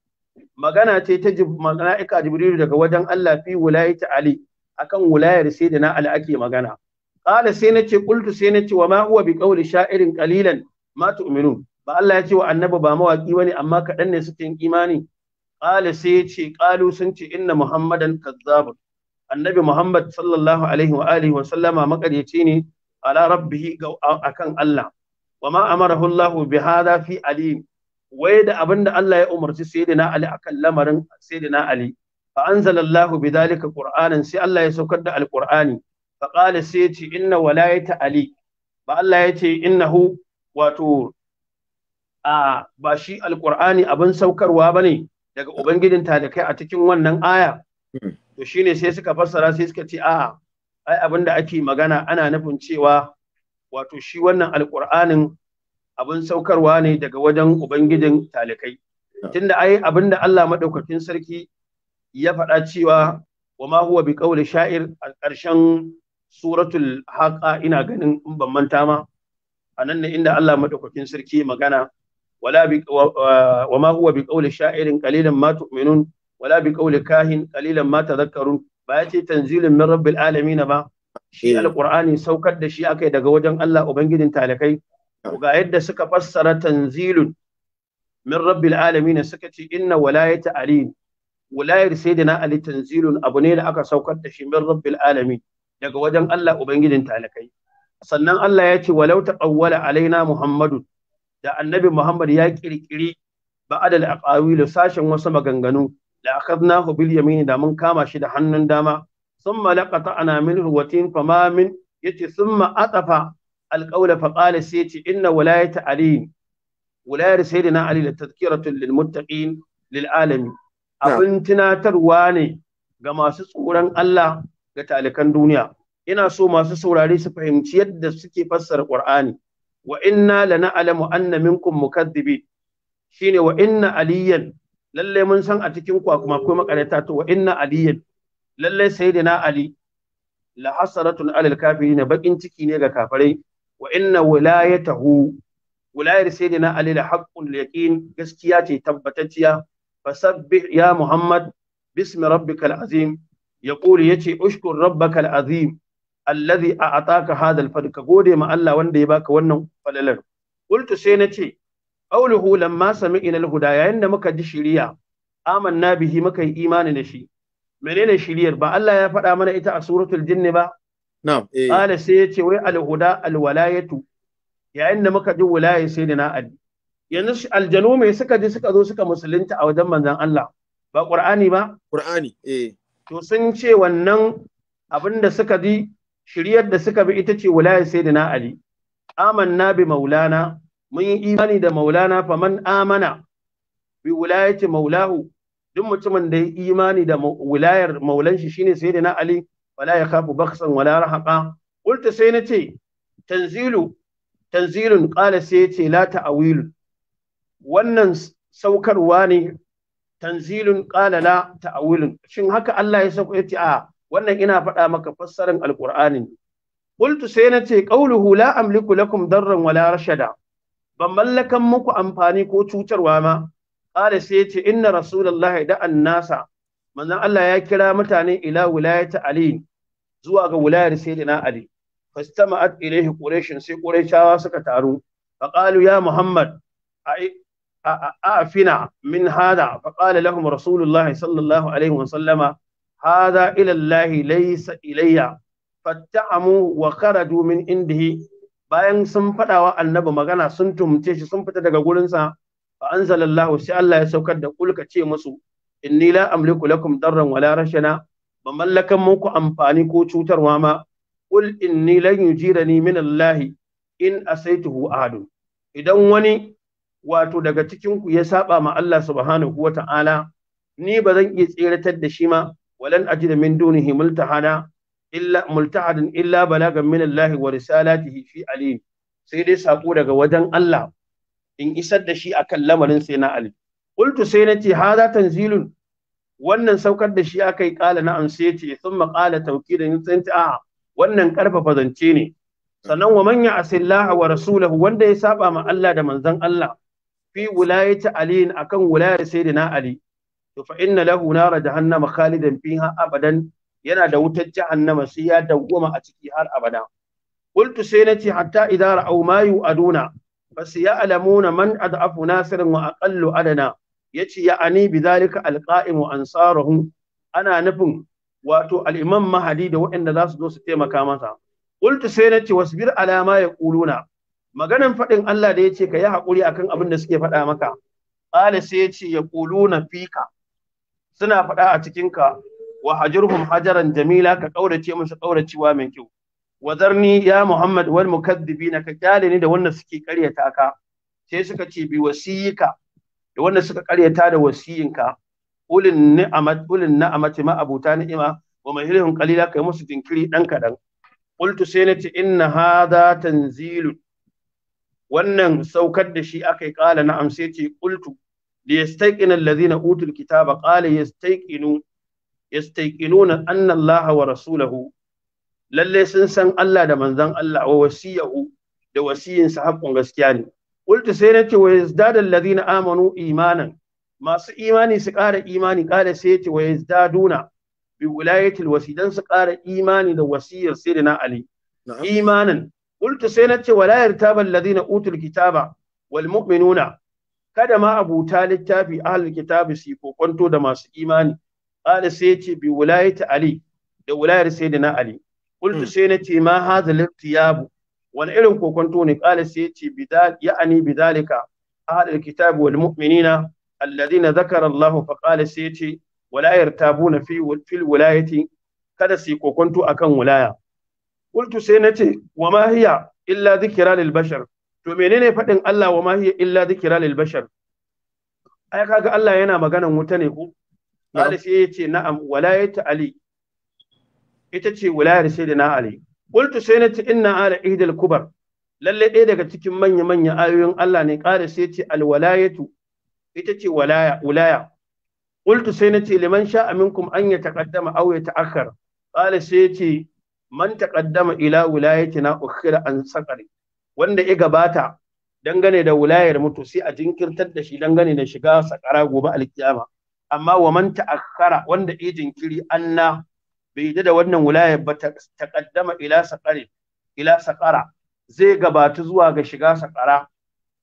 magana ce ta mala'ika jibrilu daga wajen Allah fi wilayati ali akan wulayar sai sayyidina ali ake magana qala sai nace Kultu sai nace wa ma huwa bi qawli sha'irin qalilan ma tu'minun ba Allah ya ce wa annabi ba mawaki bane amma kaɗan ne suke yin imani qala sai yace sun ce inna muhammadan kazzabun annabi muhammad sallallahu alaihi wa wa sallama makaryaci ne ala rabbihi akan Allah wa ma Hullahu Allah bi hada fi ali wai da abinda Allah ya umarci sayyidina ali akan lamarin sayyidina ali fa anzalallahu bi dalika qur'anan sai Allah ya saukar da alqur'ani fa sai ce inna walayata ali ba Allah ya ce innahu wato a ba shi alqur'ani abin saukarwa bane daga ubangijin ta da kai a cikin wannan aya hmm. to shine sai suka fassara sai suka ce a'a ai abin da ake magana ana nufin cewa wato shi wannan alƙur'anin abin saukarwa ne daga wajen ubangijin talikai tunda ai abin da Allah madaukakin sarki ya faɗa cewa wa ma huwa bi qawli sha'ir a ƙarshen suratul haqa ina ganin in ban manta ma anan ne inda Allah madaukakin sarki magana wala bi wa ma huwa bi qawli sha'irin qalilan ma tu'minun wala bi qawli kahin qalilan ma tadhakkarun ba ya ce tanzilin min rabbil alamin ba shi alqur'ani saukar da shi akai daga wajen Allah ubangijin talakai ga yadda suka fassara tanzilun min rabbil alamin suka ce inna walayata ali walayar sayyidina ali tanzilun abu ne da aka saukar da shi min rabbil alamin daga wajen Allah ubangijin talakai sannan Allah ya ce walau taqawwala alaina muhammadu da annabi muhammad ya kirkiri ba'ad al-aqawil sashin wasu maganganu la akhadnahu bil yamin da mun kama shi da hannun dama Sun laqata'na anamin watin fama min yace summa atafa alqawla fa qala sai yace inna walayata ali walayar sayyidina ali la tadhkiratun lil muttaqin lil alamin abin tunatarwa ne ga masu tsoron Allah ga talikan duniya ina so masu saurari su fahimci yadda suke fassara ƙur'ani. wa inna lana'lamu anna minkum mukaththibin shine wa inna aliyan lalle mun san a cikin ku kuma akwai makarata ta wa inna aliyan lallai sayyidina ali la hasaratun alal na baƙin ciki ne ga kafirai wa inna wilayatahu wilayar sayyidina ali la haqqul yaƙin gaskiya ce tabbatacciya fasabbih ya muhammad bismi ya azim yaqulu yace ushkur rabbakal azim alladhi a'ataka hadha al ka gode ma Allah wanda ya baka wannan falalar qultu sai nace qawluhu lamma sami'na al-huda yayin da muka ji shiriya amanna bihi muka yi imani da shi menene shiriyar ba Allah ya faɗa mana ita a suratul jinni ba na'am eh Allah sai yace wai alhuda walayatu yayin da muka ji sai da ali yanzu aljanu mai suka ji suka zo suka musulunta a wajen manzon Allah ba qur'ani ba qur'ani eh to sun ce wannan abin da suka ji shiryar da suka bi ita ce sai sayyidina ali amanna bi maulana mun yi imani da maulana faman amana bi wilayati maulahu duk mutumin da ya imani da wilayar maulan shi shine na ali wala ya kafu baksan wala rahaqa qulta sai nace tanzilu tanzilun qala sai la ta'wilu wannan saukarwa ne tanzilun qala la ta'wilun shin haka Allah ya sauko yace a wannan ina faɗa maka fassarin alqur'ani qultu sai nace qawluhu la amliku lakum darran wala rashada ban mallakan muku amfani ko cutarwa ma qala sai yace inna ya da annasa manzon Allah ya kira mutane ila wilayati ali zuwa ga wilayar sayyidina ali fastama'at ilayhi quraish sai quraishawa suka taru faqalu ya muhammad أعفنا من هذا فقال لهم رسول الله صلى الله عليه وسلم هذا إلى الله ليس إلي فاتعموا وخرجوا من عنده bayan sun faɗa wa magana sun tumce shi sun fita daga gurinsa fa anzalallahu sai Allah ya saukar da kulka ce musu inni la amliku lakum darran wala rashana ba mallakan muku amfani ko cutarwa ma qul inni lan yujirani min Allah in asaituhu ahadun idan wani wato daga cikin ku ya saɓa ma Allah subhanahu wata'ala ni ba zan iya tseratar da shi ma walan ajida min dunihi multahada illa multahadan illa balagan min Allah wa risalatihi fi alim sai dai sako daga wajen Allah in isar da shi akan lamarin sai na Ali qultu sai nace hadha tanzilun wannan saukar da shi aka yi kala na sai ya ce sun maƙala tauki sun ce a wannan ƙarfafa zance ne sannan wa manya asillaha wa rasulahu wanda ya saba ma Allah da manzon Allah fi wilayati ali akan da na ali to fa inna lahu nara jahannama khalidan fiha abadan yana da wutar jahannama sai ya dawwama a ciki har abada qultu sai nace hatta idza ra'aw mayu aduna bas ya'lamuna man ad'afu nasirin wa aqallu adana yace ya'ani bidhalika alqa'im wa ansaruhu ana nufin wato al-imam mahadi da waɗanda za su zo su taimaka masa qultu sai na ce nace wasbir ala ma yaquluna maganan faɗin Allah da yace ka yi haƙuri akan abin da suke faɗa maka qala sai yace yaquluna fika suna faɗa a cikinka wa hajurhum jamila ka ƙaurace musu kauracewa mai kyau wadarni ya Muhammad wal mukaddibina ka kyale da wanda suke ƙaryata ka sai suka ce bi wasiyika da wannan suka karyata da wasiyinka ulin ni'amat ulin na'amati ma abuta ni'ima wa mahilhum qalila kai musu jinkiri dan kadan qultu sai nace inna hadha tanzilun wannan saukar da shi akai kala na'am sai ce qultu li yastaqina alladhina utul kitaba qala yastaqinu yastaqinuna anna allaha wa rasulahu Lallai sun san Allah da manzon Allah wa wasiyahu da wasiyin sa gaskiya ne qultu sai na nace wa yazdadul ladina amanu imanan masu imani su ƙara imani ƙara sai yace wa yazdaduna bi wilayatil wasidan su ƙara imani da wasiyar sayyidina ali imanan qultu sai nace wa la yartabal ladina utul kitaba wal mu'minuna kada ma abuta littafi ahlul kitabi su kokonto da masu imani qala sai ce bi wilayati ali da wilayar sayyidina ali qultu sai nace ma hadha liftiyabu wani irin kokonto ne qala sai yace bidal ya'ani bidalika ahlul kitab wal mu'minina alladhina dhakara Allah fa qala sai yace wala yartabuna fi fil wilayati kada su kokonto akan wilaya qultu sai nace wa ma illa dhikra lil to menene faɗin Allah wa illa kaga Allah yana maganan wuta ne sai na'am wala ali ita ce wilayar sayyidina ali qultu sai na ce inna ala ihdal kubar lalle ɗaya daga cikin manya manya ayoyin Allah ne ƙara sai ce al walayatu ita ce walaya wilaya qultu sai na ce liman sha'a minkum an yataqaddama aw yata'akhkhar qala sai ce man taqaddama ila wilayatina ukhira an saqari wanda ya gabata dangane da wilayar mutu sai a jinkirtar da shi dangane da shiga sakara gobe alkiyama amma wa man ta'akhkhara wanda ya jinkiri anna bai yi da wannan wilaya ba ta kaddama ila saqari ila saqara zai gabatu zuwa ga shiga saqara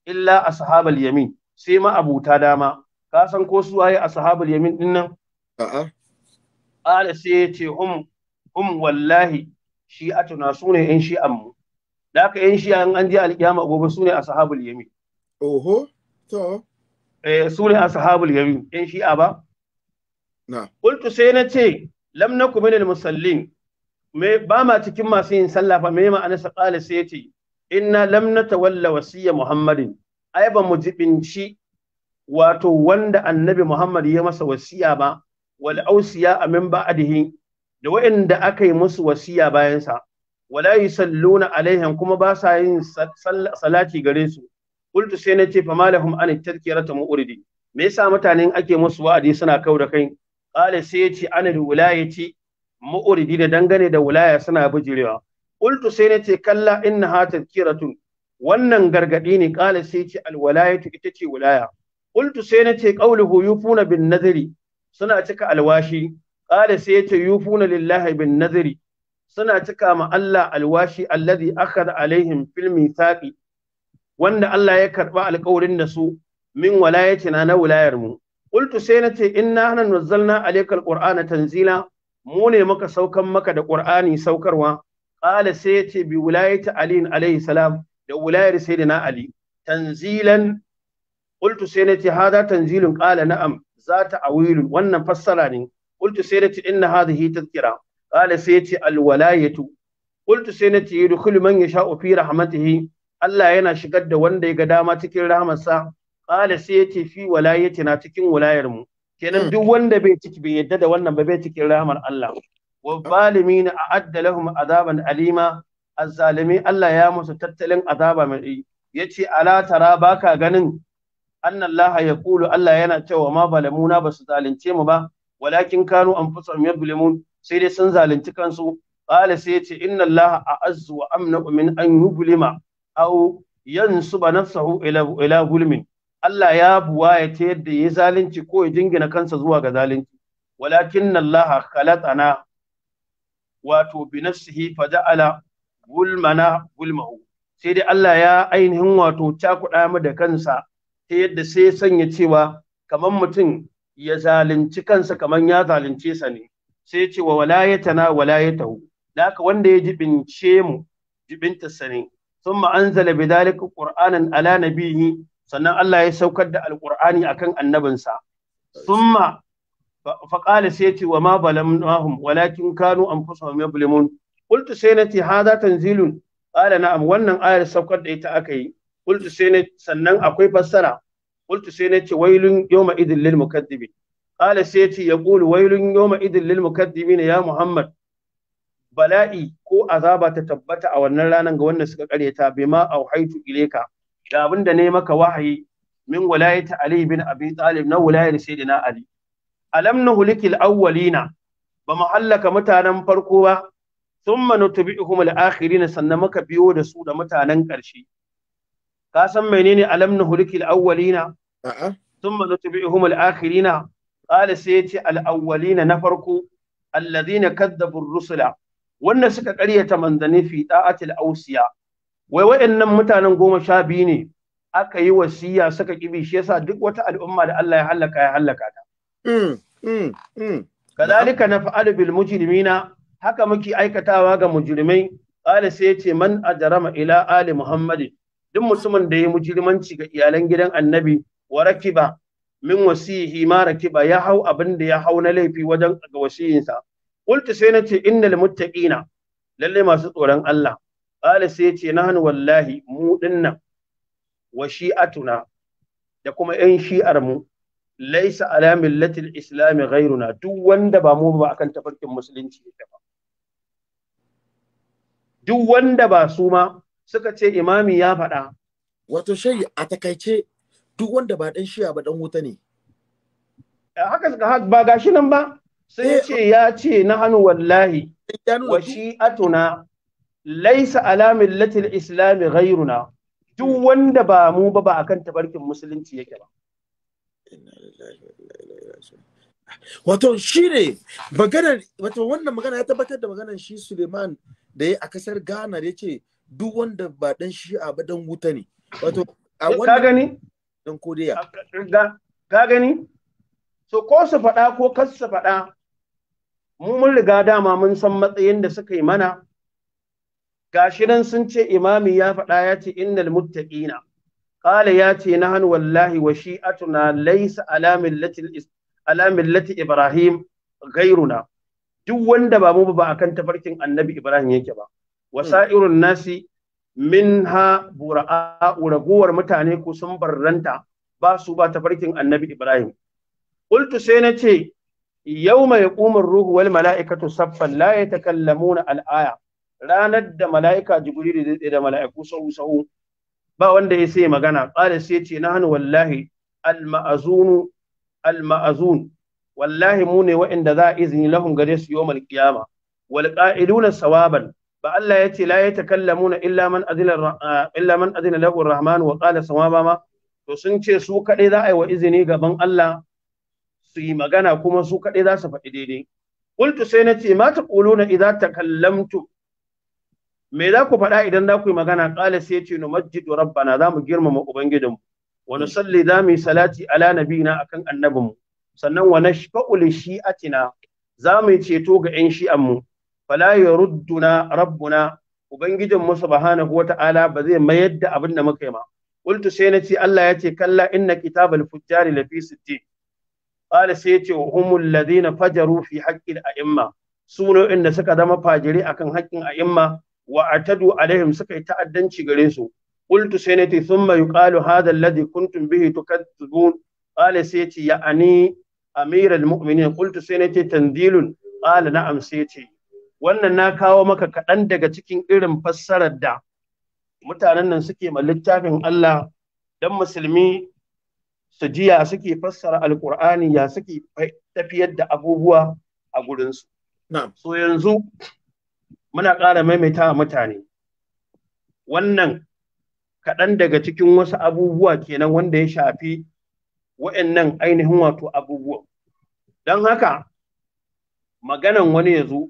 illa ashabal yamin sai ma abuta dama ka san ko su waye ashabul yamin din nan a'a ala sai ce hum hum wallahi Shi shi'atuna sune yan shi'an mu da haka yan shi'an an ji alkiyama gobe sune ashabul yamin oho to eh sune ashabul yamin yan shi'a ba na qultu sai na ce lam nakum minal musallin me ba ma cikin masu yin sallah fa me ma'ana sa qala sai yace inna lam natawalla wasiyya muhammadin ai ba mu jibinci wato wanda annabi muhammad ya masa wasiya ba wal ausiya amin ba'dihi da wa'inda aka yi musu wasiya bayan sa wala yusalluna alaihim kuma ba sa yin salati gare su qultu sai na ce fa malahum an tadhkiratu mu'ridi me yasa mutanen ake musu wa'adi suna kau da kai qala sai yace anil ce, mu'ridi da dangane da wilaya suna bijirewa ultu sai nace kalla innaha tadhkiratun wannan gargadi ne qala sai ce alwalaya ita ce wilaya ultu sai nace qawluhu yufuna bin nazari suna cika alwashi qala sai ce yufuna lillahi bin nazari suna cika ma Allah alwashi alladhi akhadha alaihim fil mithaqi wanda Allah ya karba alƙawarin da su min walayatina na wulayar mu qultu sai nace inna hana nazzalna alaykal qur'ana tanzila mu ne muka saukan maka da ƙur'ani saukarwa qala sai yace bi wilayati ali alayhi salam da wilayar sayyidina ali tanzilan qultu sai nace hada tanzilun qala na'am zata awilun wannan fassara ne qultu sai nace inna hadhihi tadhkira qala sai yace al walayatu qultu sai nace yudkhulu man yasha'u fi rahmatihi Allah yana shigar da wanda ya ga dama cikin rahmarsa qala sai yace fi na cikin walayarmu kenan hmm. duk wanda bai ciki bai yadda da wannan ba bai cikin rahmar Allah wa zalimin a'adda lahum azaban alima azzalimi Allah ya musu tattalin azaba mai yace ala tara baka ganin anna Allah ya kulu Allah yana cewa ma balamuna ba su zalunce mu ba walakin kanu anfusahum yadhlimun sai dai sun zalunci kansu qala sai yace inna Allah a'azzu wa amna min an yublima aw yansuba nafsahu ila ila gulmin Allah ya buwa ya ta yadda ya yi zalunci ko ya jingina kansa zuwa ga zalunci walakin Allah khalatana wato bi nafsihi faja'ala gulmana gulmahu sai dai Allah ya ainihin wato cakuɗa mu da kansa ta yadda sai ya sanya cewa kamar mutum ya zalunci kansa kamar ya zalunce sa ne sai ya ce wa ya tahu da wanda ya jibince mu jibinta sa ne ثم أنزل ala na biyu ni. sannan Allah ya saukar da alƙur'ani akan annabinsa summa fa qala sayti wa ma balamnahum walakin kanu anfusahum yablimun qultu sayati hadha tanzilun qala na'am wannan ayar saukar da ita akai qultu sayati sannan akwai fassara qultu sayati waylun yawma idil lil mukaththibin qala sayati yaqulu waylun yawma idil lil mukaththibin ya muhammad bala'i ko azaba ta tabbata a wannan ranar ga wanda suka karyata bima auhaitu ilayka ga abin da ne maka wahayi min walayati Ali bin Abi Talib na walayar Sayyidina Ali alam nuhlikil awwalina ba mu hallaka mutanen farko ba thumma nutbi'uhum al-akhirin sannan muka biyo da su da mutanen ƙarshe ka san menene alam nuhlikil awwalina a'a thumma nutbi'uhum al-akhirina qala sai al-awwalina na farko alladhina kadzabu ar-rusula wanda suka ƙaryata manzanni fi da'atil awsiya wai waɗannan mutanen goma sha biyu ne aka yi wasiya suka kibi shi yasa duk wata al'umma da Allah ya halaka ya halaka ta mm, mm, mm. kadhalika naf'alu bil mujrimina haka muke aikatawa ga mujrimai qala sai yace man ajrama ila ali muhammad duk mutumin da ya mujrimanci ga iyalan gidan annabi wa rakiba min wasihi ma rakiba ya hau abin da ya hau na laifi wajen ga wasiyinsa qultu sai nace innal muttaqina lalle masu tsoron Allah qala sai yace nahnu wallahi mu dinnan wa shi'atuna da kuma yan Shi'armu laisa ala millatil islami ghairuna duk wanda ba mu ba akan tafarkin musulunci yake ba duk wanda ba su ma suka ce imami ya faɗa wato shayi a takaice duk wanda ba dan shiya ba dan wuta ne haka ba gashi nan ba sai eh, ce ya ce na hannu wallahi eh, wa shi'atuna laisa ala millatil islami ghairuna duk hmm. wanda ba mu ba ba akan tabarkin musulunci yake ba wato shi ne maganar wato wannan magana ya tabbatar da maganar shi Suleiman da ya a kasar Ghana ya ce duk wanda ba dan a ba dan wuta ne wato a wannan ka gani dan kodiya ka gani so ko su faɗa ko kas su faɗa mu mun riga dama mun san matsayin da suka yi mana gashi nan sun ce imami ya faɗa ya ce innal muttaqina qala ya ce hannu wallahi wa shi'atuna laysa ala millati ala millati ibrahim ghairuna duk wanda ba mu ba akan tafarkin annabi ibrahim yake ba wasa'irun nasi minha bura'a raguwar mutane ko sun barranta ba su ba tafarkin annabi ibrahim qultu sai na ce yawma yaqumu ruhu wal mala'ikatu saffan la yatakallamuna al-aya ranar da mala'ika jibrilu da da mala'iku sahu sahu ba wanda ya sai magana qala sai ce hannu wallahi al ma'azunu al ma'azun wallahi mu ne wa'inda za a izini lahum gare su yawmal qiyama wal qa'iluna sawaban ba Allah ya ce la yatakallamuna illa man illa man azina lahu rahman wa qala sawaba ma to sun ce su kaɗai za a yi wa izini gaban Allah su yi magana kuma su kaɗai za su faɗi daidai qultu sai na ce mata na taquluna ta kallamtu me za ku faɗa idan za ku yi magana ƙala sai ce numajjidu rabbana za mu girmama ubangijinmu wa nusalli za mu yi salati ala nabiyina akan annabinmu sannan wa nashfa'u li shi'atina za mu yi ceto ga ƴan shi'anmu fala yarudduna rabbuna mu subhanahu wata'ala ba zai mayar da abin da muka yi ma qultu sai na ce Allah ya ce kalla inna kitabal fujjari lafi sittin qala sai ce wa humul ladina fajaru fi haqqil a'imma suno inda suka zama fajiri akan haƙƙin a'imma wa atadu alaihim suka yi ta'addanci gare su qultu sai nace thumma yuqalu hadha alladhi kuntum bihi tukadzibun qala sai yace ya'ani amiral mu'minin qultu sai nace tanzilun qala na'am sai yace wannan na kawo maka kaɗan daga cikin irin fassarar da mutanen nan suke ma littafin Allah dan musulmi su jiya suke fassara alqur'ani ya suke tafiyar da abubuwa a gurinsu so yanzu muna ƙara maimaita mutane wannan kaɗan daga cikin wasu abubuwa kenan wanda ya shafi wa'annan ainihin wato abubuwa. don haka maganan wani ya zo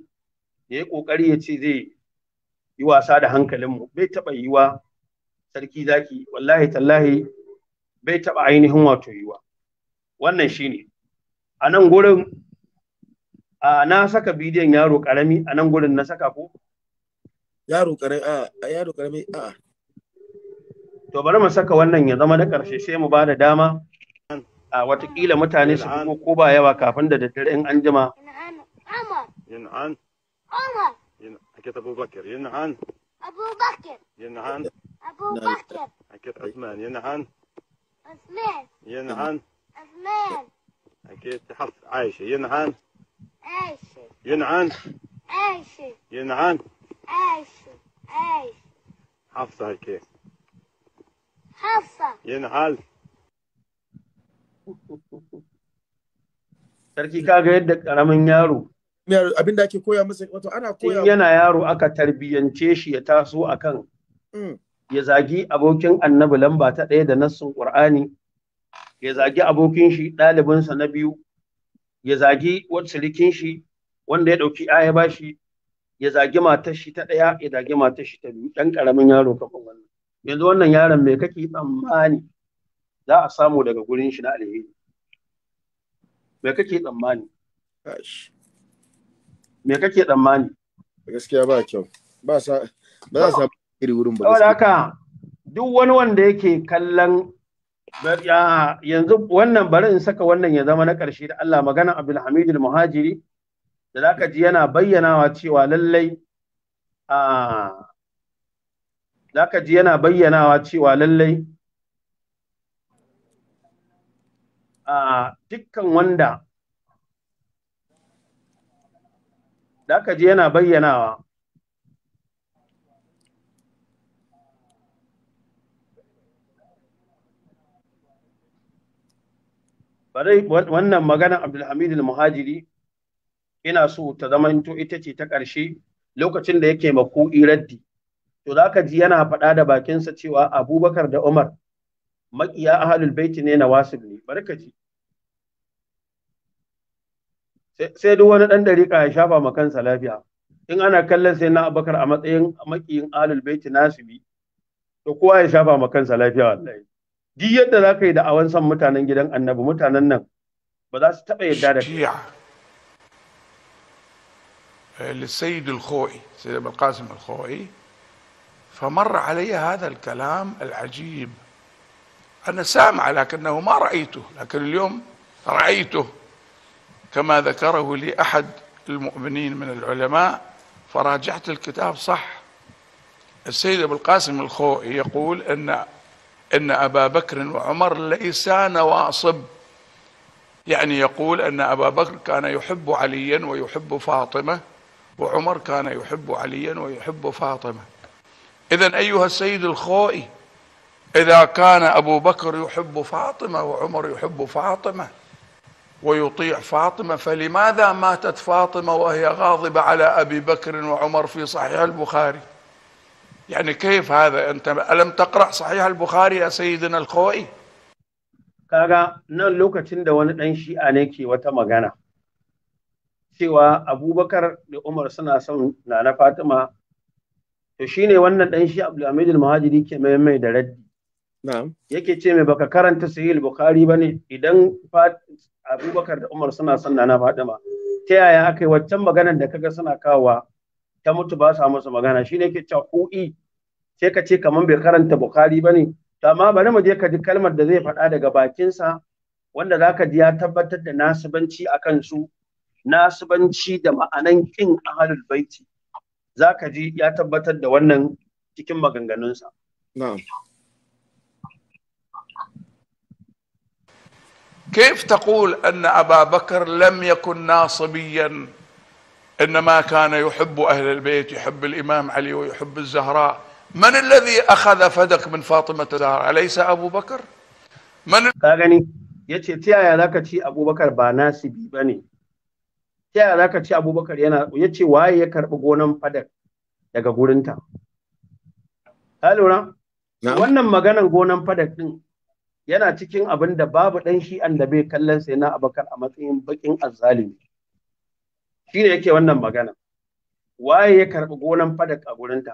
ya yi ƙoƙari ya ce zai yi wasa da hankalinmu bai taɓa yiwa sarki zaki wallahi tallahi bai taɓa ainihin wato yiwa wannan shine a nan gurin a na saka bidiyon yaro karami a nan gurin na saka ko yaro karami a yaro karami a to bari mu saka wannan ya zama da karshe sai mu ba da dama a watakila mutane su kuma ko ba yawa kafin da daddare in an jima ينعن عمر حكيت ابو بكر ينعن ابو Abubakar! ينعن ابو بكر an. عثمان ينعن an. ينعن عثمان حكيت Aisha. عائشه an. ينعن ينعن حفظة هيك حفصة ينعل sarki kaga yadda karamin yaro abin da ake koya masa wato ana koya yana yaro aka tarbiyyance shi ya taso akan mm. ya zagi abokin annabi lamba ta ɗaya da nassin qur'ani ya zagi abokin shi ɗalibinsa na biyu ya zagi wacce rikin shi wanda ya ɗauki aya ba shi ya zagi matar shi ta ɗaya ya zagi matar shi ta biyu ɗan ƙaramin yaro kafin wannan yanzu wannan yaron mai kake tsammani za a samu daga gurin shi na alheri mai kake tsammani me kake tsammani gaskiya ba kyau ba sa ba za a samu iri wurin ba gaskiya haka duk wani wanda yake kallon yanzu wannan bari in saka wannan ya zama na ƙarshe da Allah magana Abdulhamid al-Muhajiri da zaka ji yana bayyanawa cewa lallai a zaka ji yana bayyanawa cewa lallai a dukkan wanda zaka ji yana bayyanawa wannan maganar Abdulhamid al-Muhajiri ina so ta to ita ce ta ƙarshe lokacin da yake maku'i raddi to zaka ji yana faɗa da bakinsa cewa Abubakar da Umar maƙiya ahlul baiti ne na wasil ne ka ji sai duk wani ɗan dariƙa ya shafa ma kansa lafiya in ana kallon sai na Abubakar a matsayin maƙiyin ahlul baiti nasibi to kowa ya shafa ma kansa lafiya wallahi duk yadda za yi da'awan san mutanen gidan annabi mutanen nan ba za su yadda da للسيد الخوئي سيد أبو القاسم الخوئي فمر علي هذا الكلام العجيب أنا سامع لكنه ما رأيته لكن اليوم رأيته كما ذكره لي أحد المؤمنين من العلماء فراجعت الكتاب صح السيد أبو القاسم الخوئي يقول أن ان ابا بكر وعمر ليسا نواصب يعني يقول ان ابا بكر كان يحب عليا ويحب فاطمه وعمر كان يحب عليا ويحب فاطمه اذا ايها السيد الخوئي اذا كان ابو بكر يحب فاطمه وعمر يحب فاطمه ويطيع فاطمه فلماذا ماتت فاطمه وهي غاضبه على ابي بكر وعمر في صحيح البخاري يعني كيف هذا أنت ألم تقرأ صحيح البخاري يا سيدنا الخوي kaga nan lokacin da wani ɗan shi'a ne ke wata magana cewa abubakar da umar suna son na na fatima to shine wannan ɗan shi abdulhamid al-muhajiri ke mai mai da raddi yake ce mai baka karanta sahih bukhari bane idan abubakar da umar suna son na na fatima ta yaya aka yi waccan maganar da kaga suna kawowa ta mutu ba sa masa magana shine yake cewa hu'i e, sai ka ce kaman bai karanta bukhari bane to amma bari mu je ka ji kalmar da zai faɗa daga bakinsa wanda zaka ji ya tabbatar da nasibanci akan su nasibanci da ma'anan kin ahlul baiti zaka ji ya tabbatar da wannan cikin maganganunsa na'am كيف تقول أن أبا بكر لم يكن ناصبيا انما كان يحب اهل البيت يحب الامام علي ويحب الزهراء من الذي اخذ فدك من فاطمه الزهراء اليس ابو بكر من كاغني yace ta yaya zaka ci abubakar ba nasibi ba ne ta yaya zaka ci abubakar yana yace waye ya karbi gonan fadak daga gurinta ka lura wannan maganan gonan fadak din yana cikin abin da babu dan shi da bai kallon sai na abakar a matsayin bakin azzalimi shi ne yake wannan magana waye ya karɓi gonan fadak a gurinta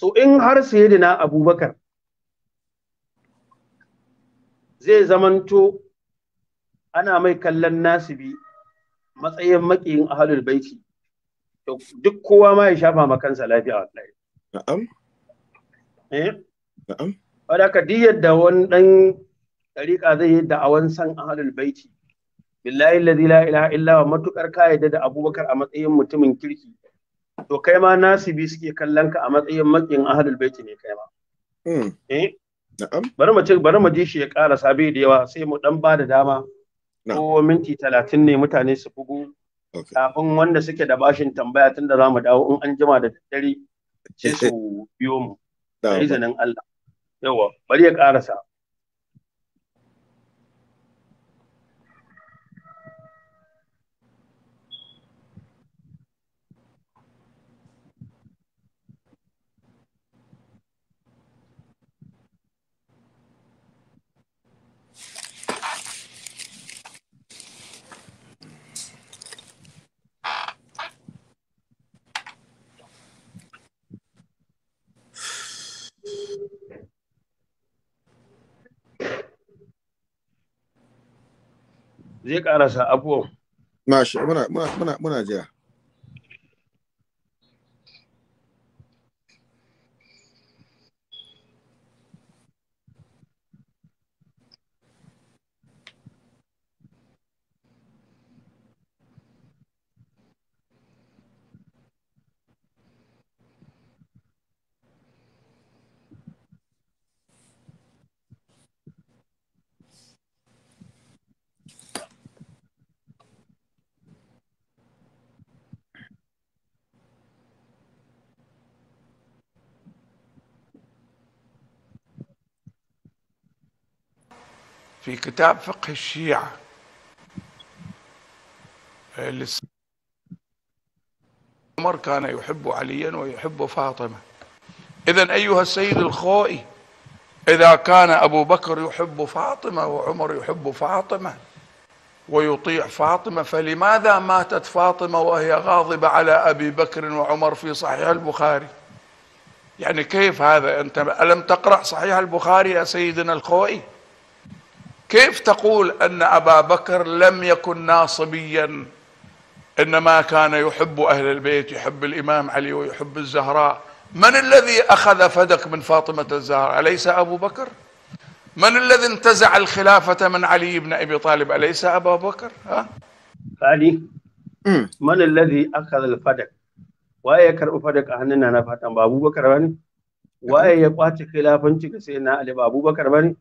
so in har sayyidina abubakar zai zamanto ana mai kallon nasibi matsayin makiyin ahalul baiti duk kowa ma ya shafa ma kansa lafiya wallahi na'am eh na'am wadaka duk yadda wani ɗan ɗariƙa zai yi da'awan san ahalul baiti billahi alladhi la ilaha illa wa matukar ka yadda da abubakar a matsayin mutumin kirki to kai ma nasibi suke kallon ka a matsayin makin ahlul baiti ne kai ma hmm. eh bari mu ci bari mu ji shi ya ƙara sabi da yawa sai mu dan da dama ko minti talatin ne mutane su bugu kafin wanda suke da bashin tambaya tun da za mu dawo in an jima da daddare sai su biyo mu da izinin Allah yawa bari ya ƙarasa zai karasa abubuwan. Mashi, muna, muna jiya. في كتاب فقه الشيعة عمر كان يحب عليا ويحب فاطمة إذا أيها السيد الخوئي إذا كان أبو بكر يحب فاطمة وعمر يحب فاطمة ويطيع فاطمة فلماذا ماتت فاطمة وهي غاضبة على أبي بكر وعمر في صحيح البخاري يعني كيف هذا أنت ألم تقرأ صحيح البخاري يا سيدنا الخوئي كيف تقول ان ابا بكر لم يكن ناصبيا انما كان يحب اهل البيت يحب الامام علي ويحب الزهراء من الذي اخذ فدك من فاطمه الزهراء اليس ابو بكر من الذي انتزع الخلافه من علي بن ابي طالب اليس ابا بكر ها علي من الذي اخذ الفدك وأي ya فدك أهننا نفاتا أبو بكر fatan ba abubakar ba ne بكر ya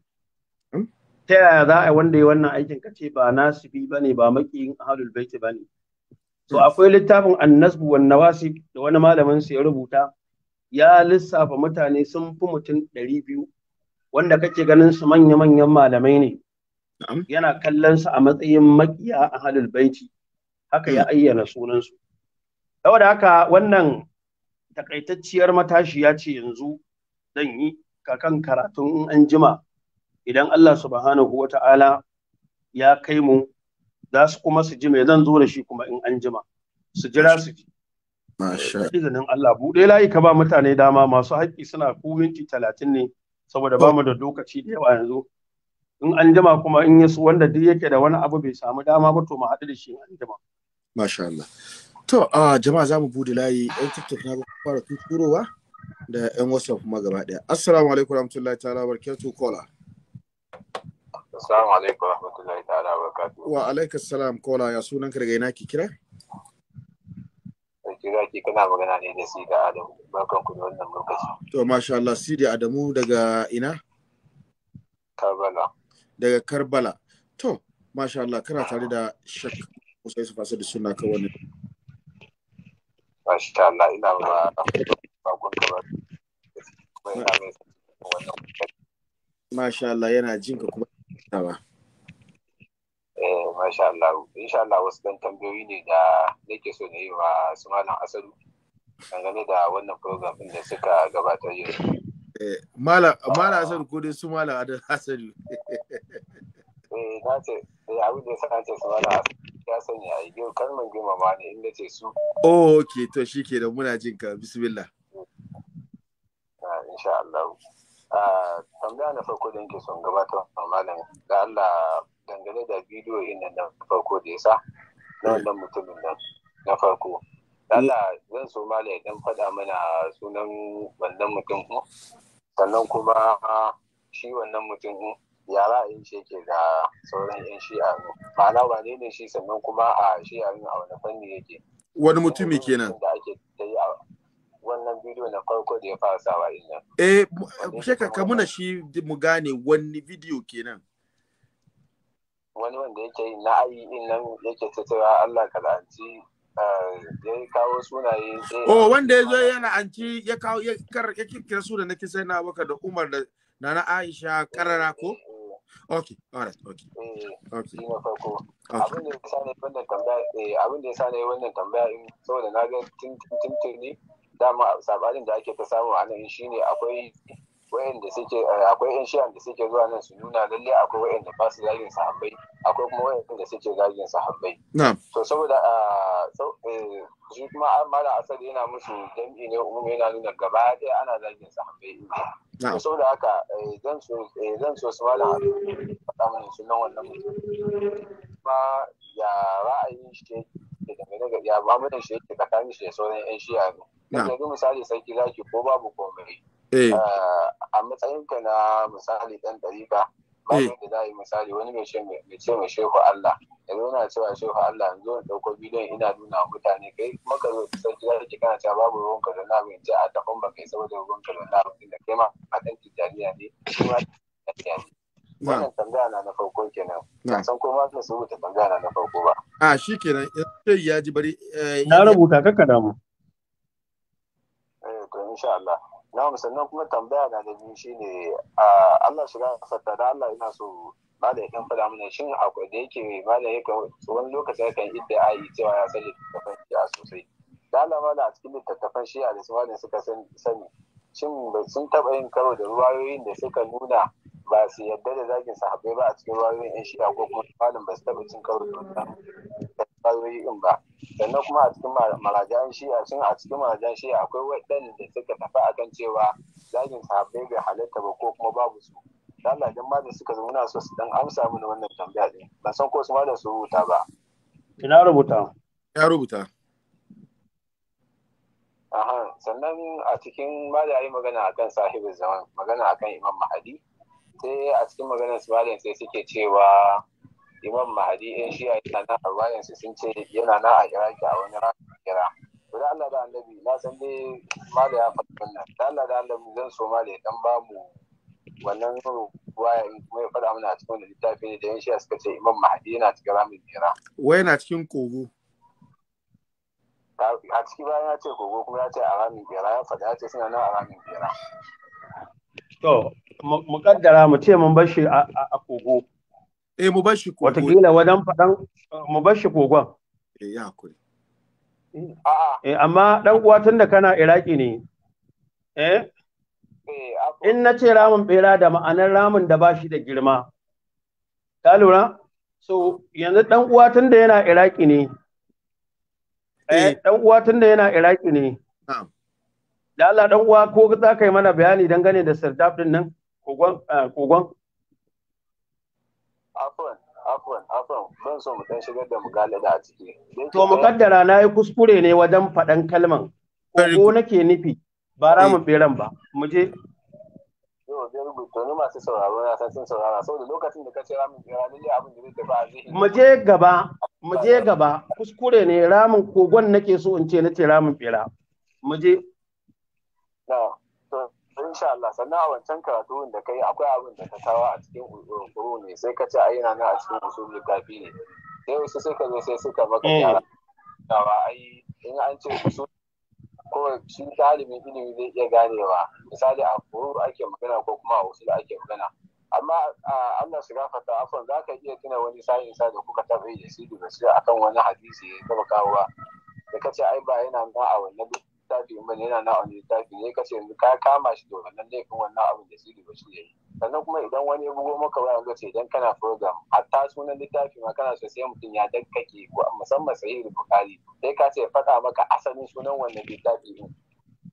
ta yaya za a wanda ya wannan aikin ka ce ba nasibi ba ne ba makiyin ahlul baiti ba ne to akwai littafin annasbu wan nawasi da wani malamin sa ya rubuta ya lissafa mutane sun fi mutum ɗari biyu wanda kake ganin su manya-manyan malamai ne yana kallon su a matsayin makiya halin baiti haka ya hmm. ayyana sunansu saboda haka wannan takaitacciyar matashiya ce yanzu zan yi kakan karatun in an jima idan Allah subhanahu wa ta'ala ya kai mu za su kuma su ji mai zan zo da shi kuma in an jima su jira su ji izinin Allah buɗe layi ka ba mutane dama masu haƙƙi suna ku minti talatin ne saboda ba mu da lokaci da yawa yanzu in an jima kuma in yasu wanda duk yake da wani abu bai samu dama ba to mu haɗu da shi an jima masha Allah to a jama'a za mu buɗe layi ɗan tiktok na fara tuturowa da yan wasu kuma gaba ɗaya assalamu alaikum warahmatullahi ta'ala barkatu kola Assalamu alaikum warahmatullahi ta'ala barakatuh. Wa alaikum salam kola ya sunan daga ina ki kira? Sarki zaki kana magana ne da Sidi Adamu. Barkan ku da wannan lokaci. To masha Allah Sidi Adamu daga ina? Karbala. Daga Karbala. To masha Allah kana tare da Shek Musa Yusuf Asadu suna ka wani. Masha Allah ina ba bakon kamar. Masha Allah yana jin ka kuma ba. Eh masha Allah. Insha Allah wasu dan tambayoyi ne da nake so na yi wa su malam Asalu dangane da wannan program din da suka gabatar yau. Eh malam malam Asalu ko dai su malam Adal Asalu. Eh na ce eh abin da ya saka ce su malam Asalu ya sanya yau kalmar girmama ne inda ce su. Oh ok to shi ke da muna jin ka bismillah. tambaya na farko da yake son gabatar a malam da Allah dangane da bidiyo ina na farko da yasa na eh. wannan mutumin nan na farko. Eh. Allah zan so malam dan fada mana sunan wannan mutum ko sannan kuma shi wannan mutum ya ra'ayin shi yake da sauran 'yan shi a shi'a ma'ana wane ne shi sannan kuma a shi a wani fanni yake. Wani mutumi kenan. Da ake tayi a wannan bidiyo na farko da ya fara sawa ina. Eh, sheka ka muna shi mu gane wani bidiyo kenan. Wani wanda yake yi na ayi in nan yake tattara Allah ka la'anci eh, ya yi kawo sunaye. Eh, oh, wanda ya zo ya la'anci ya kawo ya kirkira suna na kisai na waka da Umar da Nana Aisha karara ko? Eh, okay, alright, okay. Okay. Shi na farko. Abin da ya sa ne wannan tambaya, abin da ya sa ne wannan tambaya in saboda na ga tun tun ne dama sabanin da ake ta samu a nan shi akwai suke eh, akwai yan shi'an da suke zuwa nan su nuna lalle akwai da ba su zagin sahabbai akwai kuma da suke zagin sahabbai to saboda ah, eh, shi kuma mala asali yana musu jam'i ne umu yana nuna gaba ɗaya ana zagin sahabbai to saboda haka eh, zan so su wala su mala faɗa sunan wannan mutum kuma ya ra'ayin shi yake dangane ga ya shi yake tsakanin shi da sauran yan shi'a yanzu. yanzu misali sarki zaki ko babu komai eh. Eh, a matsayinka na misali dan dariƙa bayan eh. da za a yi misali wani mai ce mai shehu Allah yanzu yana cewa shehu Allah yanzu in dauko bidiyon ina nuna mutane kai maka zo sarki za ki kana cewa babu ruwan ka da na bin ji a tafin ba kai saboda ruwan ka da na bin da kai ma a ɗan tijjaniya ne shi ma ne wannan tambaya na na farko kenan ban san ko ma zan rubuta tambaya na na farko ba a shikenan sai ya ji bari eh, na rubuta kakka da mu eh to insha Allah na sannan kuma tambaya na da biyu shine Allah shiga fatta da Allah ina so ba da ya faɗa mana shin akwai da yake malam yakan wani lokaci yakan idda ayi cewa ya san littattafan shi'a sosai da Allah malam a cikin littattafan shi'a da su malam suka sani shin sun taɓa yin karo da ruwayoyin da suka nuna ba su yadda da zagin sahabbai ba a cikin ruwayoyin yan shi'a ko kuma malin ba su taɓa cin karo da ruwayoyi in ba sannan kuma a cikin marajan shi'a sun a cikin marajan shi'a akwai waɗanda suka tafi akan cewa zagin sahabbai bai halatta ba ko kuma babu su Allah dan ma da suka zama so su dan amsa mini wannan tambaya din ban san ko su ma da su rubuta ba ina rubuta ya rubuta Aha, sannan a cikin ba da yi magana akan sahibin zaman magana akan imam mahadi sai a cikin maganar su malam sai suke cewa imam mahadi in shi a yana na arwayan su sun ce yana na a iraki a wani ranar kira da Allah da annabi na san dai ma da ya faɗi wannan da Allah da annabi zan so ma da ya dan ba mu wannan waya in kuma ya faɗa mana a cikin wani littafi ne da yan shi suka ce imam mahadi yana cikin ramin kira wai yana cikin kogo a ciki bayan ya ce kogo kuma ya ce a rami biyar ya faɗi ya ce suna nan a rami biyar To, mu kaddara mu ce mun bashi a kogo. Eh mu bashi kogo. Wataƙila wajen faɗan mu bashi kogon. Eh ya kuri Eh amma ɗan uwa tun da kana Iraki ne. Eh? eh In na ce ramin bera da ma'anar ramin da bashi da girma. Ka lura? So yanzu ɗan uwa tun da yana Iraki ne. Eh, eh, dan uwa tunda yana Iraki ne. Da Allah dan uwa ko za ka yi mana bayani dangane da sardaf din nan kogon eh, kogon. Afwan, afwan, afwan. Ban so mu dan shigar da mugalada a ciki. To mukaddara na yi kuskure ne wajen faɗan kalman. Ko nake nufi ba ra ramin eh. beran ba. Mu je masu sauraro na sun saurara saboda lokacin da ka ce ramin beran ne abin da zai tafi Mu je gaba. mu je gaba kuskure ne ramin kogon nake so in ce na ce ramin bera mu je insha Allah sannan a wancan karatu da kai akwai abin da ka tawa a cikin kuru ne sai ka ce ai yana na a cikin usulul kafi ne sai wasu sai ka zo sai suka maka eh. yara ai in an ce usul ko shi talibin ilimi zai iya ganewa misali a kuru ake magana ko kuma a usul ake magana amma Allah su gafarta afon za ka iya tuna wani sa'in sa da kuka taɓa yi da shi da a akan wani hadisi ya taɓa kawowa da ka ce ai ba yana na a wannan littafi ba ne yana na a wani littafi ne ka ce yanzu ka kama shi da wannan laifin wannan abin da shi da basu ya yi sannan kuma idan wani ya bugo maka waya ga ce idan kana program hatta sunan littafi ma kana so sai mutum ya dakkake musamman sai sahih kari sai ka ce faɗa maka asalin sunan wannan littafi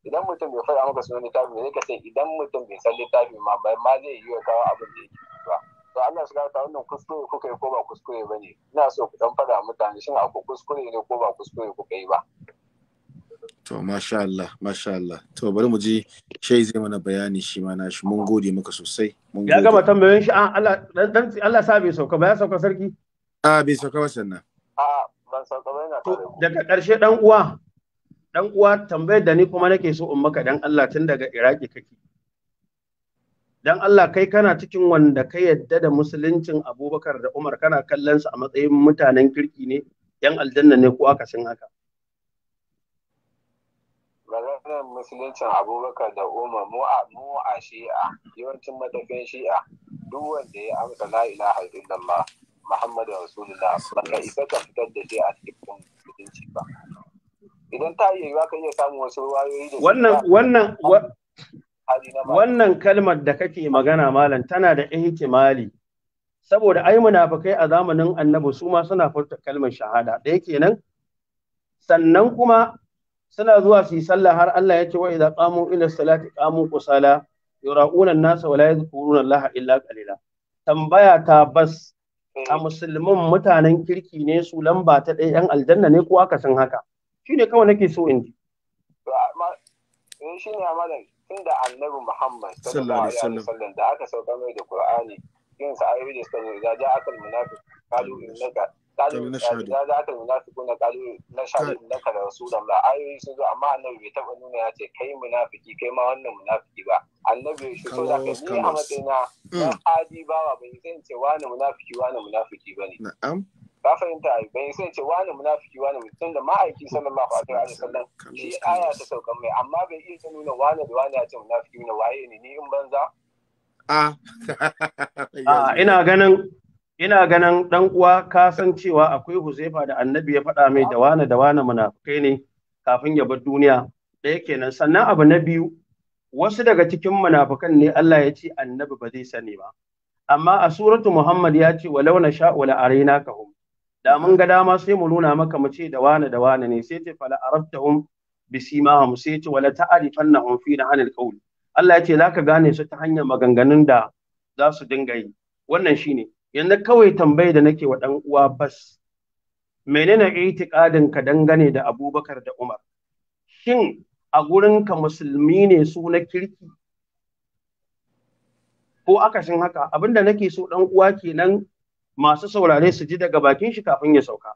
idan mutum bai faɗa maka sunan littafin ne ka sai idan mutum bai san littafin ma ba ma zai yi wa kawo abin da yake ba to Allah su ta wannan kuskure kuka yi ko ba kuskure ba ne ina so ku dan faɗa mutane shin akwai kuskure ne ko ba kuskure kuka yi ba to masha Allah masha Allah to bari mu ji shai zai mana bayani shi ma nashi mun gode maka sosai ya gama tambayoyin shi ah, Allah dan Allah sa bai sauka ba ya sauka sarki a ah, bai sauka ba sannan a ah, ban sauka ba yana daga karshe dan uwa dan uwa tambayar da ni kuma nake so in maka dan Allah tun daga Iraki kake dan Allah kai kana cikin wanda ka yadda da musuluncin Abubakar da Umar kana kallon su a matsayin mutanen kirki ne yan aljanna ne ko aka san haka maganar musuluncin abubakar da umar mu a shi'a yawancin matafin shi'a duk wanda ya amsa la ilaha illallah muhammadu rasulullah ba isa ka fitar da shi a cikin musulunci ba idan ta yi ka iya samun wasu ruwayoyi da wannan wannan wannan kalmar da kake magana malam tana da ihtimali saboda ai munafikai a zamanin annabi su ma suna furta kalmar shahada da yake sannan kuma suna zuwa su yi sallah har Allah ya ce wa idza qamu ila salati qamu qusala yura'una an-nasa wa la yadhkuruna Allah illa qalila tambaya ta bas a eh. musulmin mutanen kirki ne su lamba ta ɗaya yan aljanna ne ko aka san haka shi ne kawai nake so in ji eh, shi ne amma tun da annabi muhammad sallallahu alaihi wasallam da aka sauka mai da qur'ani yin sa ayoyi da suka zo da ja akal munafiq qalu innaka qalu da ja akal munafiquna qalu la shahadu innaka la rasulullah ayoyi sun zo amma annabi bai taba nuna ya ce kai munafiki kai ma wannan munafiki ba annabi shi so da kai ni a matsayina na mm. adi bawa bai san ce wani munafiki wani munafiki bane na'am ka fahimta bai sai ce wani munafiki wani mutum da ma'aiki sallallahu alaihi wa sallam shi aya ta saukan mai amma bai iya ta nuna wani da wani ya ce munafiki ne waye ne ni in banza a ah. ah, ina ganin ina ganin dan uwa ka san cewa akwai Huzaifa da Annabi ya faɗa mai da wani da wani munafikai ne kafin ya bar duniya ɗaya kenan sannan abu na biyu wasu daga cikin munafikan ne Allah ya ce Annabi ba zai sani ba amma a suratu Muhammad ya ce walau na sha wala arena da mun ga dama sai mu nuna maka mu ce da wani da wani ne sai ce fala bi simahum sai ce wala ta'rifannahum fi hanil qawl Allah ya ce zaka gane su ta hanyar maganganun da za su dinga yi wannan shine yanzu kawai tambayar da nake wa dan uwa bas menene itikadin ka dangane da Abubakar da Umar shin a ka musulmi ne su na kirki ko akashin haka abinda nake so dan uwa kenan masu saurare su ji daga bakin shi kafin ya sauka.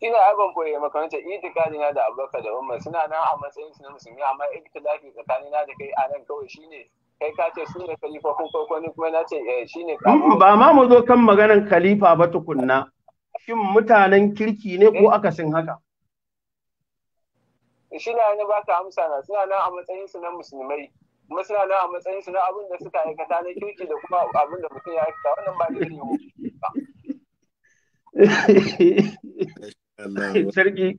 Ina abin koyi makarantar itikadi na da abubakar da umar suna nan a matsayin su na musulmi amma itikadi tsakanin na da kai a nan kawai shine kai ka ce su ne kalifofin farko ni kuma na ce eh, shine ba ma mu zo kan maganan kalifa ba tukunna shin mutanen kirki ne ko eh. akasin haka shi ne ba ka amsa na suna nan a matsayin su na musulmai Masana a matsayin su na abin da suka aikata na kirki da kuma abin da mutum ya aikata wannan ba da ne sarki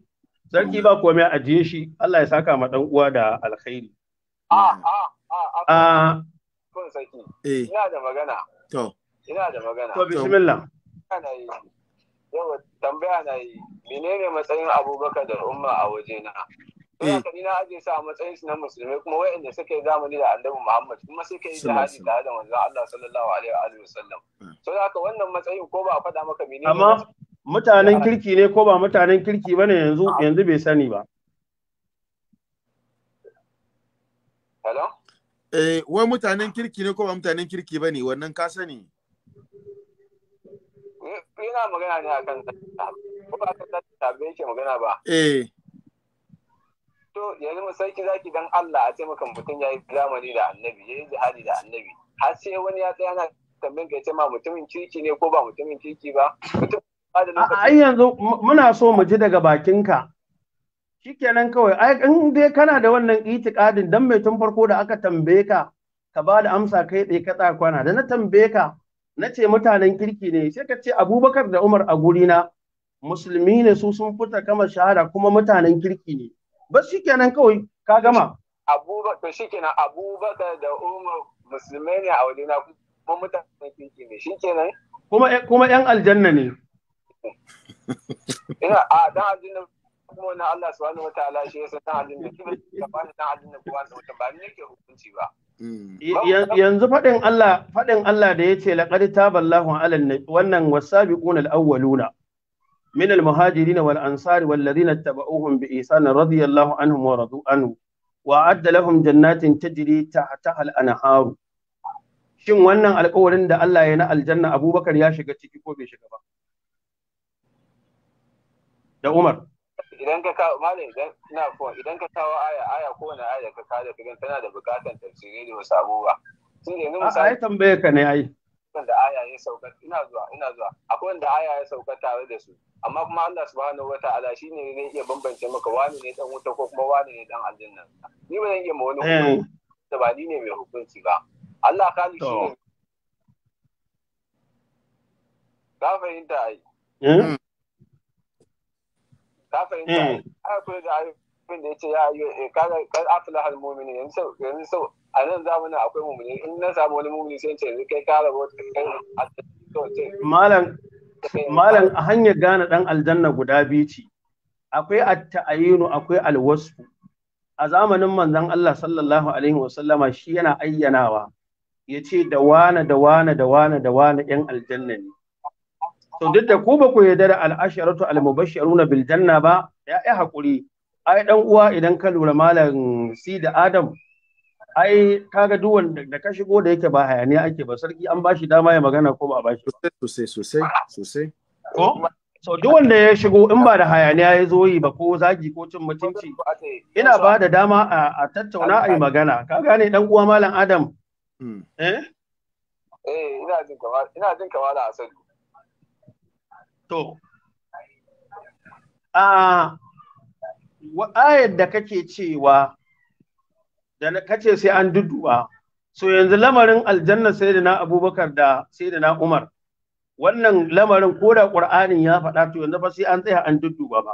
sarki ba komai a ajiye shi Allah ya saka ma dan uwa da alkhairi Ah, ah, ah, kun sarki eh. ina da magana to ina da magana to bismillah Ina yi yau tambaya na yi menene matsayin abubakar da umma a wajena don eh. haka ni na ajiye su a matsayin su na musulmai kuma waɗanda suka yi zamani da annabi Muhammad kuma suka yi jihadi tare da wanzu Allah sallallahu alaihi wa sallam hmm. so don haka wannan matsayin ko ba a faɗa maka menene amma mutanen kirki ne ko ba mutanen kirki bane yanzu ah. yanzu bai sani ba hello eh wai mutanen kirki ne ko ba mutanen kirki ba ne, wannan ka sani ina magana ne akan ko ba ka tabe yake magana ba eh to yanzu mu sarki zaki dan Allah a ce maka mutum yi zamani da annabi ya yi jihadi da annabi har sai wani ya tsaya na tambayin ka ce ma mutumin kirki ne ko ba mutumin kirki ba ai yanzu muna so mu ji daga bakinka shikenan kawai ai in dai kana da wannan itikadin dan mai tun farko da aka tambaye ka ka ba da amsa kai tsaye ka tsakwana da na tambaye ka na ce mutanen kirki ne sai ka ce abubakar da umar a gurina musulmi ne su sun fita kama shahada kuma mutanen kirki ne ba shi kenan kawai ka gama abubakar to shi kenan abubakar da umar musulmai ne a na kuma mutane kirki ne shi kenan kuma kuma yan aljanna ne ina a dan aljanna kuma na Allah subhanahu wa ta'ala shi yasa dan aljanna kuma ba ni dan aljanna kuma da wata ba ne ke hukunci ba mm. yanzu faɗin Allah faɗin Allah da yace laqad allah ala wannan wasabiquna al-awwaluna من المهاجرين والأنصار والذين اتبعوهم بإحسان رضي الله عنهم ورضوا عنه وأعد لهم جنات تجري تحتها الأنهار shin wannan alƙawarin da Allah ya na aljanna Abubakar ya shiga ciki ko bai shiga ba da Umar idan ka kawo malam idan ina ko idan ka kawo aya aya ko wani aya ka kawo da tana da bukatan tafsiri da wasu abubuwa tun yanzu misali ai tambaye ka ne ai wanda aya ya sauka ina zuwa ina zuwa akwai wanda aya ya sauka tare da su amma kuma Allah subhanahu wataala shine ne iya bambance maka wani ne dan wuta ko kuma wani ne dan aljanna ni ba zan iya ma wani eh. hukunci da ba ni ne mai hukunci ba Allah ka shi ne ka fahimta ai hmm? ka fahimta ai hmm. akwai da abin da ya ce ya ayyu eh, kaga kad aflahal mu'minin yanzu yanzu sau a nan zamanin akwai mu'mini in na samu wani mu'mini sai ce yanzu kai ka rabo malam malam eh, a hanyar gane dan aljanna guda biyu ce akwai at-ta'ayinu akwai al-wasfu a zamanin manzon Allah sallallahu alaihi wasallama shi yana ayyanawa yace da wane da wane da wane da wane yan aljanna ne to duk da ku ba ku yarda da al-asharatu al-mubashsharuna bil janna ba ya ai hakuri ai dan uwa idan ka lura malam si da adam ai kaga duk wanda da ka shigo da yake ba hayaniya ake ba sarki an bashi dama ya magana ko ba a bashi sosai sosai sosai ko so duk wanda ya shigo in ba da hayaniya ya zo yi ba ko zagi ko cin mutunci ina ba da dama a tattauna a yi magana ka gane dan uwa malam adam hmm. eh? eh ina jin kamar ina jin kamar da asali to ah ayar da kake cewa da kace sai an duduwa so yanzu lamarin aljanna sai da na abubakar da sai da na umar wannan lamarin ko da ƙur'anin ya faɗa to yanzu fa sai an tsaya an duduwa ba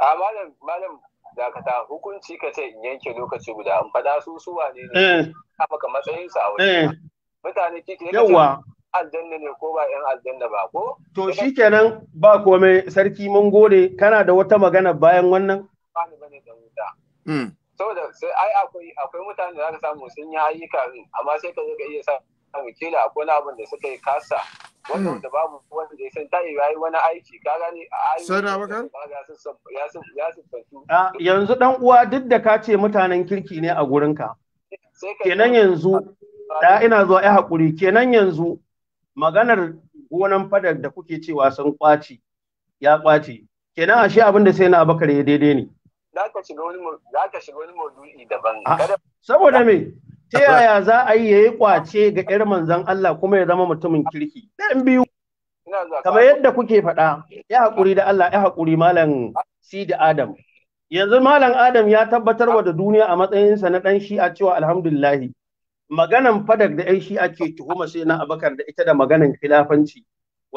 a malam malam dakata hukunci ka ce in yanke lokaci guda an faɗa su suwa ne eh. eh. ne a maka matsayin sa a wani mutane kike yawa aljanna ne ko ba yan aljanna ba ko to shikenan ba komai sarki mun gode kana da wata magana bayan wannan Bani bane da wuta hmm. saboda sai ai akwai akwai mutane da za ka samu sun yi ayyuka amma sai ka zo ka iya samu kila akwai wani abin da suka yi kasa wannan da hmm. babu wanda ya san ta yayi wani aiki ka gani a sana baka ya su ya su sun yanzu dan uwa duk da ka ce mutanen kirki ne a gurinka kenan yanzu da ina zuwa ya haƙuri kenan yanzu maganar gonan fadar da kuke cewa sun kwaci ya kwaci kenan a shi abin da sai na abakar ya daidai ne za ka shiga wani maudu'i daban ah, saboda me ta yaya za a yi yayi kwace ga yar manzan Allah kuma ya zama mutumin kirki ɗan biyu kamar yadda kuke faɗa ya haƙuri da Allah ya haƙuri malam Sidi Adam yanzu malam Adam ya tabbatar wa da duniya a matsayinsa na ɗan shi a cewa alhamdulillahi maganan fadak da yan shi ake tuhuma sai na abakar da ita da maganan khilafanci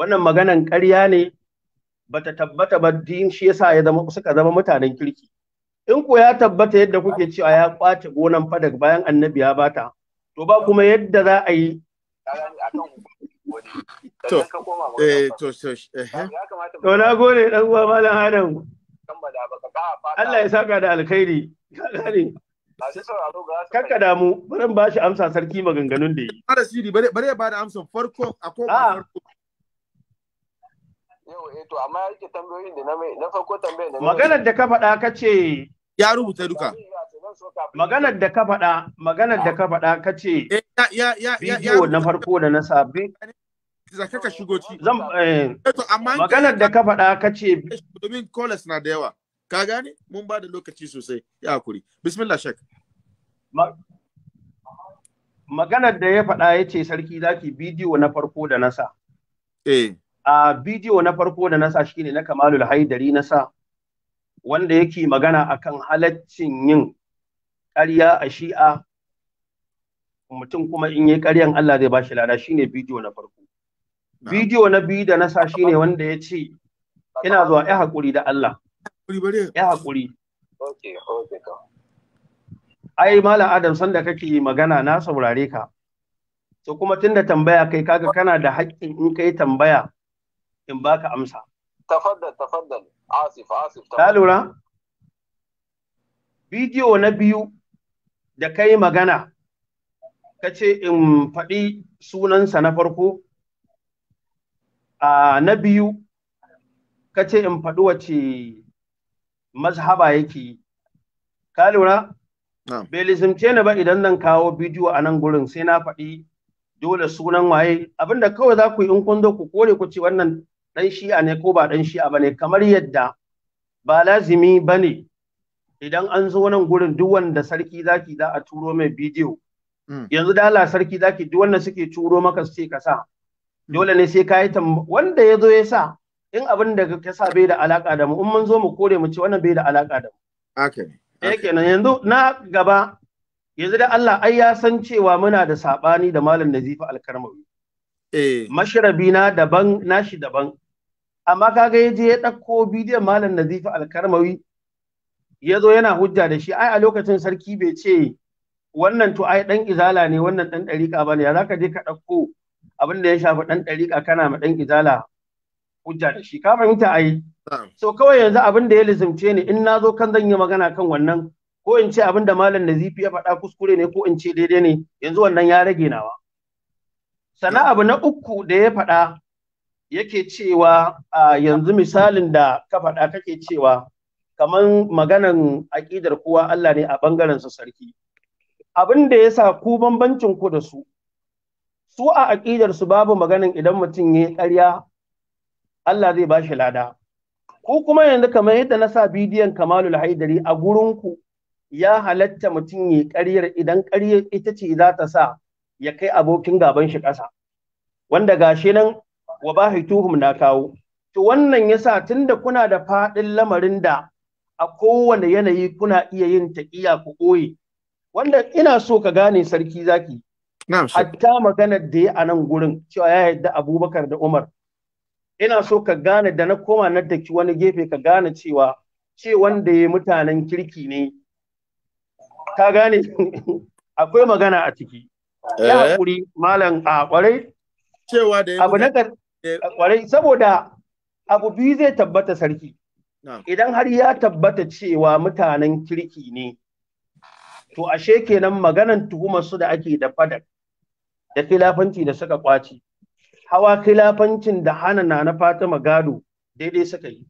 wannan maganan ƙarya ne bata tabbata ba din shi yasa ya zama suka zama mutanen kirki in ko ya tabbata yadda kuke cewa ya kwace gonan fadak bayan annabi ya bata to ba kuma yadda za a yi to eh to to eh, eh. na gode dan uwa malam Adam Allah ya saka da alkhairi Kakka damu, bari ba shi amsa sarki maganganun da yi. Ara siri, bari bari ya bada amsa farko a ko ba ah. farko. Yau, eh to amma yake tambayoyin da na na farko tambayar da Maganar da ka faɗa kace Ya rubuta duka. Maganar da ka faɗa, maganar da ka faɗa kace eh, ya ya ya ya na farko da na sabi. Zaka ka shigo ci. Zan, eh, eh maganar da ka faɗa kace Domin kolas na da yawa. ka gane mun ba lokaci sosai ya hakuri bismillah shek maganar da ya faɗa ya ce sarki zaki bidiyo na farko da nasa eh a bidiyo na farko da nasa shine na kamalul haidari nasa wanda yake magana akan halaccin yin ƙarya a shi'a mutum kuma in yi ƙaryan Allah zai bashi lada shine bidiyo na farko bidiyo na biyu da nasa shine wanda ya ce ina zuwa ya hakuri da Allah ya hakuri okay okay to ai malam adam sanda kake magana na saurare ka to kuma tunda tambaya kai kaga kana da haƙƙin in kai tambaya in baka amsa tafaddal tafaddal asif asif ta lura bidiyo na biyu da kai magana ka ce in faɗi sunansa na farko a ah, na biyu ka ce in faɗi wace mazhaba yake yi ka lura bai lizimce ni ba idan nan kawo bidiyo a nan gurin sai na faɗi dole sunan waye abinda kawai za ku yi in kun zo ku kore ku ce wannan ɗan shi'a ne ko ba ɗan shi'a ba kamar yadda ba lazimi ba ne idan an zo nan gurin duk wanda sarki zaki za a turo mai bidiyo hmm. yanzu dala sarki zaki duk wanda suke turo maka su ce ka sa hmm. dole ne sai ka yi wanda ya zo ya sa in abin da ka sa bai da alaka da mu in mun zo mu kore mu ce wannan bai da alaka da mu okay eh kenan yanzu na gaba yanzu da Allah ai ya san cewa muna da sabani da malam Nazifa Alkarmawi eh mashrabi na daban nashi daban amma kaga yaje ya dauko bidiyon malam Nazifa Alkarmawi ya zo yana hujja da shi ai a lokacin sarki bai ce wannan to ai dan izala ne wannan dan dariƙa bane ya zaka je ka dauko abin da ya shafi dan dariƙa kana ma dan izala hujja da shi ka fahimta ai so kawai yanzu abin da ya lizimce ni in nazo kan zan yi magana kan wannan ko in ce abin da malam nazifi ya faɗa kuskure ne ko in ce daidai ne yanzu wannan ya rage nawa sana abu na uku da ya faɗa yake cewa a yanzu misalin da ka faɗa kake cewa kaman maganan aƙidar kowa Allah ne a ɓangaren sa sarki abin da ya sa ku bambancin ku da su su a aƙidar su babu maganan idan mutum ya ƙarya Allah zai ba shi lada ku kuma yanzu kamar yadda na sa bidiyon Kamalul Haidari a gurinku ya halatta mutum ya ƙaryar idan ƙaryar ita ce za ta sa ya kai abokin gaban shi ƙasa wanda gashi nan wa tuhum na kawo to wannan yasa tunda kuna da faɗin lamarin da a kowane yanayi kuna iya yin ta iya ku ɓoye wanda ina so ka gane sarki zaki hatta maganar da ya a nan gurin cewa ya yadda abubakar da umar ina so ka gane da na koma na daki wani gefe ka gane cewa ce wanda ya mutanen kirki ne ka gane akwai magana a ciki ya eh? hakuri malam a kwarai cewa da abu na kwarai saboda abu biyu zai tabbata sarki idan har ya tabbata cewa mutanen kirki ne to ashe kenan maganan tuhumar su da ake da fadar da filafanci da suka kwaci hawa kilafancin da hana na na Fatima gado daidai suka yi.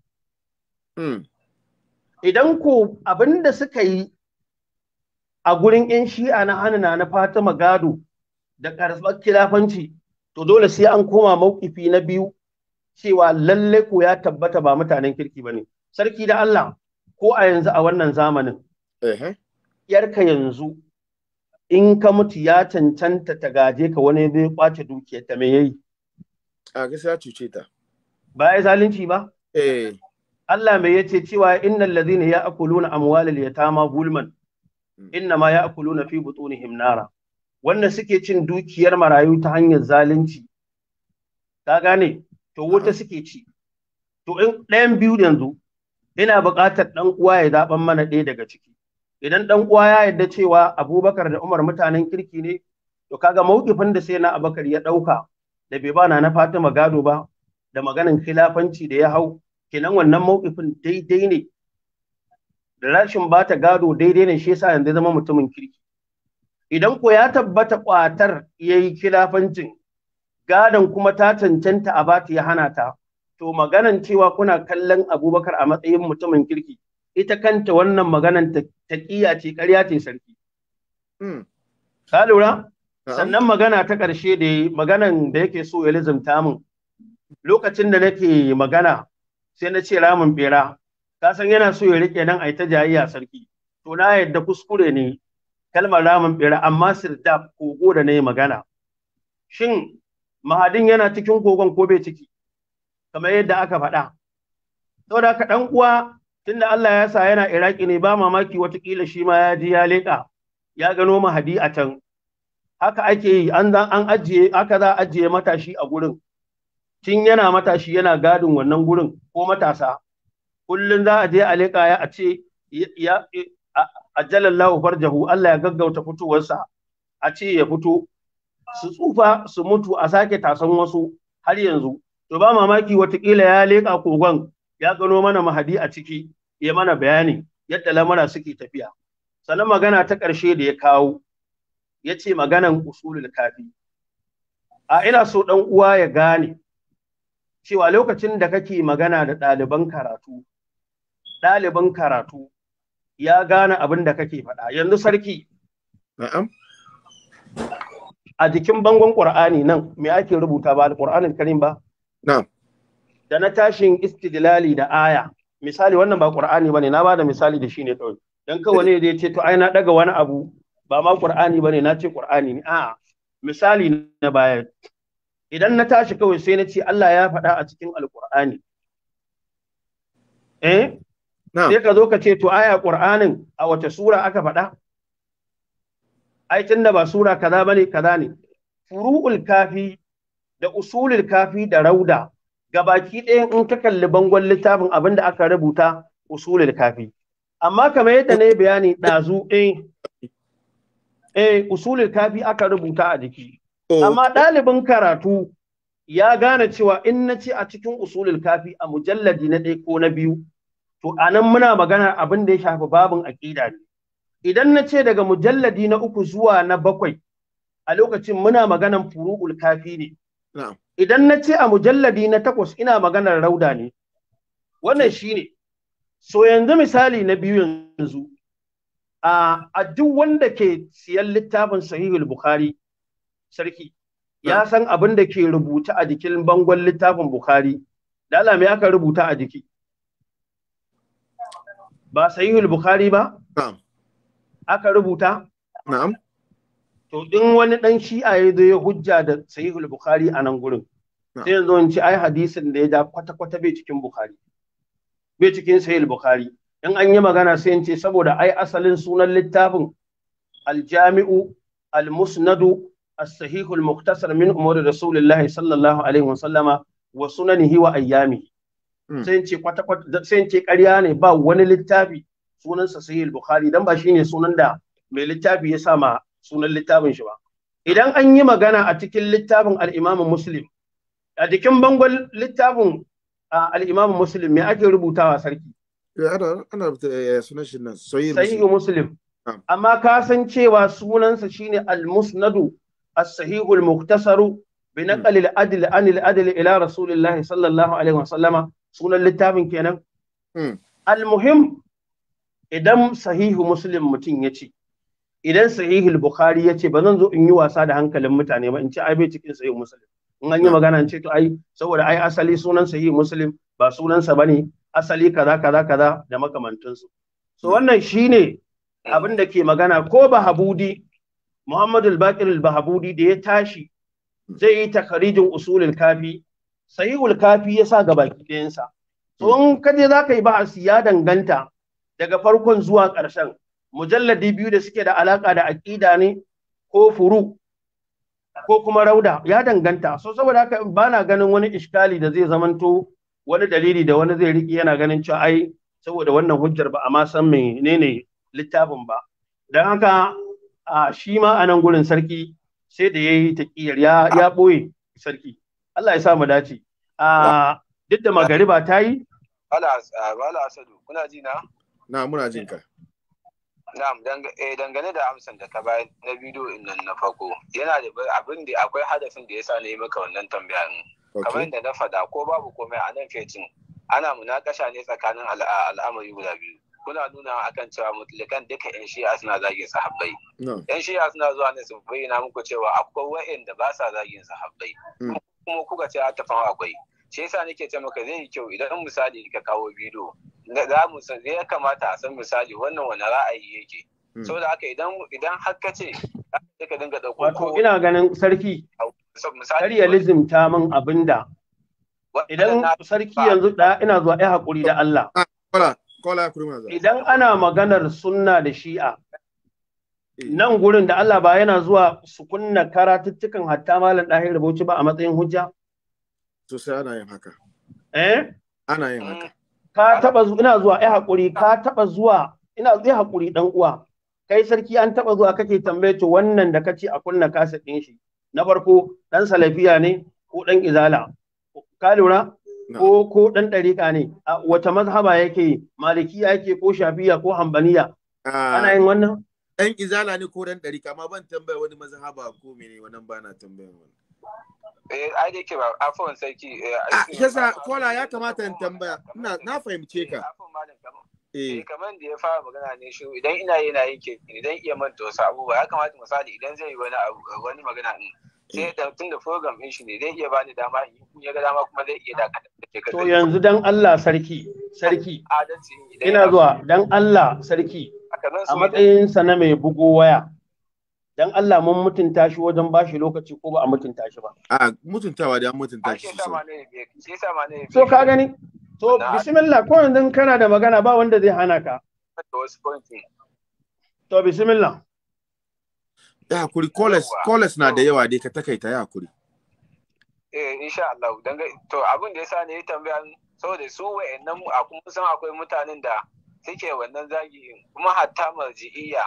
Hmm. Idan ko abin da suka yi a gurin ‘yan shi'a na hana na na Fatima gado da karɓar kilafanci, to dole sai an koma maukifi na biyu cewa lalle ko ya tabbata ba mutanen kirki ba ne. Sarki da Allah ko a yanzu a wannan zamanin. Yarka yanzu in ka mutu ya cancanta ta gaje ka wani zai kwace ta, me yayi. a gaskiya cuce ta ba ya zalunci ba eh Allah mai yace cewa innal ladhina ya'kuluna amwalal yatama gulman hmm. inna ma ya'kuluna fi butunihim nara wanda suke cin dukiyar marayu ta hanyar zalunci ka gane to wuta hmm. suke ci to in ɗayan biyu yanzu ina buƙatar ɗan uwa ya zaɓan mana ɗaya daga ciki idan ɗan uwa ya yarda cewa abubakar da umar mutanen kirki ne to kaga mawkifin da sai na abubakar ya ɗauka da bai ba na Fatima gado ba da maganan khilafanci da ya hau kenan wannan mawkifin daidai ne da rashin ba ta gado daidai ne shi yasa yanzu zama mutumin kirki idan ko ya tabbata kwatar yayi khilafancin gadon kuma ta cancanta a bata ya hana ta to maganan cewa kuna kallon Abubakar a matsayin mutumin kirki ita kanta wannan maganan ta ce ƙarya ce sarki hmm. ka lura sannan magana ta ƙarshe da maganan da yake so ya lizimta min lokacin da nake magana sai na ce ramin bera ka san yana so ya rike nan ai ta jayayya sarki to na yadda kuskure ne kalmar ramin bera amma sirdab kogo da na yi magana shin mahadin yana cikin kogon ko bai ciki kamar yadda aka faɗa saboda ka ɗan uwa tunda Allah ya sa yana iraki ne ba mamaki watakila shi ma ya ji ya leƙa ya gano mahadi a can haka ake yi an an ajiye haka za ajiye matashi a gurin tun yana matashi yana gadin wannan gurin ko matasa kullun za a je a leƙa ya a ce ya ajalallahu farjahu Allah ya gaggauta fitowarsa a ce ya fito su tsufa su mutu a sake tasan wasu har yanzu to ba mamaki watakila ya leƙa kogon ya gano mana mahadi a ciki ya mana bayani yadda lamura suke tafiya sannan magana ta ƙarshe da ya kawo ya ce maganan usulul kafi a ina so dan uwa ya gane cewa lokacin da kake magana da ɗaliban karatu ɗaliban karatu ya gane abin da kake faɗa yanzu sarki na'am a jikin bangon ƙur'ani nan me ake rubuta ba alƙur'anin karim ba na'am da na tashin istidlali da aya misali wannan ba ƙur'ani bane na bada misali da shi ne kawai dan kawai ne da ya ce to ai na daga wani abu ba ma qur'ani bane na ce qur'ani ne a'a misali na baya idan na tashi kawai sai na ce Allah ya faɗa a cikin alƙur'ani. eh sai ka zo ka ce to aya qur'anin a wata sura aka faɗa ai tunda ba sura kaza bane kaza ne furu'ul kafi da usulul kafi da rauda gabaki ɗaya in ka kalli bangon littafin abin da aka rubuta usulul kafi amma kamar yadda na yi bayani ɗazu eh eh usulul kafi aka rubuta a jiki oh. amma ɗalibin karatu ya gane cewa in na ce a cikin usulul kafi a mujalladi na ɗaya ko na biyu to anan muna magana abin da ya shafi babin aƙida ne idan na ce daga mujalladi na uku zuwa na bakwai a lokacin muna maganan furu'ul kafi ne idan na ce a mujalladi na takwas ina maganar rauda ne wannan shine so yanzu misali na biyu yanzu a duk wanda ke siyan littafin sahihul bukhari sarki ya san abin da ke rubuta a jikin bangon littafin bukhari da Allah me aka rubuta a jiki ba sahihul bukhari ba na'am aka rubuta na'am to din wani dan shi'a ya zo ya hujja da sahihul bukhari a nan gurin sai yanzu in ci ai hadisin da ya da kwata kwata bai cikin bukhari bai cikin sahihul bukhari in an yi magana sai in ce saboda ai asalin sunan littafin aljami'u almusnadu as-sahihul muktasar min Umaru, rasulillahi sallallahu alaihi wasallama wa sunanihi wa ayyami hmm. sai in ce kwata kwata sai in ce ƙarya ne ba wani littafi sunansa sahih bukhari dan ba shine sunan da mai littafi ya sa sunan littafin shi ba idan an yi magana a cikin littafin al'imamin muslim a jikin bangon littafin al'imamin muslim me ake rubutawa sarki Eh, ana eh, sahihu muslim amma ka san cewa sunansa shine al-musnadu as-sahihul muktasaru bi hmm. naqli al-adl an al-adl ila rasulillahi sallallahu alaihi wa sallama sunan littafin kenan hmm. al-muhim idan sahihu muslim mutum yace idan sahihu bukhari ya ce ba zan zo in yi wasa da hankalin mutane ba in ci ai bai cikin sahihu muslim in an yi magana in ce to ai saboda ai asali sunan sahihu muslim ba sunansa bane asali kaza kaza kaza da makamantansu so wannan shine abin da ke magana ko bahabudi Muhammadu al-Baqir al-Bahabudi da ya tashi zai yi takarijin usulul kafi sahihul kafi ya sa ga baki ɗayansa to in ka je za ka yi ba'asi ya danganta daga farkon zuwa ƙarshen mujalladi biyu da suke da alaƙa da aƙida ne ko furu ko kuma rauda ya danganta so saboda haka ba na ganin wani iskali da zai zamanto wani dalili da wani zai riƙe yana ganin cewa ai saboda wannan hujjar ba a ma san menene littafin ba don haka a shi ma a nan gurin sarki sai da ya yi taƙiyar ya ya ɓoye sarki Allah ya sa mu dace a duk da magariba ta yi Bala Asadu kuna ji na na muna jin ka Na'am eh, dangane da amsan da ka bayar na bidiyo nan na farko yana da abin da akwai hadafin da yasa na yi maka wannan tambayan kamar yadda na faɗa ko babu komai a nan fetin ana munakasha ne tsakanin al'amari guda biyu kuna nuna akan cewa mutulikan duka yan shi'a suna zagin sahabbai yan shi'a suna zuwa ne su bayyana muku cewa akwai wa'anda ba sa zagin sahabbai mm. kuma kuka ce a tafan akwai shi yasa nake ce maka zai yi kyau idan misali ka kawo bidiyo za mu san ya kamata a san misali wannan wani ra'ayi yake mm. saboda haka idan idan har ka ce ka dinga ɗauko. ina ganin sarki kar ya lizimta min da, idan sarki yanzu da ina zuwa ai hakuri da Allah ah, idan ana maganar sunna da shi'a eh. nan gurin da Allah ba yana zuwa su kunna karatuttukan hatta malam ɗahir rubuci ba a matsayin hujja to sai ana yin haka eh ana yin haka ka taba ina zuwa ai hakuri ka taba zuwa ina zai hakuri dan uwa kai sarki an taba zuwa kake tambaye to wannan da kace a kunna kasa din shi na farko ɗan salafiya ne ko ɗan izala ka lura ko ko ɗan ɗariƙa ne wata mazhaba yake malikiya yake ko shafiya ko hambaniya ana yin wannan ɗan izala ne ko ɗan ɗariƙa amma ban tambaya wani mazhaba ko mene wannan ba na tambaya wani Eh, ai dake ba, afon sarki. Eh, yasa, kola ya kamata in tambaya, na fahimce ka. Eh, Eh. Eh, kamar da ya fara magana ne shi idan ina yana yin ke idan iya manta wasu abubuwa ya kamata misali idan zai yi wani abu wani magana din sai da tun da program din shi ne zai iya bani dama in ya ga dama kuma zai iya da ke to yanzu dan Allah sarki sarki ina zuwa dan Allah sarki a matsayin sa na mai bugo waya dan Allah mun mutunta shi wajen bashi lokaci ko ba a mutunta shi ba a mutuntawa da mutunta shi so ka gani So, bismillah, ko yanzu kana da magana ba wanda zai hana ka. To, bismillah. Ya hakuri, koles na da yawa dai ka takaita ya hakuri. Eh, insha Allah, to abin da ya sa ne tambaya saboda su wa'annan mun san akwai mutanen da suke wannan zagi kuma hatta marji'iyya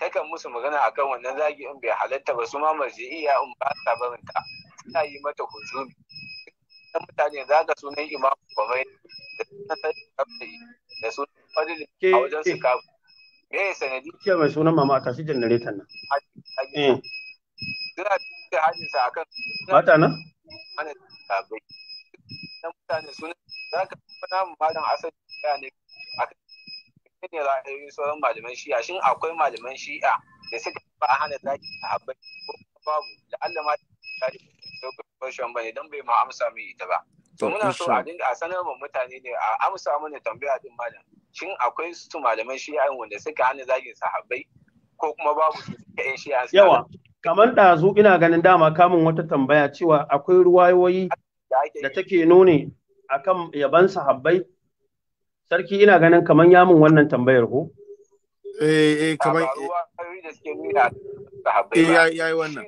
takan musu magana akan wannan zagi in bai halatta ba su ma marji'iyya in ba ta barinta suna yi mata hujumi dan mutane za ga sunan imam kwamai da sunan da sunan fadil a wajen su kafu me ya sanadi ke mai sunan mama a kashi janaretan nan eh. suna da hajji sa akan mata nan ana tabai dan mutane sunan za ka fara namun malam asali ya ne akan ne ra'ayoyin sauran malaman shi'a shin akwai malaman shi'a da suka ba hana zaki a habbai ko babu Allah ma ta ta question bane dan bai ma amsa mai ita ba to muna so a dinga a sanar mu mutane ne a amsa mana tambaya din malam shin akwai su malaman shi'a'in wanda suka hana zagin sahabbai ko kuma babu su suka yin shi'a yawa kamar ɗazu ina ganin dama kamun wata tambaya cewa akwai ruwayoyi da take nuni akan yaban sahabbai sarki ina ganin kamar yamin wannan tambayar ko eh eh kamar eh yayi wannan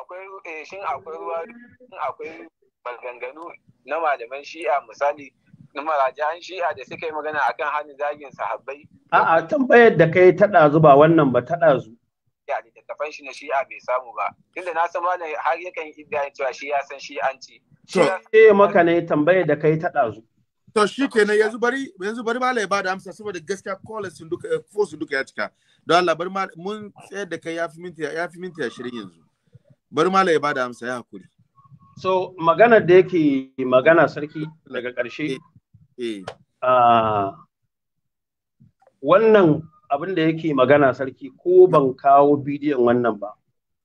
akwai eh, shin akwai ruwa shin akwai maganganu na malaman shi'a misali na marajan shi'a da suka yi magana akan hannun zagin sahabbai a'a tambayar da kai ta ɗazu ba wannan ba ta ɗazu ya kafan shi na shi'a bai samu ba tunda na san malam har yakan idda cewa shi ya san shi'anci ce maka ne tambayar da kai ta ɗazu to shi kenan yanzu bari yanzu bari malam ya bada amsa saboda gaskiya kola sun duka ko eh, sun duka ya cika don Allah bari mun tsayar da kai ya fi minti ya minti 20 yanzu bari mala ya bada amsa ya hakuri so magana da yake magana sarki daga ƙarshe eh, eh. wannan abin da yake magana sarki ko ban kawo bidiyon wannan ba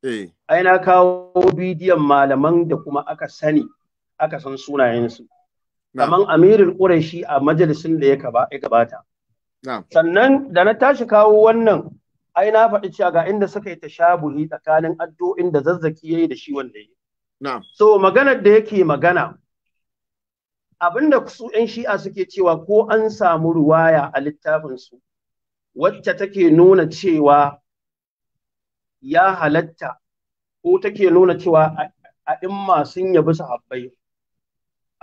eh. ai na kawo bidiyon malaman da kuma aka sani aka san sunayensu Kaman amirul ƙurashi a majalisin da ya gabata sannan da na tashi kawo wannan ai na faɗi cewa ga inda suka yi tashabuhi tsakanin addu'o'in da zazzaki yayi da shi wanda yi na'am so maganar da yake magana abinda su ƴan shi'a suke cewa ko an samu ruwaya a littafin su wacce take nuna cewa ya halatta ko take nuna cewa a imma sun yabi sahabbai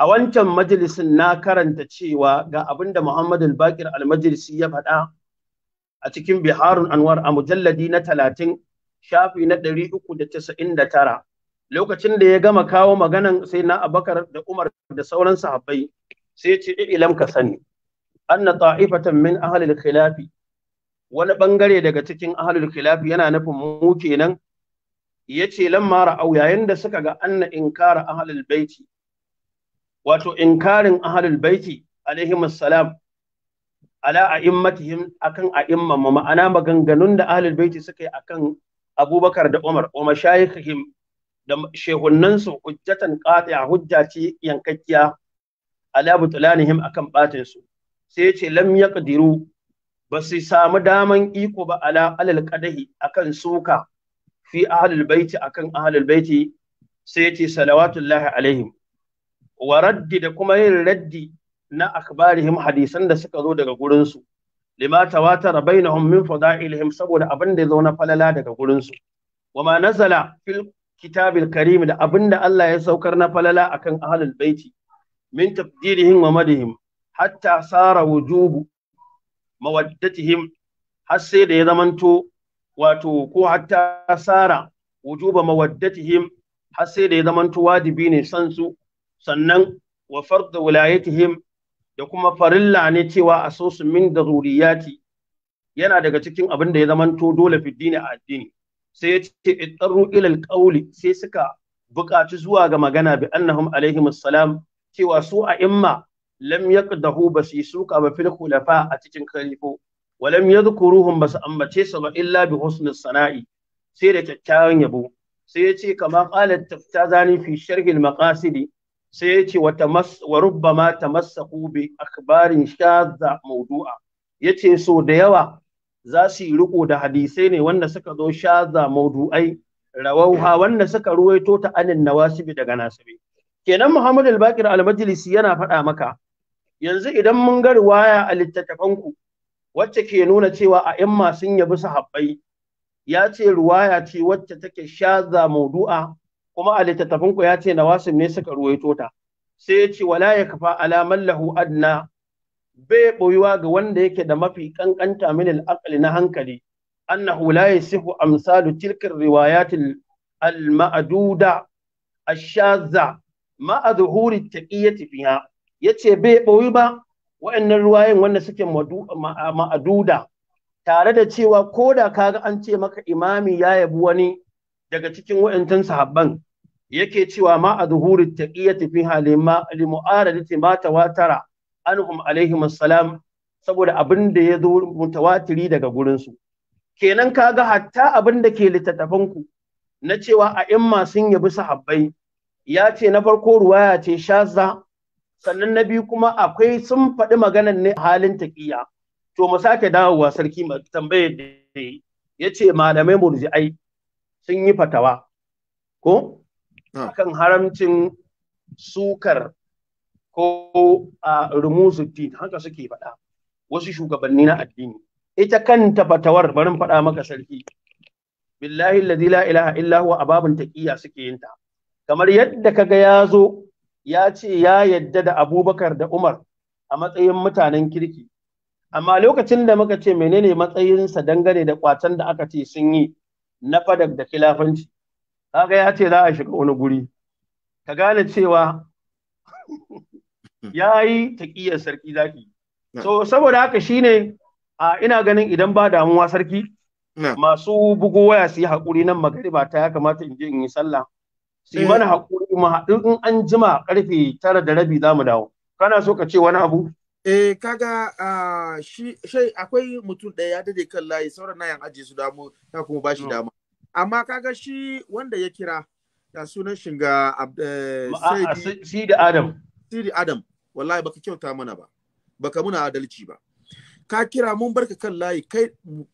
a wancan majalisin na karanta cewa ga abinda muhammadul Bakir al-Majlisi ya faɗa a cikin Biharun Anwar a mujalladi na talatin shafi na ɗari uku da casa'in da tara lokacin da ya gama kawo maganan sai na Abakar da Umar da sauran sahabbai sai ce ilam ka sani anna ta'ifatan min ahlil khilafi wani bangare daga cikin ahlul khilafi yana nufin mu kenan yace lamma au yayin da suka ga anna inkara ahlul baiti wato inkarin ahlul baiti alaihi salam ala a'immatihim akan a'imman ma ma'ana maganganun da ahlul baiti suka yi akan Abubakar da Umar wa mashayikhihim da shehunnan su hujjatan qati'a hujja ce yankakkiya ala butulanihim akan batin su sai ce lam yaqdiru ba su samu daman iko ba ala alal qadahi akan suka fi ahlul baiti akan ahlul baiti sai ce salawatullahi alaihim wa raddi da kuma yin raddi na akhbarihim hadisan da suka zo daga gurin su lima tawatara bainahum min fadailihim saboda abin da ya zo na falala daga gurin su wama nazala fil kitabil karim da abin da Allah ya saukar na falala akan ahlul baiti min tafdirihim wa madihim hatta sara wujubu mawaddatihim har sai da ya zamanto wato ko hatta sara wujuba mawaddatihim har sai da ya zamanto wajibi ne san su sannan wa farda wilayatihim da kuma farilla ne cewa a so min da zuriyati yana daga cikin abin da ya zamanto dole fidini a addini sai ya ce ittaru ilal qawli sai suka buƙaci zuwa ga magana bi annahum alaihim salam cewa su a imma lam yaqdahu basi suka ba fil khulafa a cikin khalifo wa lam yadhkuruhum bas ambace su ba illa bi husni sana'i sai da kyakkyawan yabo sai ya ce kama qalat taftazani fi sharhi maqasidi sai ya ce wa Rubba ma ta masa tamassaku bi akbarin maudu'a. Ya ce so da yawa za su yi riko da hadisai ne wanda suka zo shaza maudu'ai. rawauha wanda suka ruwaito ta anin nawasibi daga nasibi kenan Muhammad al-Baqir yana faɗa maka yanzu idan mun ga riwaya a littattafanku wacce ke nuna cewa a imma sun yabi sahabbai ya ce ruwaya ce wacce take shaza maudu'a. kuma a littattafan ku ya ce nawasim ne suka ruwaito ta sai ya ce wala ya kafa alamar lahu adna bai boyuwa ga wanda yake da mafi kankanta min al na hankali annahu la yasihu amsalu tilkar riwayat al-ma'duda ash-shadza ma'a zuhuri fiha yace bai boyu ba wa'annan ruwayen wanda suke ma'aduda tare da cewa ko da kaga an ce maka imami ya yabi wani daga cikin wa'antan sahabban yake cewa ma a zuhuri taqiyati fi halima li mu'aradati ma tawatara anhum alaihim assalam saboda abin da ya zo mutawatiri daga gurinsu. Kenan ka ga hatta abin da ke littattafan ku na cewa a imma sun yabi sahabbai ya ce na farko ruwaya ce Shaza, sannan na biyu kuma akwai sun faɗi maganan ne halin taqiya to mu sake dawowa sarki tambayar da ya ce malamai murji'ai sun yi fatawa ko Ah. akan haramcin sukar ko a rumuzuddin haka suke faɗa wasu shugabanni na addini ita kanta fatawar barin faɗa maka sarki billahi alladhi la ilaha illa huwa ababun taqiya suke yin ta kamar yadda kaga ya zo ya ce ya yadda da Abubakar da Umar a matsayin mutanen kirki amma lokacin da muka ce menene matsayinsa dangane da kwacen da aka ce sun yi na fadak da khilafanci kaga ya ce za a shiga wani guri ka gane cewa ya yi taƙiyar sarki zaki so saboda haka shine a ina ganin idan ba damuwa sarki masu bugu waya su yi haƙuri nan magariba ta ya kamata in je in yi sallah su eh. mana haƙuri mu haɗu in an jima ƙarfe tara da rabi za mu dawo kana so ka ce wani abu eh kaga shi akwai mutum ɗaya ya dade kan layi sauran na yan aje su damu ta kuma ba shi dama amma kaga shi wanda ya kira ya sunan shiga eh, Sidi Adam. Sidi Adam, wallahi baka kyauta mana ba, baka muna adalci ba. Ka kira mun barka kan layi kai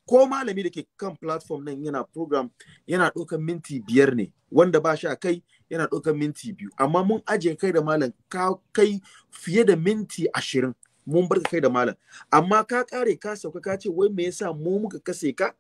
ko malami da ke kan platform nan yana program yana ɗaukan minti biyar ne wanda ba shi a kai yana ɗaukan minti biyu amma mun aje kai da malam ka kai fiye da minti ashirin mun barka kai da malam amma ka kare ka sauka ka ce wai me yasa mu muka kase ka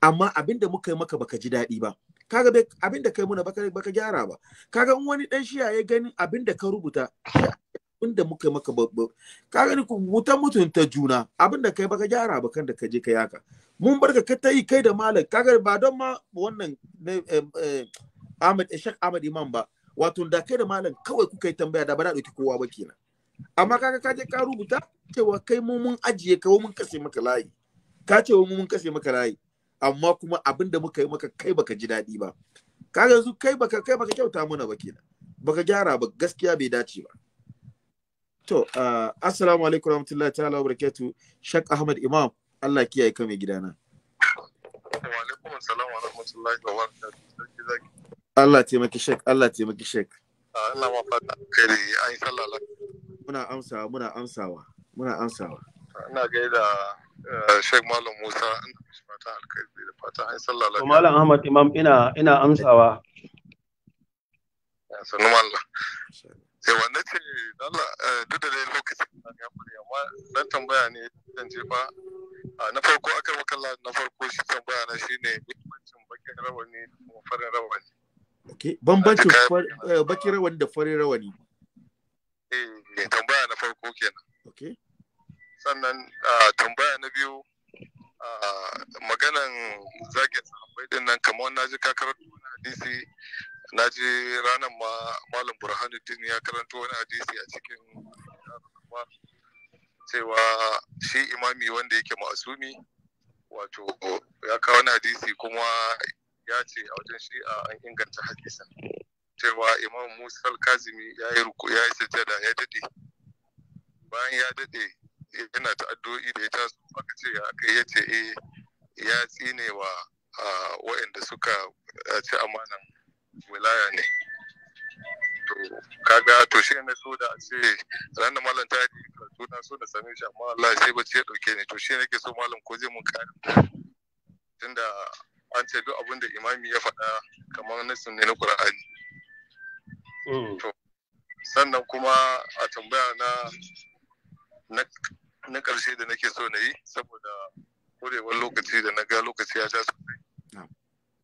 amma abin da muka yi maka baka ji daɗi ba kaga abin da kai muna baka baka gyara ba kaga in wani dan shiya ya gani abin da ka rubuta abin da muka yi maka babba kaga ni muta mutunta juna abin da kai baka gyara ba kan da ka je ka yaka mun barka ka ta yi kai da malam kaga ba don ma wannan Ahmad Ishaq Ahmad Imam ba wato da kai da malam kawai kuka yi tambaya da ba da ɗauki kowa ba kenan amma kaga ka je ka rubuta cewa kai mu mun ajiye ka mun kase maka layi ka ce mun kase maka layi amma kuma abin da muka yi maka kai baka ji daɗi ba kaga yanzu kai baka kai baka kyauta mana ba kenan baka gyara ba gaskiya bai dace ba to uh, assalamu alaikum warahmatullahi ta'ala wabarakatuh shak ahmad imam Allah kiyaye ka mai gidana wa alaikum assalam wa rahmatullahi wa barakatuh Allah taimaki shek Allah taimaki shek Allah ma fata kai ai sallallahu muna amsawa muna amsawa muna amsawa ina gaida Eh, Sheikh Malam Musa ina alkhairi da sallah lafiya. Malam Ahmad Imam ina ina amsawa. Eh, Malam. Sai eh, wannan ce Allah duk da dai lokacin da ya fara amma dan tambaya ne zan je fa ah, na farko aka maka na farko shi tambaya na shine muhimmancin bakin rawani da farin rawani. Bambancin bakin rawani da farin rawani. Eh tambaya na farko kenan. Okay. sannan tambaya na biyu maganan zagin sahabbai din nan kamar na ji kakar wani hadisi na ji ranar ma malam din ya karanta wani hadisi a cikin cewa shi imami wanda yake masumi wato ya kawo wani hadisi kuma ya ce a wajen shi an inganta hadisa. cewa imam musa kazimi ya yi sajada ya dade bayan ya dade yana ta addu'o'i da ya taso aka ce aka ya ce eh ya tsine wa wa'anda suka ci amanan wilaya ne to kaga to shi ne so da a ce ran da malam ta yi karatu na so da same shi amma Allah sai ba ce dauke ne to shi ne ke so malam ko zai mun kare tunda an ce duk abin da imami ya faɗa kamar nasin ne na Qur'ani mm. sannan kuma a tambaya na na ƙarshe da nake so na yi saboda kurewar lokaci da na ga lokaci ya ja sosai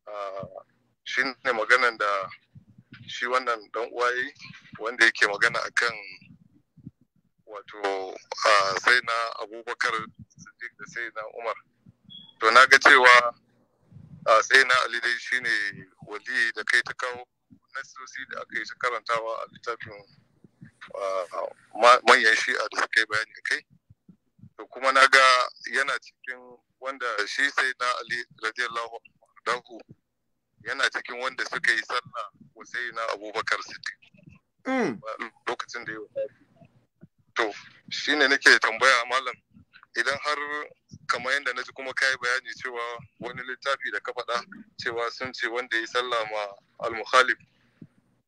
ah, shi ne maganan da shi wannan dan uwaye wanda yake magana akan wato sai na abubakar da sai na umar to na ga cewa sai na ali dai shine waliyi da kai ta kawo nasosi da aka yi ta karantawa a littafin manyan shi'a da suka yi bayani a kai to kuma na ga yana cikin wanda shi sai na ali radiyallahu anhu yana cikin wanda suka yi sallah wasai na abubakar siddiq mm. lokacin da yau to shine nake tambaya malam idan har kamar yadda na ji kuma kayi bayani cewa wani littafi da ka faɗa cewa sun ce wanda ya sallah ma al-mukhalif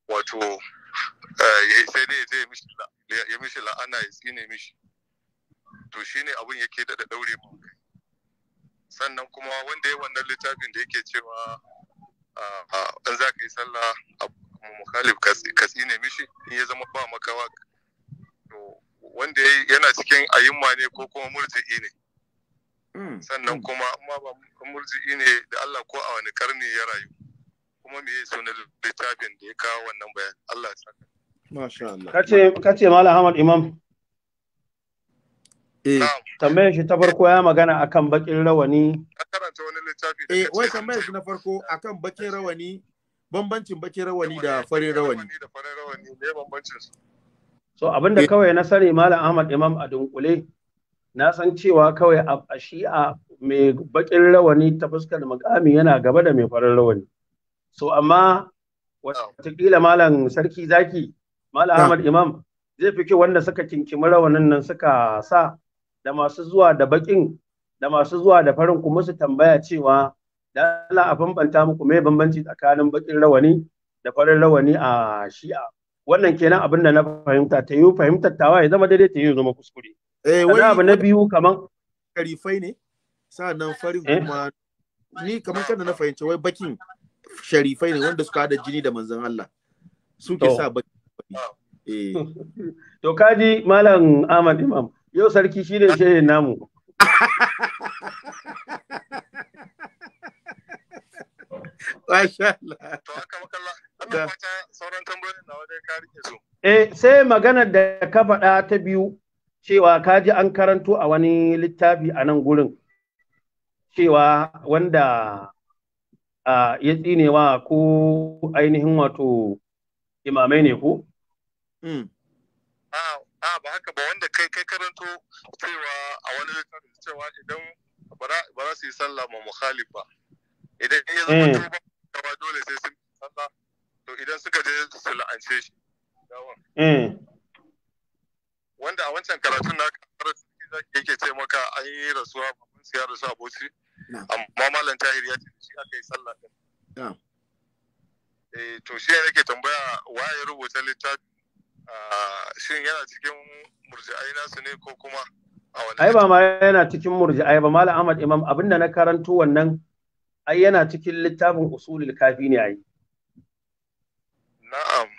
wato Eh, sai dai la ya mishi la'ana ya tsine mishi to shine abun yake da daure mu sannan kuma wanda ya wannan littafin da yake cewa an ah, ah, za ka yi sallah a mukhalif ka tsine mishi in ya zama ba makawa to wanda yana cikin ayyuma ne ko kuma murji'i ne hmm, sannan hmm. kuma amma ba murji'i ne da Allah ko a wani karni ya rayu kuma me sunan littafin da ya kawo wannan bayan Allah ya saka masha Allah kace kace malam Ahmad Imam eh tambayar shi ta farko ya magana akan bakin rawani karanta wani littafi eh wai tambayar shi na farko akan bakin rawani bambancin bakin rawani da farin rawani da farin rawani me bambancin su so abinda eh. kawai na sani malam Ahmad Imam a dunkule na san cewa kawai a shi'a mai bakin rawani ta fuskar mukami yana gaba da mai farin rawani so amma wataƙila malam sarki zaki malam ahmad imam zai fi wanda suka kinkimi rawanin nan suka sa da masu zuwa da baƙin da masu zuwa da farin kuma su tambaya cewa da Allah a bambanta muku me bambanci tsakanin baƙin rawani da farin rawani a shi'a wannan kenan abin da na fahimta ta yi fahimtar tawa ya zama daidai ta yi zama kuskure eh wani abu na biyu kaman karifai ne sa'annan farin eh? kuma ni kaman kada na fahimci wai bakin sharifai ne wanda suka hada jini da manzon Allah suke sa baki eh. to kaji malam Ahmad Imam yau sarki shi ne shehin namu Masha Allah. Eh sai maganar da ka faɗa ta biyu cewa kaji an karanto a wani littafi a nan gurin cewa wanda ya tsinewa ko ainihin wato imamai ne ko? Hmm. a ba haka ba wanda kai kai karanto cewa a wani littafin cewa idan ba za su yi sallah ma mukhalif ba idan ya zama hmm. ba ba dole sai sun sallah to idan suka je su la'ance shi hmm. wanda a wancan karatun na karar sarki zaki yake ce maka an yi rasuwa ba su ya rasuwa abokin amma malam tahir ya ce shi aka yi sallah din eh to shi ne nake tambaya waye rubuta littafi ah, shin yana cikin murji'ai nasu ne ko kuma ai ba ma yana cikin murji'ai ba malam ahmad imam abinda na karanto wannan ai yana cikin littafin usulul kafi ne ai na'am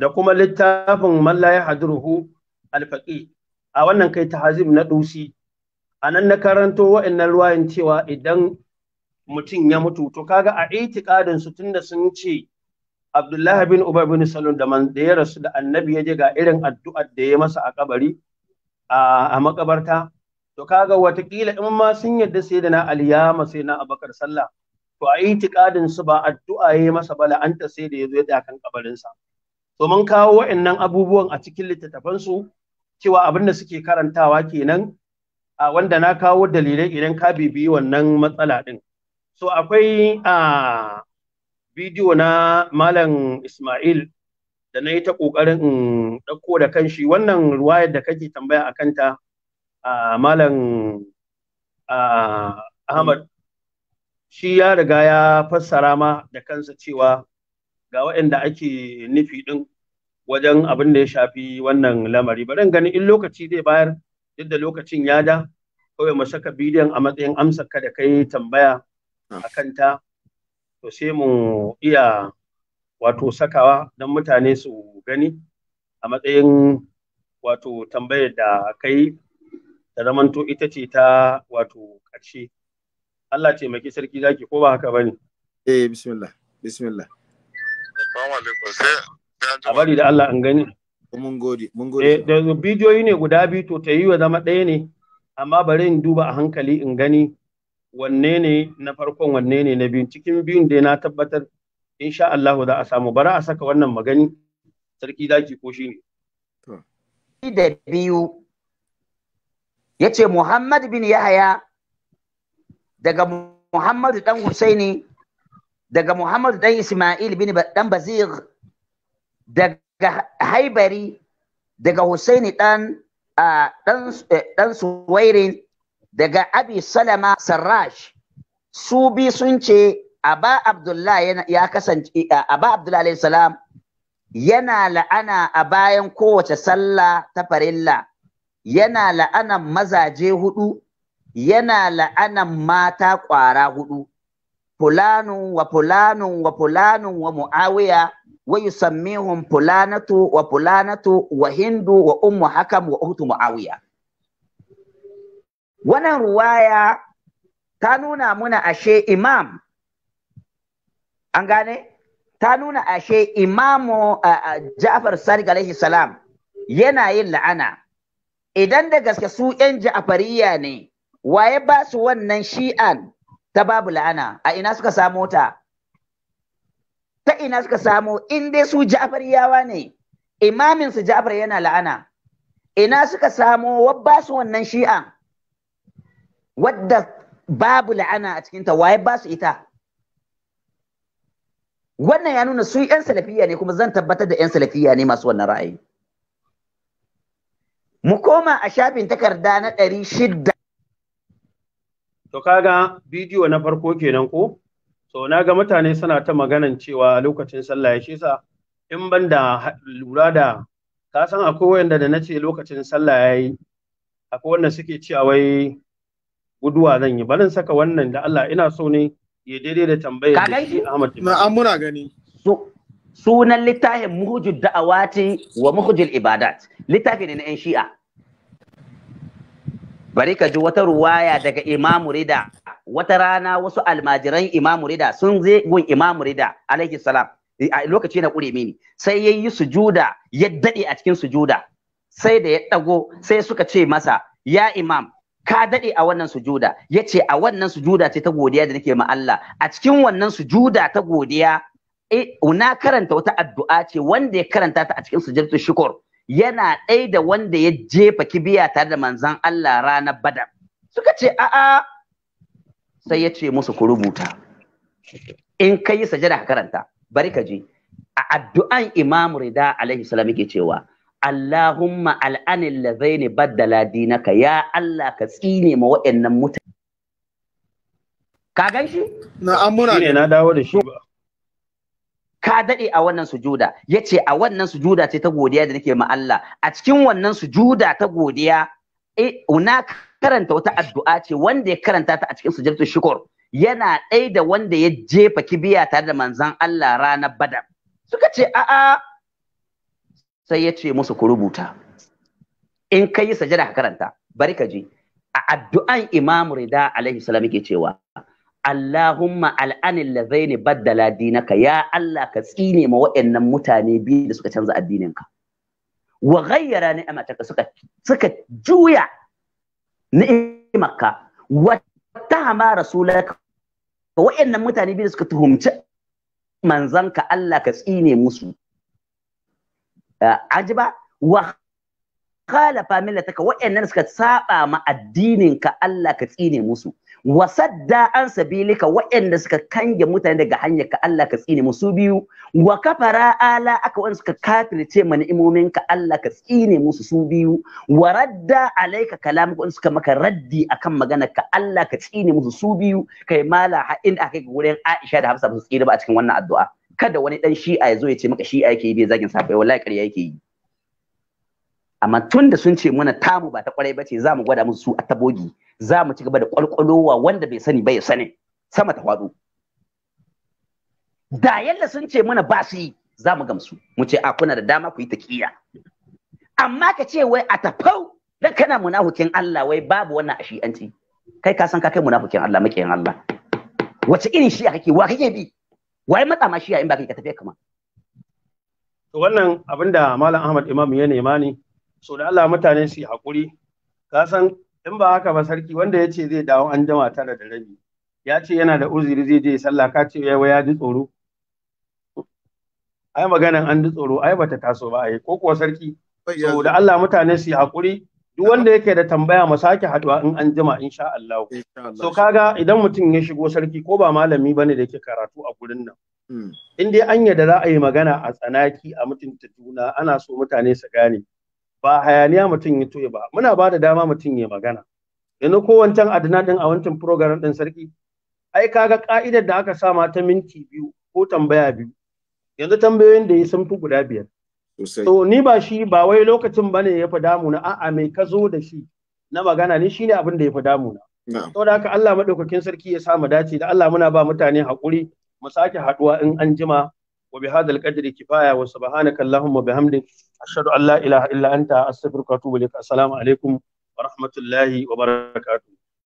da kuma littafin man la yahduruhu al-faqih a wannan kai tahazib na dusi anan na karanto wa'annan ruwayan cewa idan mutum ya mutu to kaga a itikadin su tunda sun ce Abdullahi bin Ubay bin Salul da man da ya rasu da annabi ya je ga irin addu'ar da ya masa a kabari a makabarta to kaga watakila in ma sun yadda sai da na aliyama sai na abakar sallah to a itikadin su ba addu'a ya masa ba la'anta sai da ya zo ya dakan kan kabarinsa to mun kawo wa'annan abubuwan a cikin littattafan su cewa abin da suke karantawa kenan a wanda na kawo dalilai idan ka bibiyi wannan matsala din so akwai a bidiyo na malam Ismail da na yi ta ƙoƙarin in ɗauko da kanshi wannan ruwayar da kake tambaya a kanta a malam Ahmad shi ya riga ya fassara ma da kansa cewa ga waɗanda ake nufi ɗin wajen abin da ya shafi wannan lamari bari in gani in lokaci zai bayar duk da lokacin ya da kawai mu saka bidiyon a matsayin amsar ka da kai tambaya akan ah. ta to sai mu iya wato sakawa don mutane su gani a matsayin wato tambayar da kai ta zamanto ita ce ta wato ƙarshe Allah taimaki sarki zaki ko ba haka bane eh bismillah bismillah assalamu alaikum sai a bari da Allah an gani Mun gode, mun gode. Eh, da bidiyoyi ne guda biyu to ta yi wa zama ɗaya ne, amma bari in duba a hankali in gani wanne ne na farkon wanne ne na biyu. Cikin biyun da na tabbatar insha Allah za a samu bara a saka wannan magani sarki zaki ko shi ne. Da biyu ya ce Muhammad bin Yahaya daga Muhammad dan Husaini daga Muhammad dan Ismail bin dan Bazir daga daga haibari daga Hussaini dan dan eh, suwairin daga abi salama sarrash su bi sun ce aba abdullahi ya kasance eh, aba abdullahi alayhi salam yana la'ana a bayan kowace sallah ta farilla yana la'anan mazaje hudu yana la'anan mata ƙwara hudu fulanun wa fulanun wa fulanun wa mu'awiya wa yusammihum fulanatu wa fulanatu wa hindu wa ummu hakam wa uhtu wannan ruwaya ta nuna muna ashe imam an gane ta nuna ashe imamu Ja'far Sadiq alaihi salam yana yin la'ana idan da gaske su yan Ja'fariya ne waye ba su wannan shi'an ta babu la'ana a ina suka samo ta ta ina suka samo in dai su ja'fariyawa ne imamin su ja'far yana la'ana ina suka samo wabba su wannan shi'a wadda babu la'ana a cikinta waye ba su ita wannan ya nuna su 'yan salafiya ne kuma zan tabbatar da 'yan salafiya ne masu wannan ra'ayi mu koma a shafin takarda na ɗari shidda to kaga bidiyo na farko kenan ko so na ga mutane suna ta maganan cewa lokacin sallah ya shisa in ban da lura da ka san akwai wanda da na ce lokacin sallah ya yi akwai wanda suke cewa wai guduwa zan yi barin saka wannan da Allah ina so ne ya daidai da tambayar da shi Ahmad an muna gani sunan littafin muhujud da'awati wa muhujul ibadat littafi ne na yan shi'a bari ka ji wata ruwaya daga imamu rida wata rana wasu almajiran imamu rida sun je gun imamu rida alaihi salam e, a lokaci na ƙure mini sai ya yi sujuda ya daɗe a cikin sujuda sai da ya ɗago sai suka ce masa ya imam ka daɗe a wannan sujuda ya ce a wannan sujuda ce ta godiya da nake ma Allah a cikin wannan sujuda ta godiya e, na karanta wata addu'a ce wanda ya karanta ta a cikin sujudatu shukur yana ɗaya da wanda ya jefa kibiya tare da manzon Allah ranar badar suka ce a'a sai ya ce musu ku rubuta in ka yi sajada ka karanta bari ka ji a addu'an imam rida alaihi salam yake cewa Allahumma al'anil ladaini baddala dinaka ya Allah ka tsine ma wa'annan mutane ka gan shi na amuna ne na dawo da shi ka dade a wannan sujuda yace a wannan sujuda ce ta godiya da nake ma Allah a cikin wannan sujuda ta godiya eh unaka karanta wata addu'a ce wanda ya karanta ta a cikin sujjatu shukur yana ɗaya da wanda ya jefa kibiya tare da manzan Allah ranar badar suka ce a'a sai ya ce musu ku rubuta in ka yi sajada ka karanta bari ka je. a addu'an imamu rida alaihi salam yake cewa Allahumma al'anil ladaini baddala dinaka ya Allah ka tsine ma waɗannan mutane biyu da suka canza addininka wa ghayyara ni'mataka suka suka juya ni'imarka wattahama rasulaka wa'annan mutane biyu suka tuhumci manzanka Allah ka tsine musu ajiba ah, wa khalafa millataka wa'annan suka saba ma addinin ka Allah ka tsine musu wasadda an sabilika waɗanda suka kange mutane daga hanyar ka Allah ka tsine mu su biyu wa kafara ala aka wanda suka kafirce ma ka Allah ka tsine musu su biyu wa radda alaika kalam wanda suka maka raddi akan magana ka Allah ka tsine musu su biyu kai mala ha in akai ga wurin Aisha da Hafsa ba su tsine ba a cikin wannan addu'a kada wani dan shi'a ya zo ya ce maka shi'a yake yi bai zagin safe wallahi ƙarya yake yi amma tun da sun ce muna tamu ba ta kwarai ba ce za mu gwada musu su a tabogi za mu ci gaba da ƙwalƙwalowa wanda bai sani ba ya sani sama ta faɗo da yalla sun ce mana ba su yi za mu gamsu mu ce a kuna da dama ku yi taƙiya amma ka ce wai a tafau dan kana munafukin Allah wai babu wannan a shi'anci kai ka san ka kai munafukin Allah makiyin Allah wace irin shi'a kake wa kake bi wai matsa ma shi'a in ba kai ka tafi kama to wannan abinda malam Ahmad Imam ya nema ne so da Allah mutane su yi hakuri ka san in ba haka ba sarki wanda ya ce zai dawo an jama tara da rabi ya ce yana da uziri zai je sallah ka ce yawa ya ji tsoro ai maganan an ji tsoro ai bata taso ba ai ko kuwa sarki saboda Allah mutane su yi hakuri duk wanda yake da tambaya mu sake haduwa in an jama insha Allah so kaga idan mutum ya shigo sarki ko ba malami bane da yake karatu a gurin nan hmm. in dai an yadda za a yi magana a tsanaki a mutunta juna ana so mutane su gane ba hayaniya mutum ya toye ba muna ba da dama mutum ya magana yanzu ko wancan adana din a wancan program din sarki ai kaga ka'idar da aka sa mata minti biyu ko tambaya biyu yanzu tambayoyin da ya sun fi guda biyar so ni ba shi ba wai lokacin bane ya fi damuna a'a mai ka zo da shi na magana ni shine abin da ya fi damuna saboda haka Allah madaukakin sarki ya sa mu dace da Allah muna ba mutane haƙuri mu sake haɗuwa in an jima wa bihadal qadri kifaya wa subhanaka allahumma bihamdika ashhadu an la ilaha illa anta astaghfiruka wa atubu ilaik assalamu alaikum wa rahmatullahi wa barakatuh